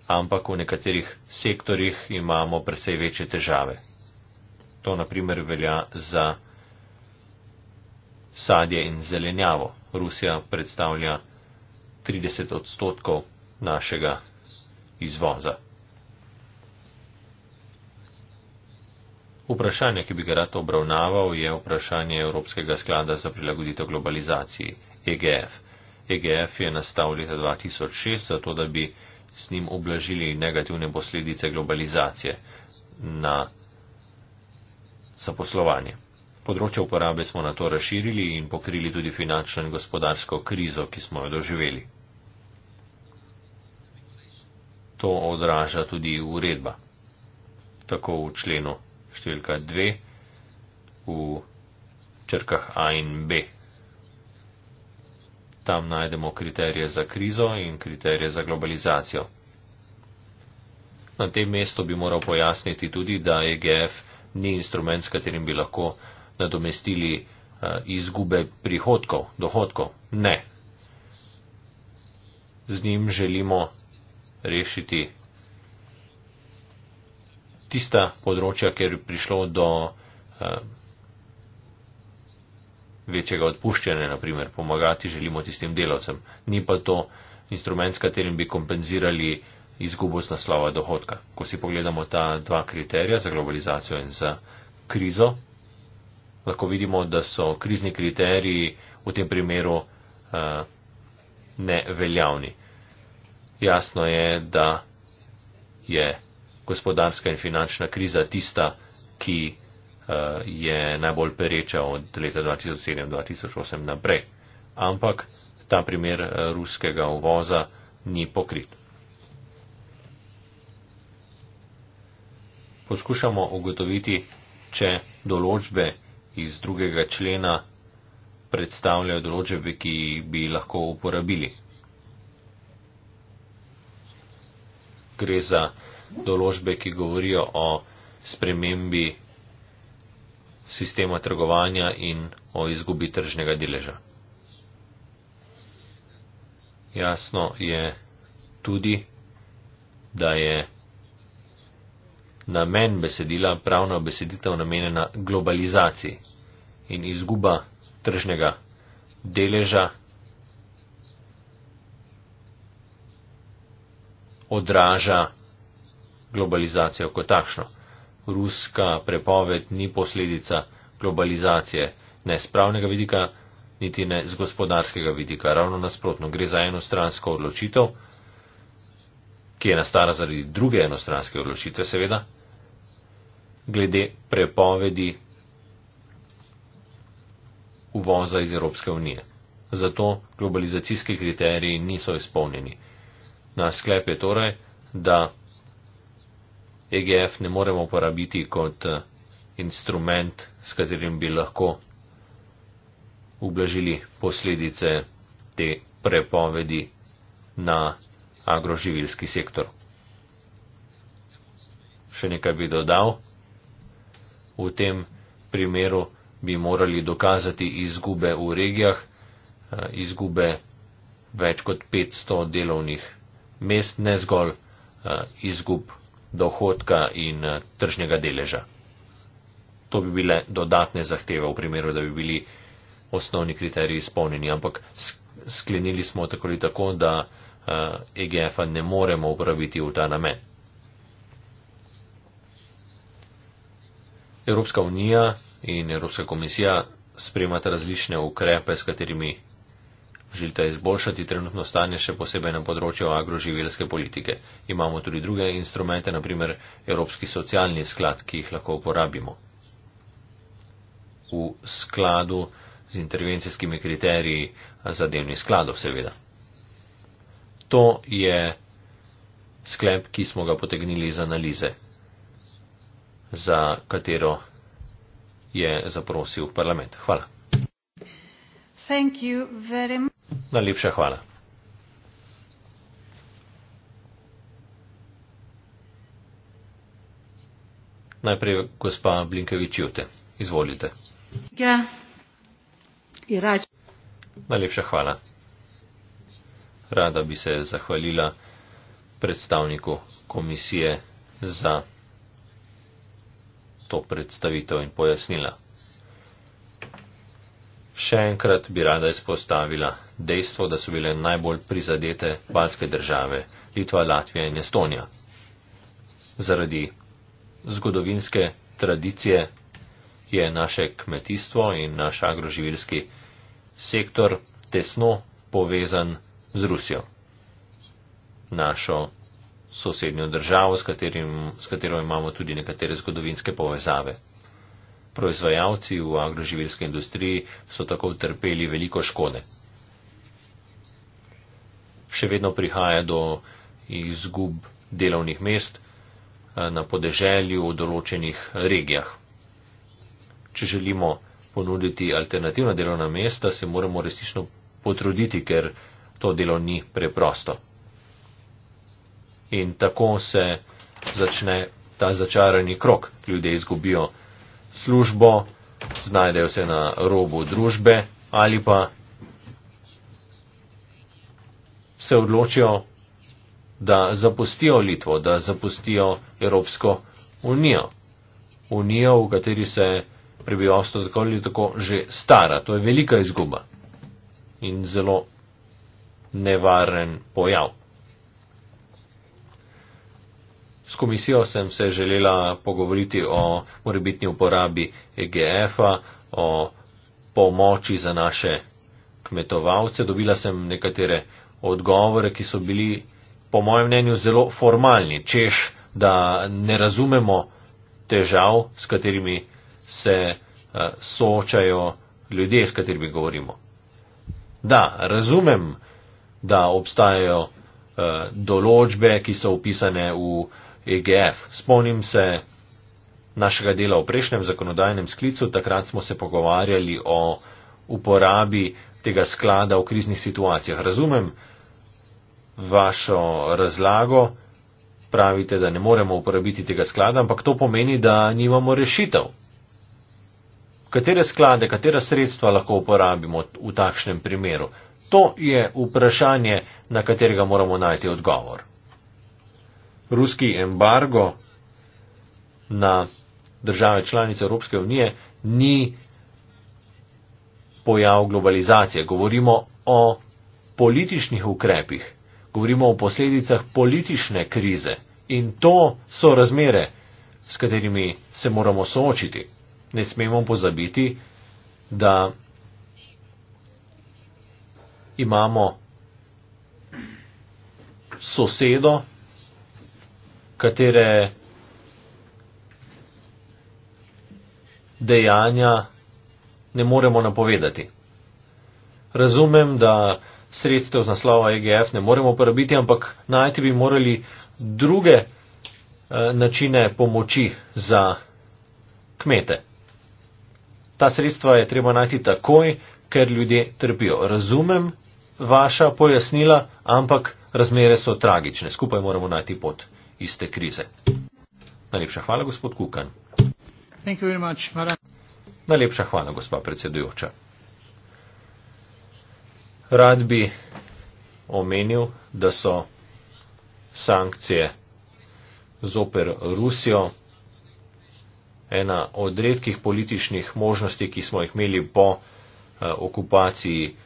Ampak v nekaterih sektorjih imamo precej večje težave. To naprimer velja za sadje in zelenjavo. Rusija predstavlja 30 odstotkov našega izvoza. Vprašanje, ki bi ga rad obravnaval, je vprašanje Evropskega sklada za prilagoditev globalizaciji EGF. EGF je nastal leta 2006 zato, da bi s njim oblažili negativne posledice globalizacije na zaposlovanje. Področje uporabe smo na to razširili in pokrili tudi finančno in gospodarsko krizo, ki smo jo doživeli. To odraža tudi uredba. Tako v členu številka 2, v črkah A in B. Tam najdemo kriterije za krizo in kriterije za globalizacijo. Na tem mestu bi moral pojasniti tudi, da EGF ni instrument, s katerim bi lahko nadomestili eh, izgube prihodkov, dohodkov. Ne. Z njim želimo rešiti tista področja, kjer je prišlo do eh, večjega odpuščanja, naprimer, pomagati želimo tistim delavcem. Ni pa to instrument, s katerim bi kompenzirali izgubo z naslova dohodka. Ko si pogledamo ta dva kriterija, za globalizacijo in za krizo, lahko vidimo, da so krizni kriteriji v tem primeru uh, neveljavni. Jasno je, da je gospodarska in finančna kriza tista, ki uh, je najbolj pereča od leta 2007-2008 naprej. Ampak ta primer uh, ruskega uvoza ni pokrit. Poskušamo ugotoviti, če določbe iz drugega člena predstavljajo določbe, ki bi lahko uporabili. Gre za določbe, ki govorijo o spremembi sistema trgovanja in o izgubi tržnega deleža. Jasno je tudi, da je namen besedila pravna obeseditev namenjena globalizaciji in izguba tržnega deleža odraža globalizacijo kot takšno. Ruska prepoved ni posledica globalizacije, ne z pravnega vidika, niti ne z gospodarskega vidika. Ravno nasprotno, gre za enostransko odločitev, ki je nastala zaradi druge enostranske odločitve, seveda, glede prepovedi uvoza iz Evropske unije. Zato globalizacijski kriteriji niso izpolnjeni. Na sklep je torej, da EGF ne moremo uporabiti kot eh, instrument, s katerim bi lahko ublažili posledice te prepovedi na agroživilski sektor. Še nekaj bi dodal v tem primeru bi morali dokazati izgube v regijah, eh, izgube več kot 500 delovnih mest, ne zgolj eh, izgub dohodka in eh, tržnega deleža. To bi bile dodatne zahteve v primeru, da bi bili osnovni kriteriji izpolnjeni, ampak sklenili smo tako ali tako, da EGF-a e ne moremo uporabiti v ta namen. Evropska unija in Evropska komisija spremata različne ukrepe, s katerimi želite izboljšati trenutno stanje, še posebej na področju agroživelske politike. Imamo tudi druge instrumente, naprimer Evropski socialni sklad, ki jih lahko uporabimo. V skladu z intervencijskimi kriteriji za delni skladov, seveda. To je sklep, ki smo ga potegnili iz analize za katero je zaprosil parlament. Hvala. Najlepša hvala. Najprej gospa Blinkevič Jute. Izvolite. Ja, rač. Najlepša hvala. Rada bi se zahvalila predstavniku komisije za to predstavitev in pojasnila. Še enkrat bi rada izpostavila dejstvo, da so bile najbolj prizadete balske države Litva, Latvija in Estonija. Zaradi zgodovinske tradicije je naše kmetijstvo in naš agroživilski sektor tesno povezan z Rusijo. Našo sosednjo državo, s, katerim, s katero imamo tudi nekatere zgodovinske povezave. Proizvajalci v agroživilske industriji so tako utrpeli veliko škode. Še vedno prihaja do izgub delovnih mest eh, na podeželju v določenih regijah. Če želimo ponuditi alternativna delovna mesta, se moramo resnično potruditi, ker to delo ni preprosto. In tako se začne ta začarani krok. Ljudje izgubijo službo, znajdejo se na robu družbe ali pa se odločijo, da zapustijo Litvo, da zapustijo Evropsko unijo. Unijo, v kateri se prebivalstvo tako ali tako že stara. To je velika izguba in zelo nevaren pojav. S komisijo sem se želela pogovoriti o morebitni uporabi EGF-a, o pomoči za naše kmetovalce. Dobila sem nekatere odgovore, ki so bili po mojem mnenju zelo formalni, češ, da ne razumemo težav, s katerimi se eh, soočajo ljudje, s katerimi govorimo. Da, razumem, da obstajajo eh, določbe, ki so upisane v EGF. Spomnim se našega dela v prejšnjem zakonodajnem sklicu, takrat smo se pogovarjali o uporabi tega sklada v kriznih situacijah. Razumem vašo razlago, pravite, da ne moremo uporabiti tega sklada, ampak to pomeni, da nimamo rešitev. Katere sklade, katera sredstva lahko uporabimo v takšnem primeru? To je vprašanje, na katerega moramo najti odgovor ruski embargo na države članice Evropske unije ni pojav globalizacije. Govorimo o političnih ukrepih, govorimo o posledicah politične krize in to so razmere, s katerimi se moramo soočiti. Ne smemo pozabiti, da imamo sosedo, katere dejanja ne moremo napovedati. Razumem, da sredstev z naslova EGF ne moremo uporabiti, ampak najti bi morali druge eh, načine pomoči za kmete. Ta sredstva je treba najti takoj, ker ljudje trpijo. Razumem vaša pojasnila, ampak razmere so tragične. Skupaj moramo najti pot iz te krize. Najlepša hvala, gospod Kukan. Najlepša hvala, gospa predsedujoča. Rad bi omenil, da so sankcije zoper Rusijo ena od redkih političnih možnosti, ki smo jih imeli po eh, okupaciji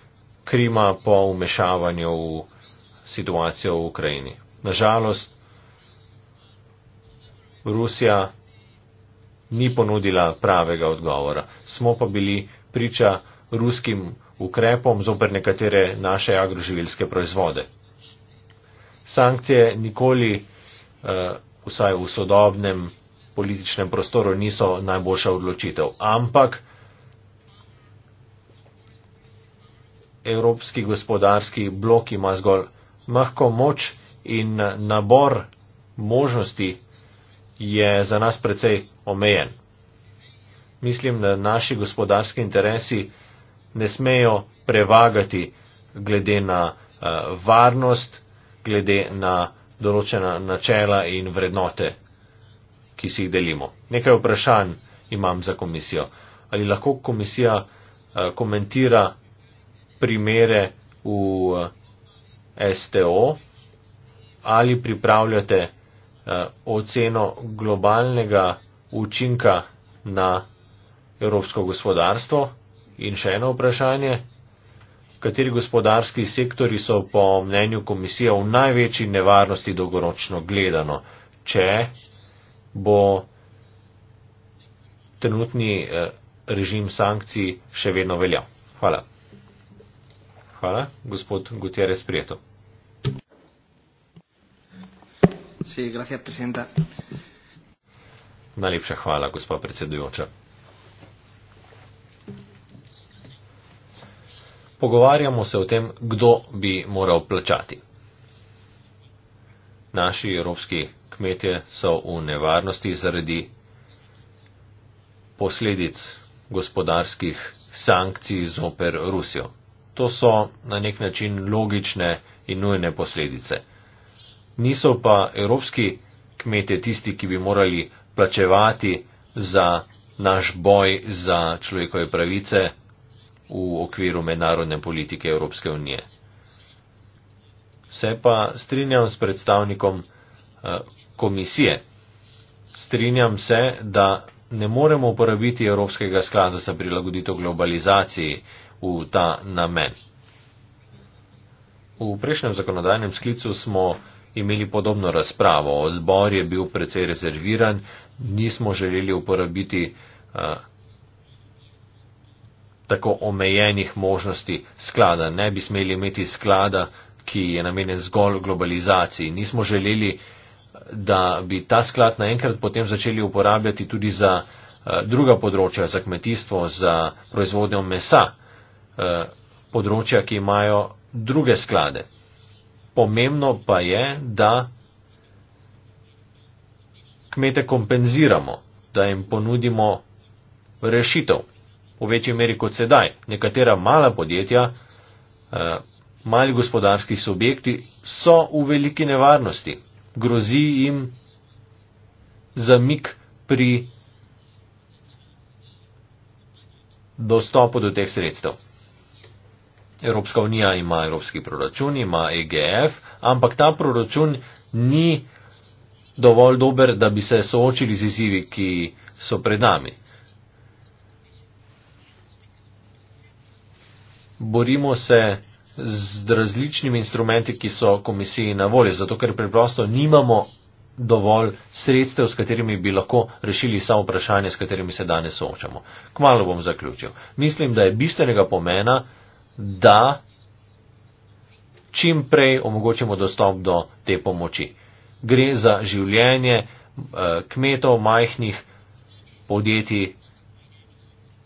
Krima, po umešavanju v situacijo v Ukrajini. Nažalost, Rusija ni ponudila pravega odgovora. Smo pa bili priča ruskim ukrepom zoper nekatere naše agroživilske proizvode. Sankcije nikoli, eh, vsaj v sodobnem političnem prostoru, niso najboljša odločitev, ampak evropski gospodarski blok ima zgolj mahko moč in nabor možnosti je za nas precej omejen. Mislim, da naši gospodarski interesi ne smejo prevagati glede na eh, varnost, glede na določena načela in vrednote, ki si jih delimo. Nekaj vprašanj imam za komisijo. Ali lahko komisija eh, komentira primere v eh, STO ali pripravljate Eh, oceno globalnega učinka na evropsko gospodarstvo. In še eno vprašanje, kateri gospodarski sektori so po mnenju komisije v največji nevarnosti dolgoročno gledano, če bo trenutni eh, režim sankcij še vedno veljal. Hvala. Hvala, gospod Gutierrez Prijeto. Sí, Najlepša hvala, gospod predsedujoča. Pogovarjamo se o tem, kdo bi moral plačati. Naši evropski kmetje so v nevarnosti zaradi posledic gospodarskih sankcij zoper Rusijo. To so na nek način logične in nujne posledice niso pa evropski kmete tisti, ki bi morali plačevati za naš boj za človekove pravice v okviru mednarodne politike Evropske unije. Se pa strinjam s predstavnikom eh, komisije. Strinjam se, da ne moremo uporabiti Evropskega sklada za prilagoditev globalizaciji v ta namen. V prejšnjem zakonodajnem sklicu smo imeli podobno razpravo. Odbor je bil precej rezerviran, nismo želeli uporabiti uh, tako omejenih možnosti sklada. Ne bi smeli imeti sklada, ki je namenjen zgolj globalizaciji. Nismo želeli, da bi ta sklad naenkrat potem začeli uporabljati tudi za uh, druga področja, za kmetijstvo, za proizvodnjo mesa, uh, področja, ki imajo druge sklade pomembno pa je, da kmete kompenziramo, da jim ponudimo rešitev v večji meri kot sedaj. Nekatera mala podjetja, eh, mali gospodarski subjekti so v veliki nevarnosti. Grozi jim zamik pri dostopu do teh sredstev. Evropska unija ima evropski proračun, ima EGF, ampak ta proračun ni dovolj dober, da bi se soočili z izzivi, ki so pred nami. Borimo se z različnimi instrumenti, ki so komisiji na voljo, zato ker preprosto nimamo dovolj sredstev, s katerimi bi lahko rešili vsa vprašanja, s katerimi se danes soočamo. Kmalo bom zaključil. Mislim, da je bistvenega pomena, da čim prej omogočimo dostop do te pomoči. Gre za življenje eh, kmetov, majhnih podjetij,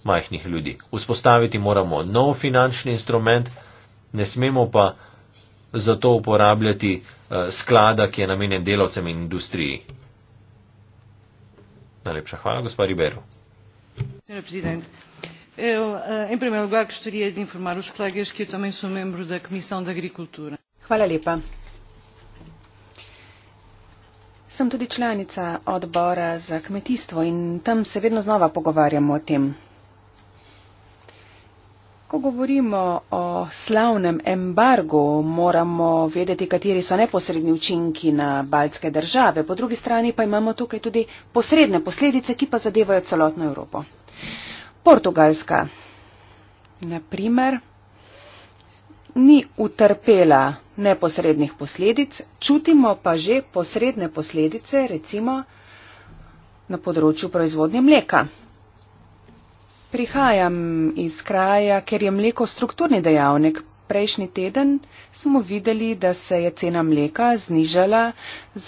majhnih ljudi. Vzpostaviti moramo nov finančni instrument, ne smemo pa zato uporabljati eh, sklada, ki je namenjen delovcem in industriji. Najlepša hvala, gospod Ribero. Gospod predsednik, Eu, eh, em primeiro lugar, gostaria de informar os colegas que eu também sou membro da Comissão de Agricultura. Hvala lepa. Sem tudi članica odbora za kmetijstvo in tam se vedno znova pogovarjamo o tem. Ko govorimo o slavnem embargu, moramo vedeti, kateri so neposredni učinki na baltske države, po drugi strani pa imamo tukaj tudi posredne posledice, ki pa zadevajo celotno Evropo. Portugalska, naprimer, ni utrpela neposrednih posledic, čutimo pa že posredne posledice, recimo na področju proizvodnje mleka. Prihajam iz kraja, ker je mleko strukturni dejavnik. Prejšnji teden smo videli, da se je cena mleka znižala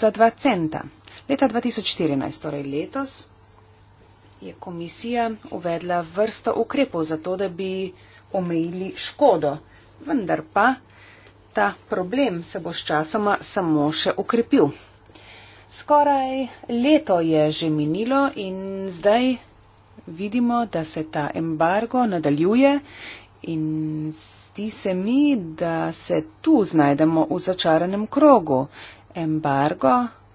za 2 centa. Leta 2014, torej letos, je komisija uvedla vrsto ukrepov za to, da bi omejili škodo. Vendar pa ta problem se bo s časoma samo še ukrepil. Skoraj leto je že minilo in zdaj vidimo, da se ta embargo nadaljuje in zdi se mi, da se tu znajdemo v začaranem krogu. Embargo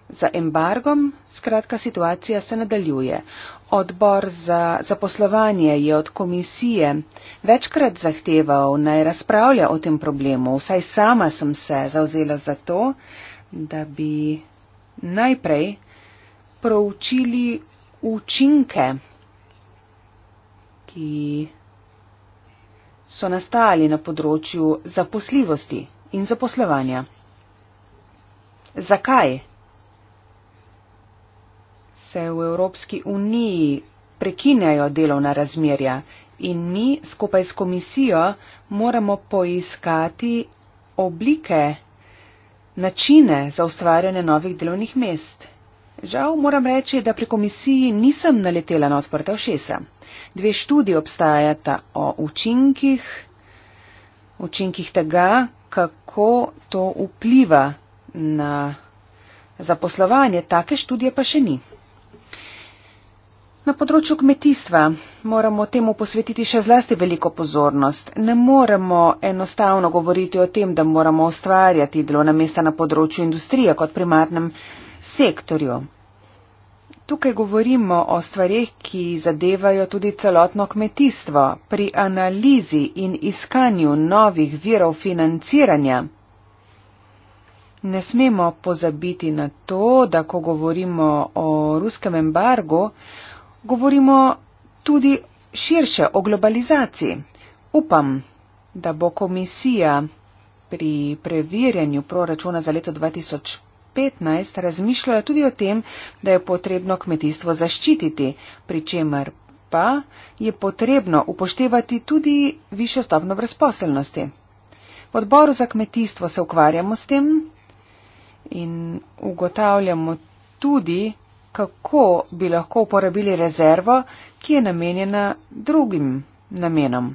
Za embargom, skratka, situacija se nadaljuje. Odbor za zaposlovanje je od komisije večkrat zahteval naj razpravlja o tem problemu. Vsaj sama sem se zauzela za to, da bi najprej proučili učinke, ki so nastali na področju zaposljivosti in zaposlovanja. Zakaj se v Evropski uniji prekinjajo delovna razmerja in mi skupaj s komisijo moramo poiskati oblike, načine za ustvarjanje novih delovnih mest. Žal moram reči, da pri komisiji nisem naletela na odprta všesa. Dve študiji obstajata o učinkih, učinkih tega, kako to vpliva na zaposlovanje. Take študije pa še ni. Na področju kmetijstva moramo temu posvetiti še zlasti veliko pozornost. Ne moremo enostavno govoriti o tem, da moramo ustvarjati delovna mesta na področju industrije kot primarnem sektorju. Tukaj govorimo o stvarih, ki zadevajo tudi celotno kmetijstvo. Pri analizi in iskanju novih virov financiranja ne smemo pozabiti na to, da ko govorimo o ruskem embargu, govorimo tudi širše o globalizaciji. Upam, da bo komisija pri preverjanju proračuna za leto 2015 razmišljala tudi o tem, da je potrebno kmetijstvo zaščititi, pri čemer pa je potrebno upoštevati tudi višjo stopno brezposelnosti. V odboru za kmetijstvo se ukvarjamo s tem in ugotavljamo tudi, kako bi lahko uporabili rezervo, ki je namenjena drugim namenom.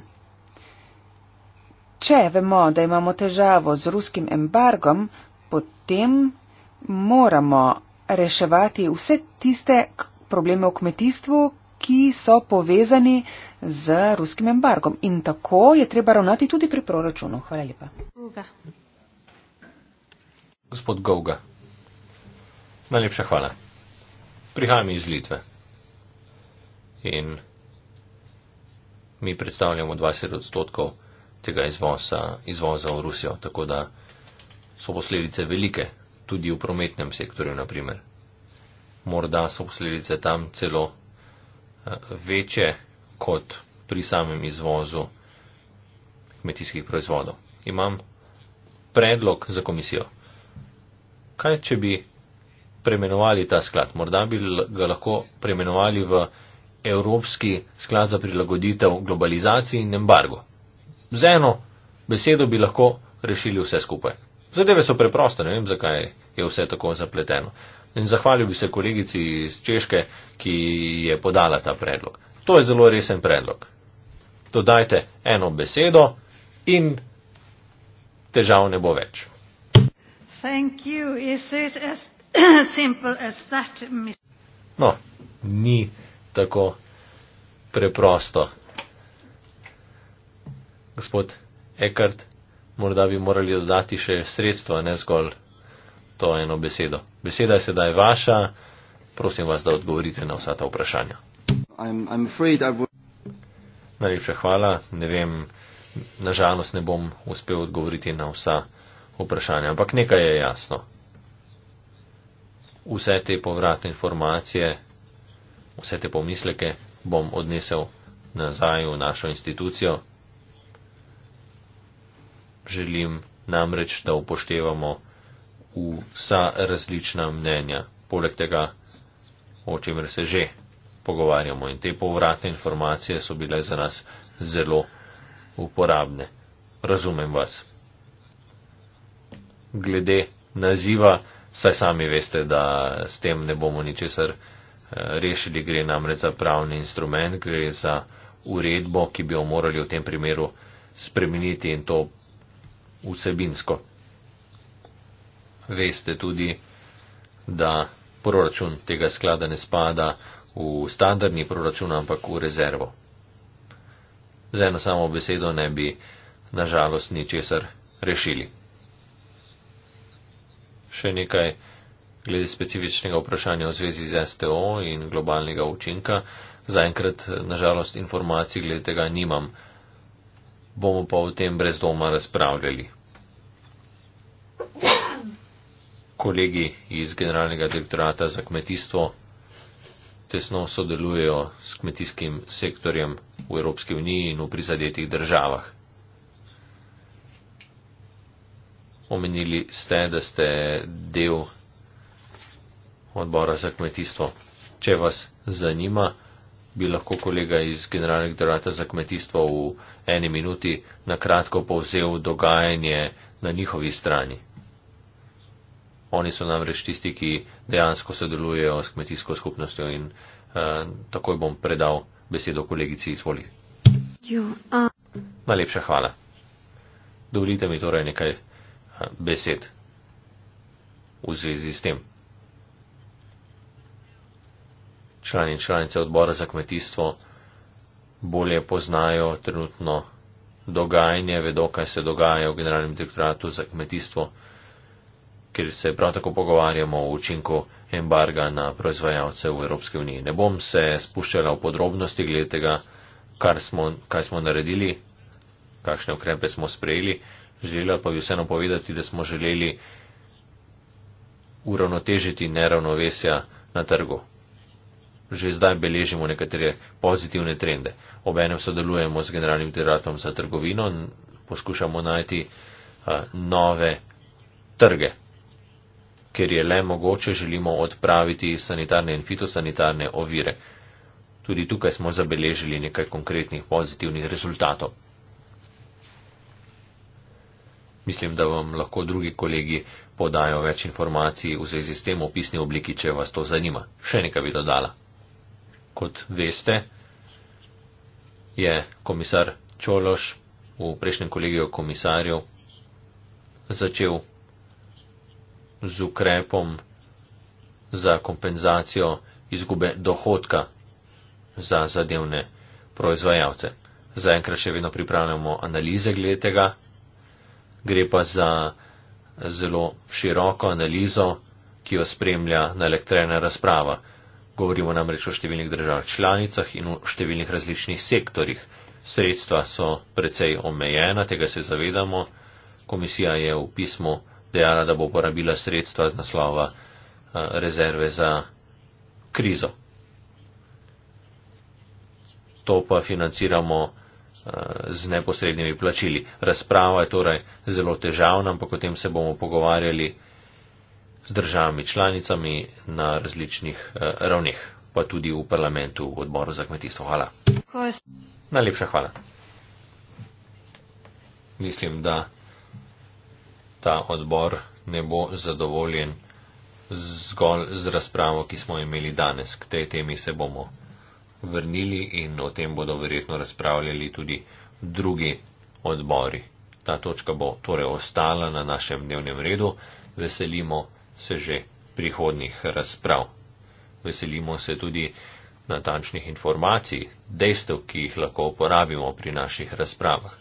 Če vemo, da imamo težavo z ruskim embargom, potem moramo reševati vse tiste probleme v kmetijstvu, ki so povezani z ruskim embargom. In tako je treba ravnati tudi pri proračunu. Hvala lepa. Goga. Gospod Gauga, najlepša hvala prihajam iz Litve. In mi predstavljamo 20 odstotkov tega izvoza, izvoza v Rusijo, tako da so posledice velike, tudi v prometnem sektorju, naprimer. Morda so posledice tam celo eh, večje kot pri samem izvozu kmetijskih proizvodov. Imam predlog za komisijo. Kaj, če bi premenovali ta sklad. Morda bi ga lahko premenovali v Evropski sklad za prilagoditev globalizaciji in embargo. Z eno besedo bi lahko rešili vse skupaj. Zadeve so preproste, ne vem, zakaj je vse tako zapleteno. In zahvalil bi se kolegici iz Češke, ki je podala ta predlog. To je zelo resen predlog. Dodajte eno besedo in težav ne bo več. Thank you. Is it No, ni tako preprosto. Gospod Eckart, morda bi morali dodati še sredstva, ne zgolj to eno besedo. Beseda je sedaj vaša, prosim vas, da odgovorite na vsa ta vprašanja. Najlepša hvala, ne vem, nažalost ne bom uspel odgovoriti na vsa vprašanja, ampak nekaj je jasno vse te povratne informacije, vse te pomisleke bom odnesel nazaj v našo institucijo. Želim namreč, da upoštevamo vsa različna mnenja, poleg tega, o čemer se že pogovarjamo. In te povratne informacije so bile za nas zelo uporabne. Razumem vas. Glede naziva, saj sami veste, da s tem ne bomo ničesar eh, rešili, gre namreč za pravni instrument, gre za uredbo, ki bi jo morali v tem primeru spremeniti in to vsebinsko. Veste tudi, da proračun tega sklada ne spada v standardni proračun, ampak v rezervo. Z eno samo besedo ne bi, nažalost, ničesar rešili še nekaj glede specifičnega vprašanja v zvezi z STO in globalnega učinka. Zaenkrat, nažalost, informacij glede tega nimam. Bomo pa o tem brez doma razpravljali. Kolegi iz Generalnega direktorata za kmetijstvo tesno sodelujejo s kmetijskim sektorjem v Evropski uniji in v prizadetih državah. omenili ste, da ste del odbora za kmetijstvo. Če vas zanima, bi lahko kolega iz Generalnega direktorata za kmetijstvo v eni minuti na kratko povzel dogajanje na njihovi strani. Oni so namreč tisti, ki dejansko sodelujejo s kmetijsko skupnostjo in eh, takoj bom predal besedo kolegici izvoli. Uh, Najlepša hvala. Dovolite mi torej nekaj besed v zvezi s tem. Člani in članice odbora za kmetijstvo bolje poznajo trenutno dogajanje, vedo, kaj se dogaja v generalnem direktoratu za kmetijstvo, ker se prav tako pogovarjamo o učinku embarga na proizvajalce v Evropski uniji. Ne bom se spuščala v podrobnosti glede tega, kar smo, kaj smo naredili, kakšne ukrepe smo sprejeli. Želela pa bi vseeno povedati, da smo želeli uravnotežiti neravnovesja na trgu. Že zdaj beležimo nekatere pozitivne trende. Obenem sodelujemo z generalnim direktorjem za trgovino in poskušamo najti nove trge. Ker je le mogoče, želimo odpraviti sanitarne in fitosanitarne ovire. Tudi tukaj smo zabeležili nekaj konkretnih pozitivnih rezultatov. Mislim, da vam lahko drugi kolegi podajo več informacij v zvezi s tem v pisni obliki, če vas to zanima. Še nekaj bi dodala. Kot veste, je komisar Čološ v prejšnjem kolegiju komisarjev začel z ukrepom za kompenzacijo izgube dohodka za zadevne proizvajalce. Zaenkrat še vedno pripravljamo analize glede tega gre pa za zelo široko analizo, ki jo spremlja nalektrena razprava. Govorimo namreč o številnih državah članicah in o številnih različnih sektorjih. Sredstva so precej omejena, tega se zavedamo. Komisija je v pismu dejala, da bo uporabila sredstva z naslova eh, rezerve za krizo. To pa financiramo Eh, z neposrednimi plačili. Razprava je torej zelo težavna, ampak o tem se bomo pogovarjali z državami članicami na različnih eh, ravneh, pa tudi v parlamentu, v odboru za kmetijstvo. Hvala. Najlepša hvala. Mislim, da ta odbor ne bo zadovoljen zgolj z razpravo, ki smo imeli danes. K tej temi se bomo vrnili in o tem bodo verjetno razpravljali tudi drugi odbori. Ta točka bo torej ostala na našem dnevnem redu. Veselimo se že prihodnih razprav. Veselimo se tudi natančnih informacij, dejstev, ki jih lahko uporabimo pri naših razpravah.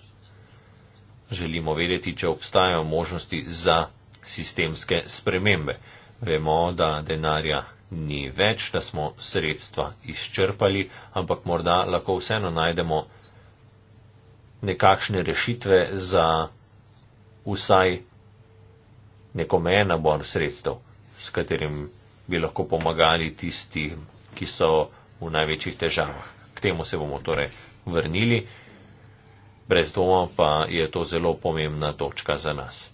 Želimo vedeti, če obstajajo možnosti za sistemske spremembe. Vemo, da denarja ni več, da smo sredstva izčrpali, ampak morda lahko vseeno najdemo nekakšne rešitve za vsaj neko meje nabor sredstev, s katerim bi lahko pomagali tisti, ki so v največjih težavah. K temu se bomo torej vrnili, brez dvoma pa je to zelo pomembna točka za nas.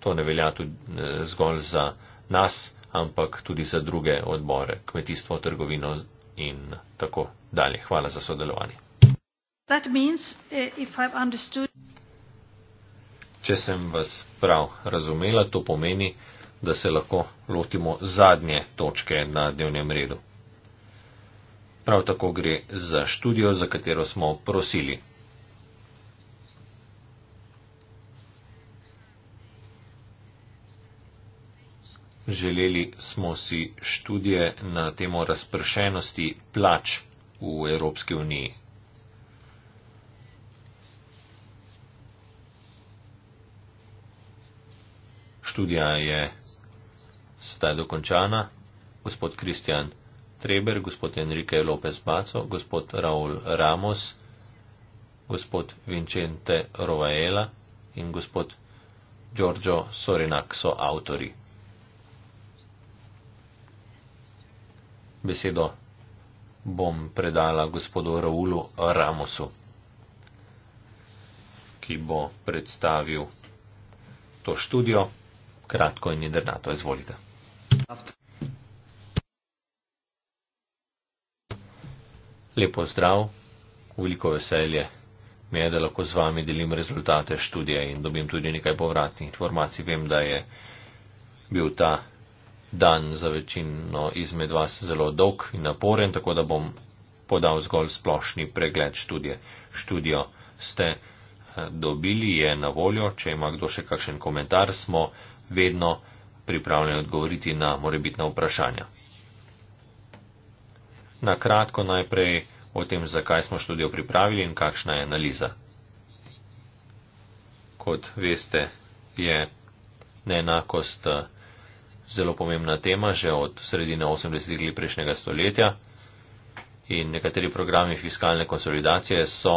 To ne velja tudi eh, zgolj za nas ampak tudi za druge odbore, kmetijstvo, trgovino in tako dalje. Hvala za sodelovanje. Means, eh, understood... Če sem vas prav razumela, to pomeni, da se lahko lotimo zadnje točke na dnevnem redu. Prav tako gre za študijo, za katero smo prosili Želeli smo si študije na temo razpršenosti plač v Evropski uniji. Študija je sedaj dokončana. Gospod Kristjan Treber, gospod Enrique López Baco, gospod Raul Ramos, gospod Vincente Rovaela in gospod Giorgio Sorenak so avtori. besedo bom predala gospodu Raulu Ramosu, ki bo predstavil to študijo. Kratko in jedrnato, izvolite. Lepo zdrav, veliko veselje mi je, da lahko z vami delim rezultate študije in dobim tudi nekaj povratnih informacij. Vem, da je bil ta dan za večino izmed vas zelo dolg in naporen, tako da bom podal zgolj splošni pregled študije. Študijo ste eh, dobili, je na voljo, če ima kdo še kakšen komentar, smo vedno pripravljeni odgovoriti na morebitna vprašanja. Na kratko najprej o tem, zakaj smo študijo pripravili in kakšna je analiza. Kot veste, je neenakost eh, zelo pomembna tema že od sredine 80-ih let prejšnjega stoletja in nekateri programi fiskalne konsolidacije so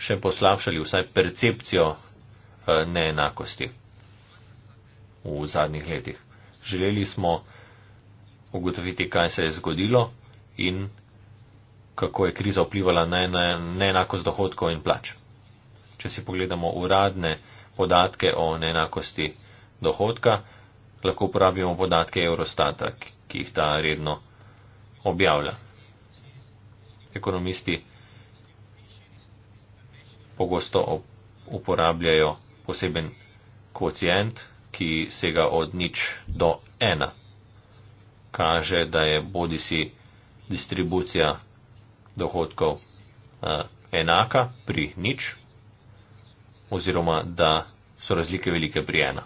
še poslabšali vsaj percepcijo eh, neenakosti v zadnjih letih. Želeli smo ugotoviti, kaj se je zgodilo in kako je kriza vplivala na neenakost dohodkov in plač. Če si pogledamo uradne podatke o neenakosti, dohodka, lahko uporabimo podatke Eurostata, ki jih ta redno objavlja. Ekonomisti pogosto uporabljajo poseben kocijent, ki sega od nič do ena. Kaže, da je bodisi distribucija dohodkov eh, enaka pri nič, oziroma da so razlike velike pri ena.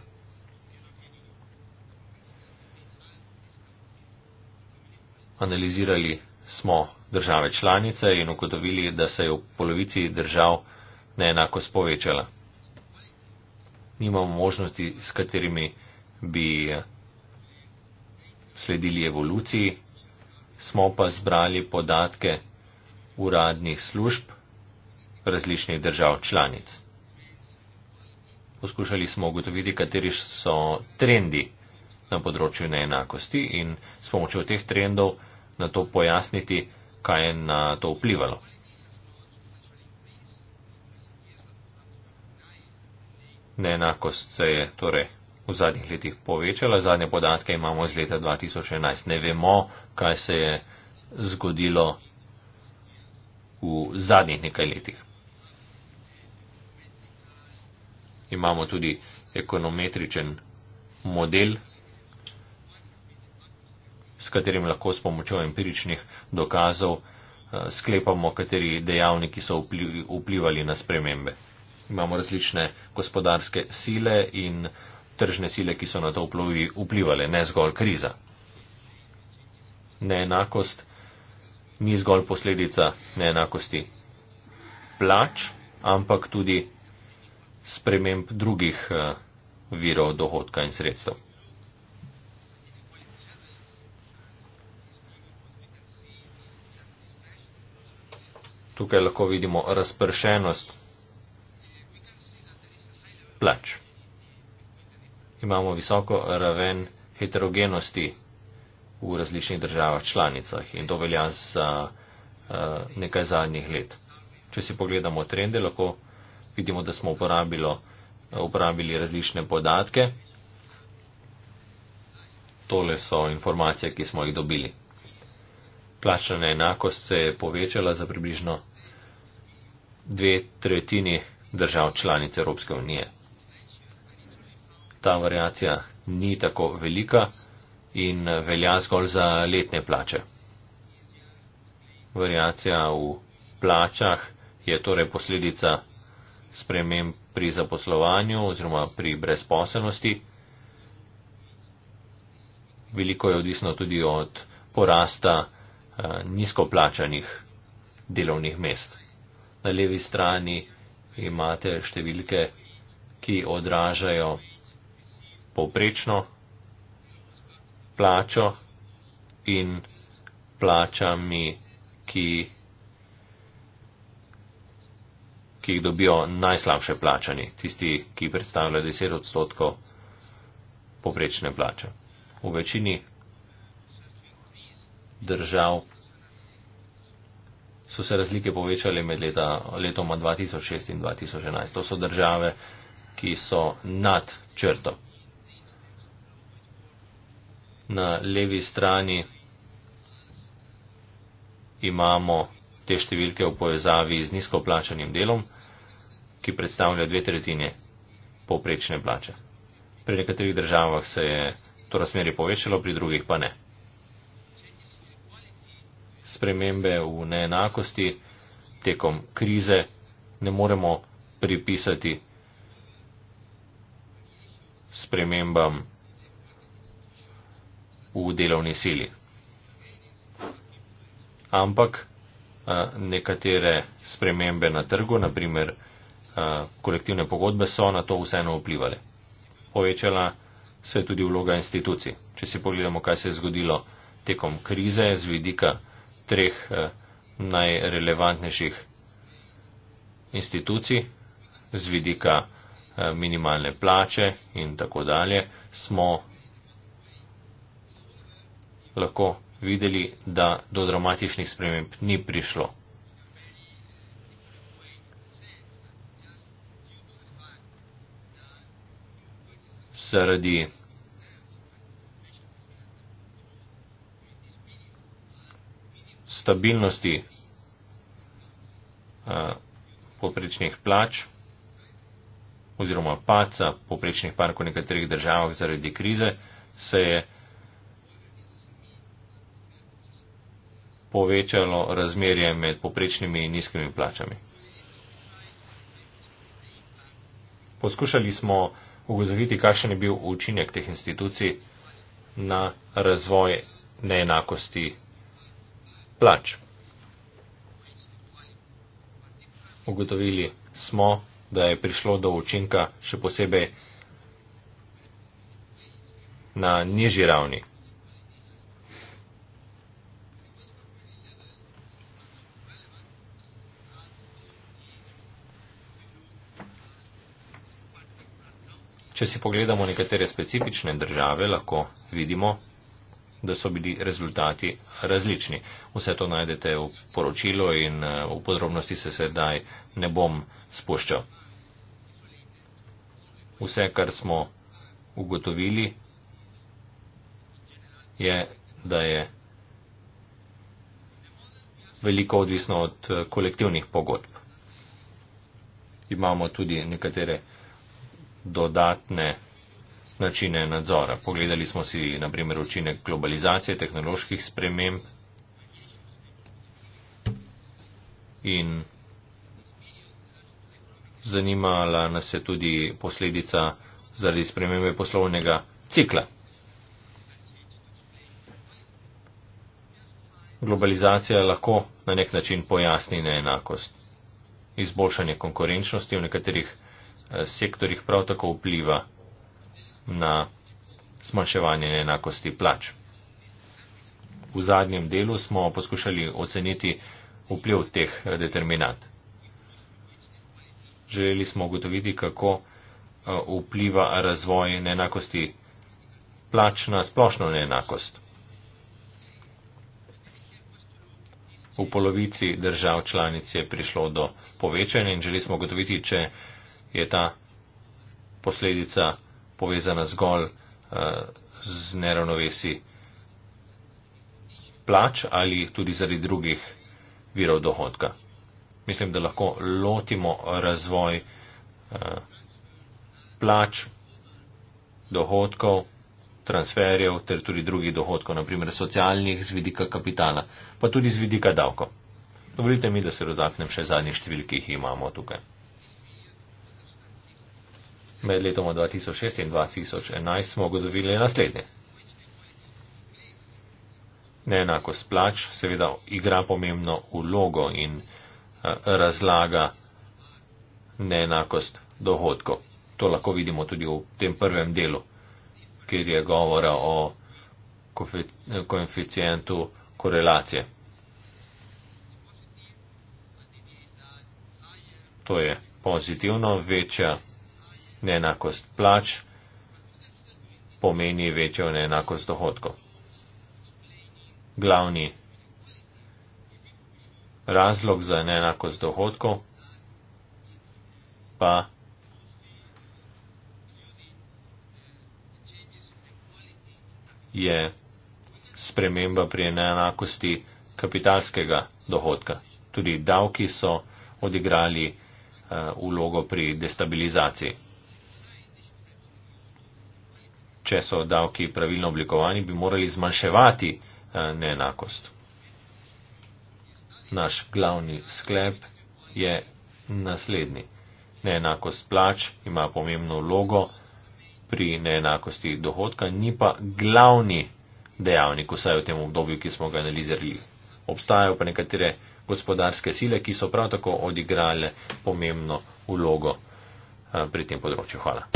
analizirali smo države članice in ugotovili, da se je v polovici držav neenakost povečala. Nimamo možnosti, s katerimi bi sledili evoluciji, smo pa zbrali podatke uradnih služb različnih držav članic. Poskušali smo ugotoviti, kateri so trendi na področju neenakosti in s pomočjo teh trendov na to pojasniti, kaj je na to vplivalo. Neenakost se je torej v zadnjih letih povečala, zadnje podatke imamo iz leta 2011. Ne vemo, kaj se je zgodilo v zadnjih nekaj letih. Imamo tudi ekonometričen model s katerim lahko s pomočjo empiričnih dokazov eh, sklepamo, kateri dejavniki so vplivali na spremembe. Imamo različne gospodarske sile in tržne sile, ki so na to vplivali, ne zgolj kriza. Neenakost ni zgolj posledica neenakosti plač, ampak tudi sprememb drugih eh, virov dohodka in sredstev. tukaj lahko vidimo razpršenost plač. Imamo visoko raven heterogenosti v različnih državah članicah in to velja za eh, nekaj zadnjih let. Če si pogledamo trende, lahko vidimo, da smo uporabilo, uporabili različne podatke. Tole so informacije, ki smo jih dobili plačna enakost se je povečala za približno dve tretjini držav članic Evropske unije. Ta variacija ni tako velika in velja zgolj za letne plače. Variacija v plačah je torej posledica sprememb pri zaposlovanju oziroma pri brezposelnosti. Veliko je odvisno tudi od porasta Eh, nizkoplačanih delovnih mest. Na levi strani imate številke, ki odražajo povprečno plačo in plačami, ki, ki jih dobijo najslabše plačani, tisti, ki predstavljajo 10 odstotkov povprečne plače. V večini držav so se razlike povečale med leta, letoma 2006 in 2011. To so države, ki so nad črto. Na levi strani imamo te številke v povezavi z nizkoplačanim delom, ki predstavlja dve tretjine povprečne plače. Pri nekaterih državah se je to razmerje povečalo, pri drugih pa ne spremembe v neenakosti tekom krize ne moremo pripisati spremembam v delovni sili. Ampak nekatere spremembe na trgu, naprimer kolektivne pogodbe, so na to vseeno vplivali. Povečala se je tudi vloga institucij. Če si pogledamo, kaj se je zgodilo tekom krize z vidika treh eh, najrelevantnejših institucij z vidika eh, minimalne plače in tako dalje, smo lahko videli, da do dramatičnih sprememb ni prišlo. Zaradi stabilnosti eh, poprečnih plač oziroma paca poprečnih park v nekaterih državah zaradi krize se je povečalo razmerje med poprečnimi in nizkimi plačami. Poskušali smo ugotoviti, kakšen je bil učinek teh institucij na razvoj neenakosti plač. Ugotovili smo, da je prišlo do učinka še posebej na nižji ravni. Če si pogledamo nekatere specifične države, lahko vidimo, da so bili rezultati različni. Vse to najdete v poročilu in eh, v podrobnosti se sedaj ne bom spuščal. Vse, kar smo ugotovili, je, da je veliko odvisno od eh, kolektivnih pogodb. Imamo tudi nekatere dodatne načine nadzora. Pogledali smo si na primer učinek globalizacije, tehnoloških sprememb in zanimala nas je tudi posledica zaradi spremembe poslovnega cikla. Globalizacija lahko na nek način pojasni neenakost. Izboljšanje konkurenčnosti v nekaterih eh, sektorjih prav tako vpliva na smanjševanje neenakosti plač. V zadnjem delu smo poskušali oceniti vpliv teh determinant. Želeli smo ugotoviti, kako eh, vpliva razvoj neenakosti plač na splošno neenakost. V polovici držav članic je prišlo do povečanja in želeli smo ugotoviti, če je ta posledica povezana zgolj eh, z neravnovesi plač ali tudi zaradi drugih virov dohodka. Mislim, da lahko lotimo razvoj eh, plač, dohodkov, transferjev ter tudi drugih dohodkov, naprimer socialnih z vidika kapitala, pa tudi z vidika davko. Dovolite mi, da se dotaknem še zadnjih številk, ki jih imamo tukaj. Med letoma 2006 in 2011 smo ugotovili naslednje. Neenakost plač seveda igra pomembno ulogo in eh, razlaga neenakost dohodkov. To lahko vidimo tudi v tem prvem delu, kjer je govora o koeficijentu korelacije. To je pozitivno, večja neenakost plač pomeni večjo neenakost dohodkov. Glavni razlog za neenakost dohodkov pa je sprememba pri neenakosti kapitalskega dohodka. Tudi davki so odigrali uh, vlogo pri destabilizaciji če so davki pravilno oblikovani, bi morali zmanjševati eh, neenakost. Naš glavni sklep je naslednji. Neenakost plač ima pomembno vlogo pri neenakosti dohodka, ni pa glavni dejavnik, vsaj v tem obdobju, ki smo ga analizirali. Obstajajo pa nekatere gospodarske sile, ki so prav tako odigrale pomembno vlogo eh, pri tem področju. Hvala.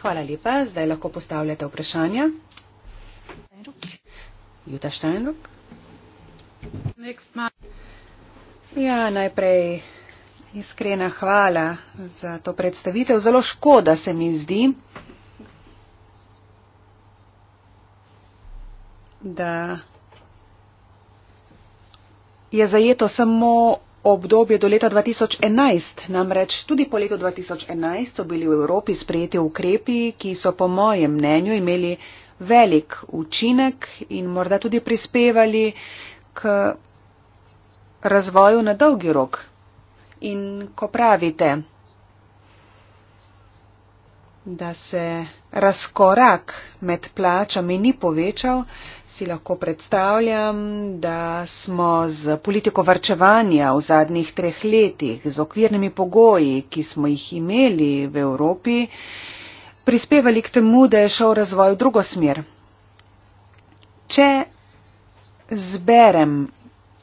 Hvala lepa. Zdaj lahko postavljate vprašanja. Juta Štajnrok. Ja, najprej iskrena hvala za to predstavitev. Zelo škoda se mi zdi, da je zajeto samo obdobje do leta 2011. Namreč tudi po letu 2011 so bili v Evropi sprejeti ukrepi, ki so po mojem mnenju imeli velik učinek in morda tudi prispevali k razvoju na dolgi rok. In ko pravite, da se razkorak med plačami ni povečal, si lahko predstavljam, da smo z politiko varčevanja v zadnjih treh letih, z okvirnimi pogoji, ki smo jih imeli v Evropi, prispevali k temu, da je šel razvoj v drugo smer. Če zberem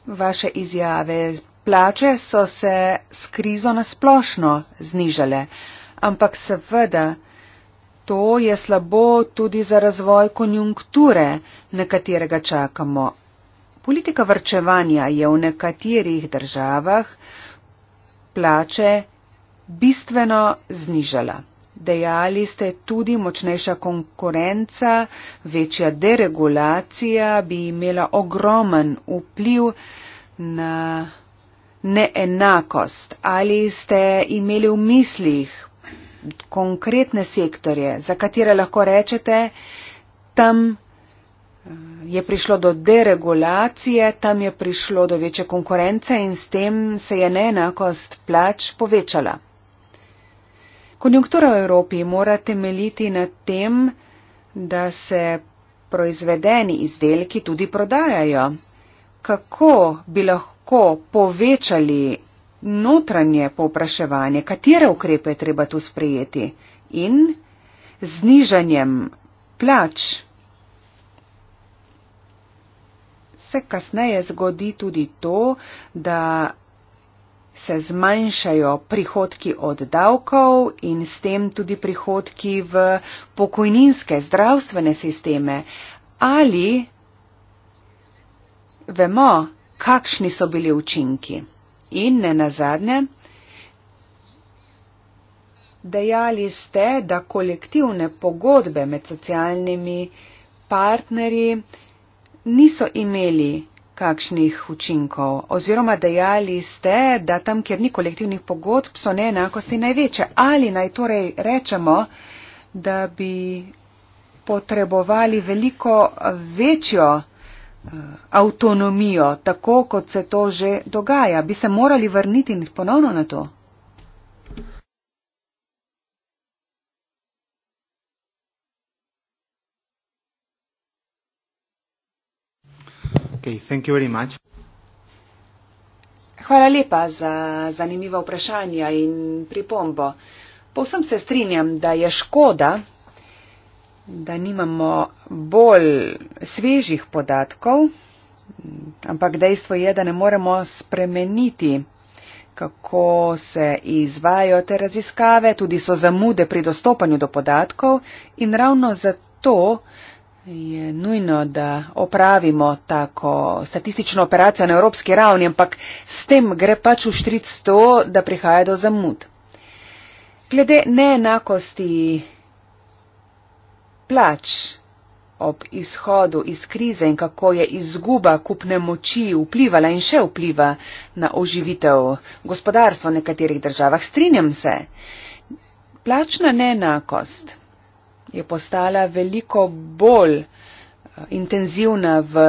vaše izjave, plače so se s krizo nasplošno znižale, ampak seveda, To je slabo tudi za razvoj konjunkture, na katerega čakamo. Politika vrčevanja je v nekaterih državah plače bistveno znižala. Dejali ste tudi močnejša konkurenca, večja deregulacija bi imela ogromen vpliv na neenakost. Ali ste imeli v mislih konkretne sektorje, za katere lahko rečete, tam eh, je prišlo do deregulacije, tam je prišlo do večje konkurence in s tem se je neenakost plač povečala. Konjunktura v Evropi mora temeljiti na tem, da se proizvedeni izdelki tudi prodajajo. Kako bi lahko povečali notranje povpraševanje, katere ukrepe je treba tu sprejeti in znižanjem plač se kasneje zgodi tudi to, da se zmanjšajo prihodki od davkov in s tem tudi prihodki v pokojninske zdravstvene sisteme. Ali vemo, kakšni so bili učinki? In ne nazadnje, dejali ste, da kolektivne pogodbe med socialnimi partnerji niso imeli kakšnih učinkov. Oziroma dejali ste, da tam, kjer ni kolektivnih pogodb, so neenakosti največje. Ali naj torej rečemo, da bi potrebovali veliko večjo Eh, avtonomijo, tako kot se to že dogaja. Bi se morali vrniti ponovno na to? Okay, Hvala lepa za zanimivo vprašanje in pripombo. Povsem se strinjam, da je škoda, da nimamo bolj svežih podatkov, ampak dejstvo je, da ne moremo spremeniti, kako se izvajo te raziskave, tudi so zamude pri dostopanju do podatkov in ravno zato je nujno, da opravimo tako statistično operacijo na evropski ravni, ampak s tem gre pač v štric to, da prihaja do zamud. Glede neenakosti plač ob izhodu iz krize in kako je izguba kupne moči vplivala in še vpliva na oživitev gospodarstva v nekaterih državah. Strinjam se, plačna neenakost je postala veliko bolj eh, intenzivna v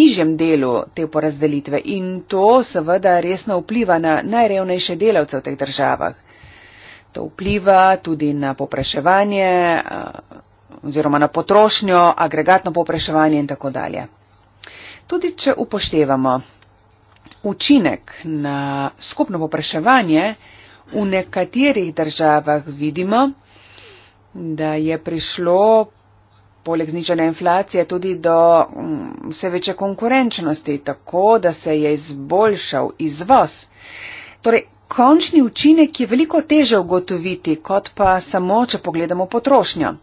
nižjem delu te porazdelitve in to seveda resno vpliva na najrevnejše delavce v teh državah. To vpliva tudi na popraševanje eh, oziroma na potrošnjo, agregatno popraševanje in tako dalje. Tudi če upoštevamo učinek na skupno popraševanje, v nekaterih državah vidimo, da je prišlo poleg zničene inflacije tudi do mm, vse večje konkurenčnosti, tako da se je izboljšal izvoz. Torej, končni učinek je veliko teže ugotoviti, kot pa samo, če pogledamo potrošnjo.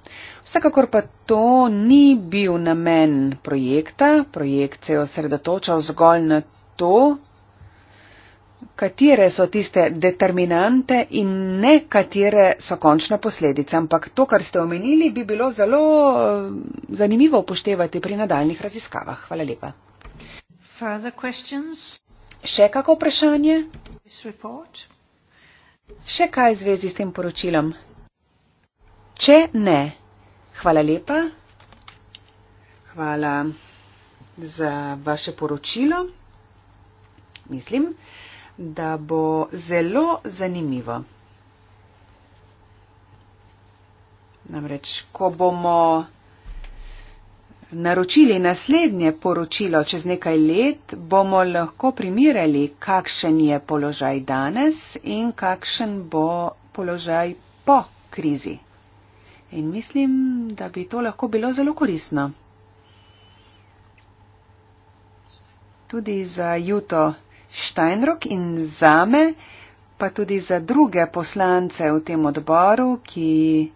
Vsekakor pa to ni bil namen projekta. Projekt se je osredotočal zgolj na to, katere so tiste determinante in ne katere so končna posledica. Ampak to, kar ste omenili, bi bilo zelo eh, zanimivo upoštevati pri nadaljnih raziskavah. Hvala lepa. Še kako vprašanje? Še kaj v zvezi s tem poročilom? Če ne, Hvala lepa. Hvala za vaše poročilo. Mislim, da bo zelo zanimivo. Namreč, ko bomo naročili naslednje poročilo čez nekaj let, bomo lahko primerjali, kakšen je položaj danes in kakšen bo položaj po krizi. In mislim, da bi to lahko bilo zelo korisno. Tudi za Juto Steinrock in za me, pa tudi za druge poslance v tem odboru, ki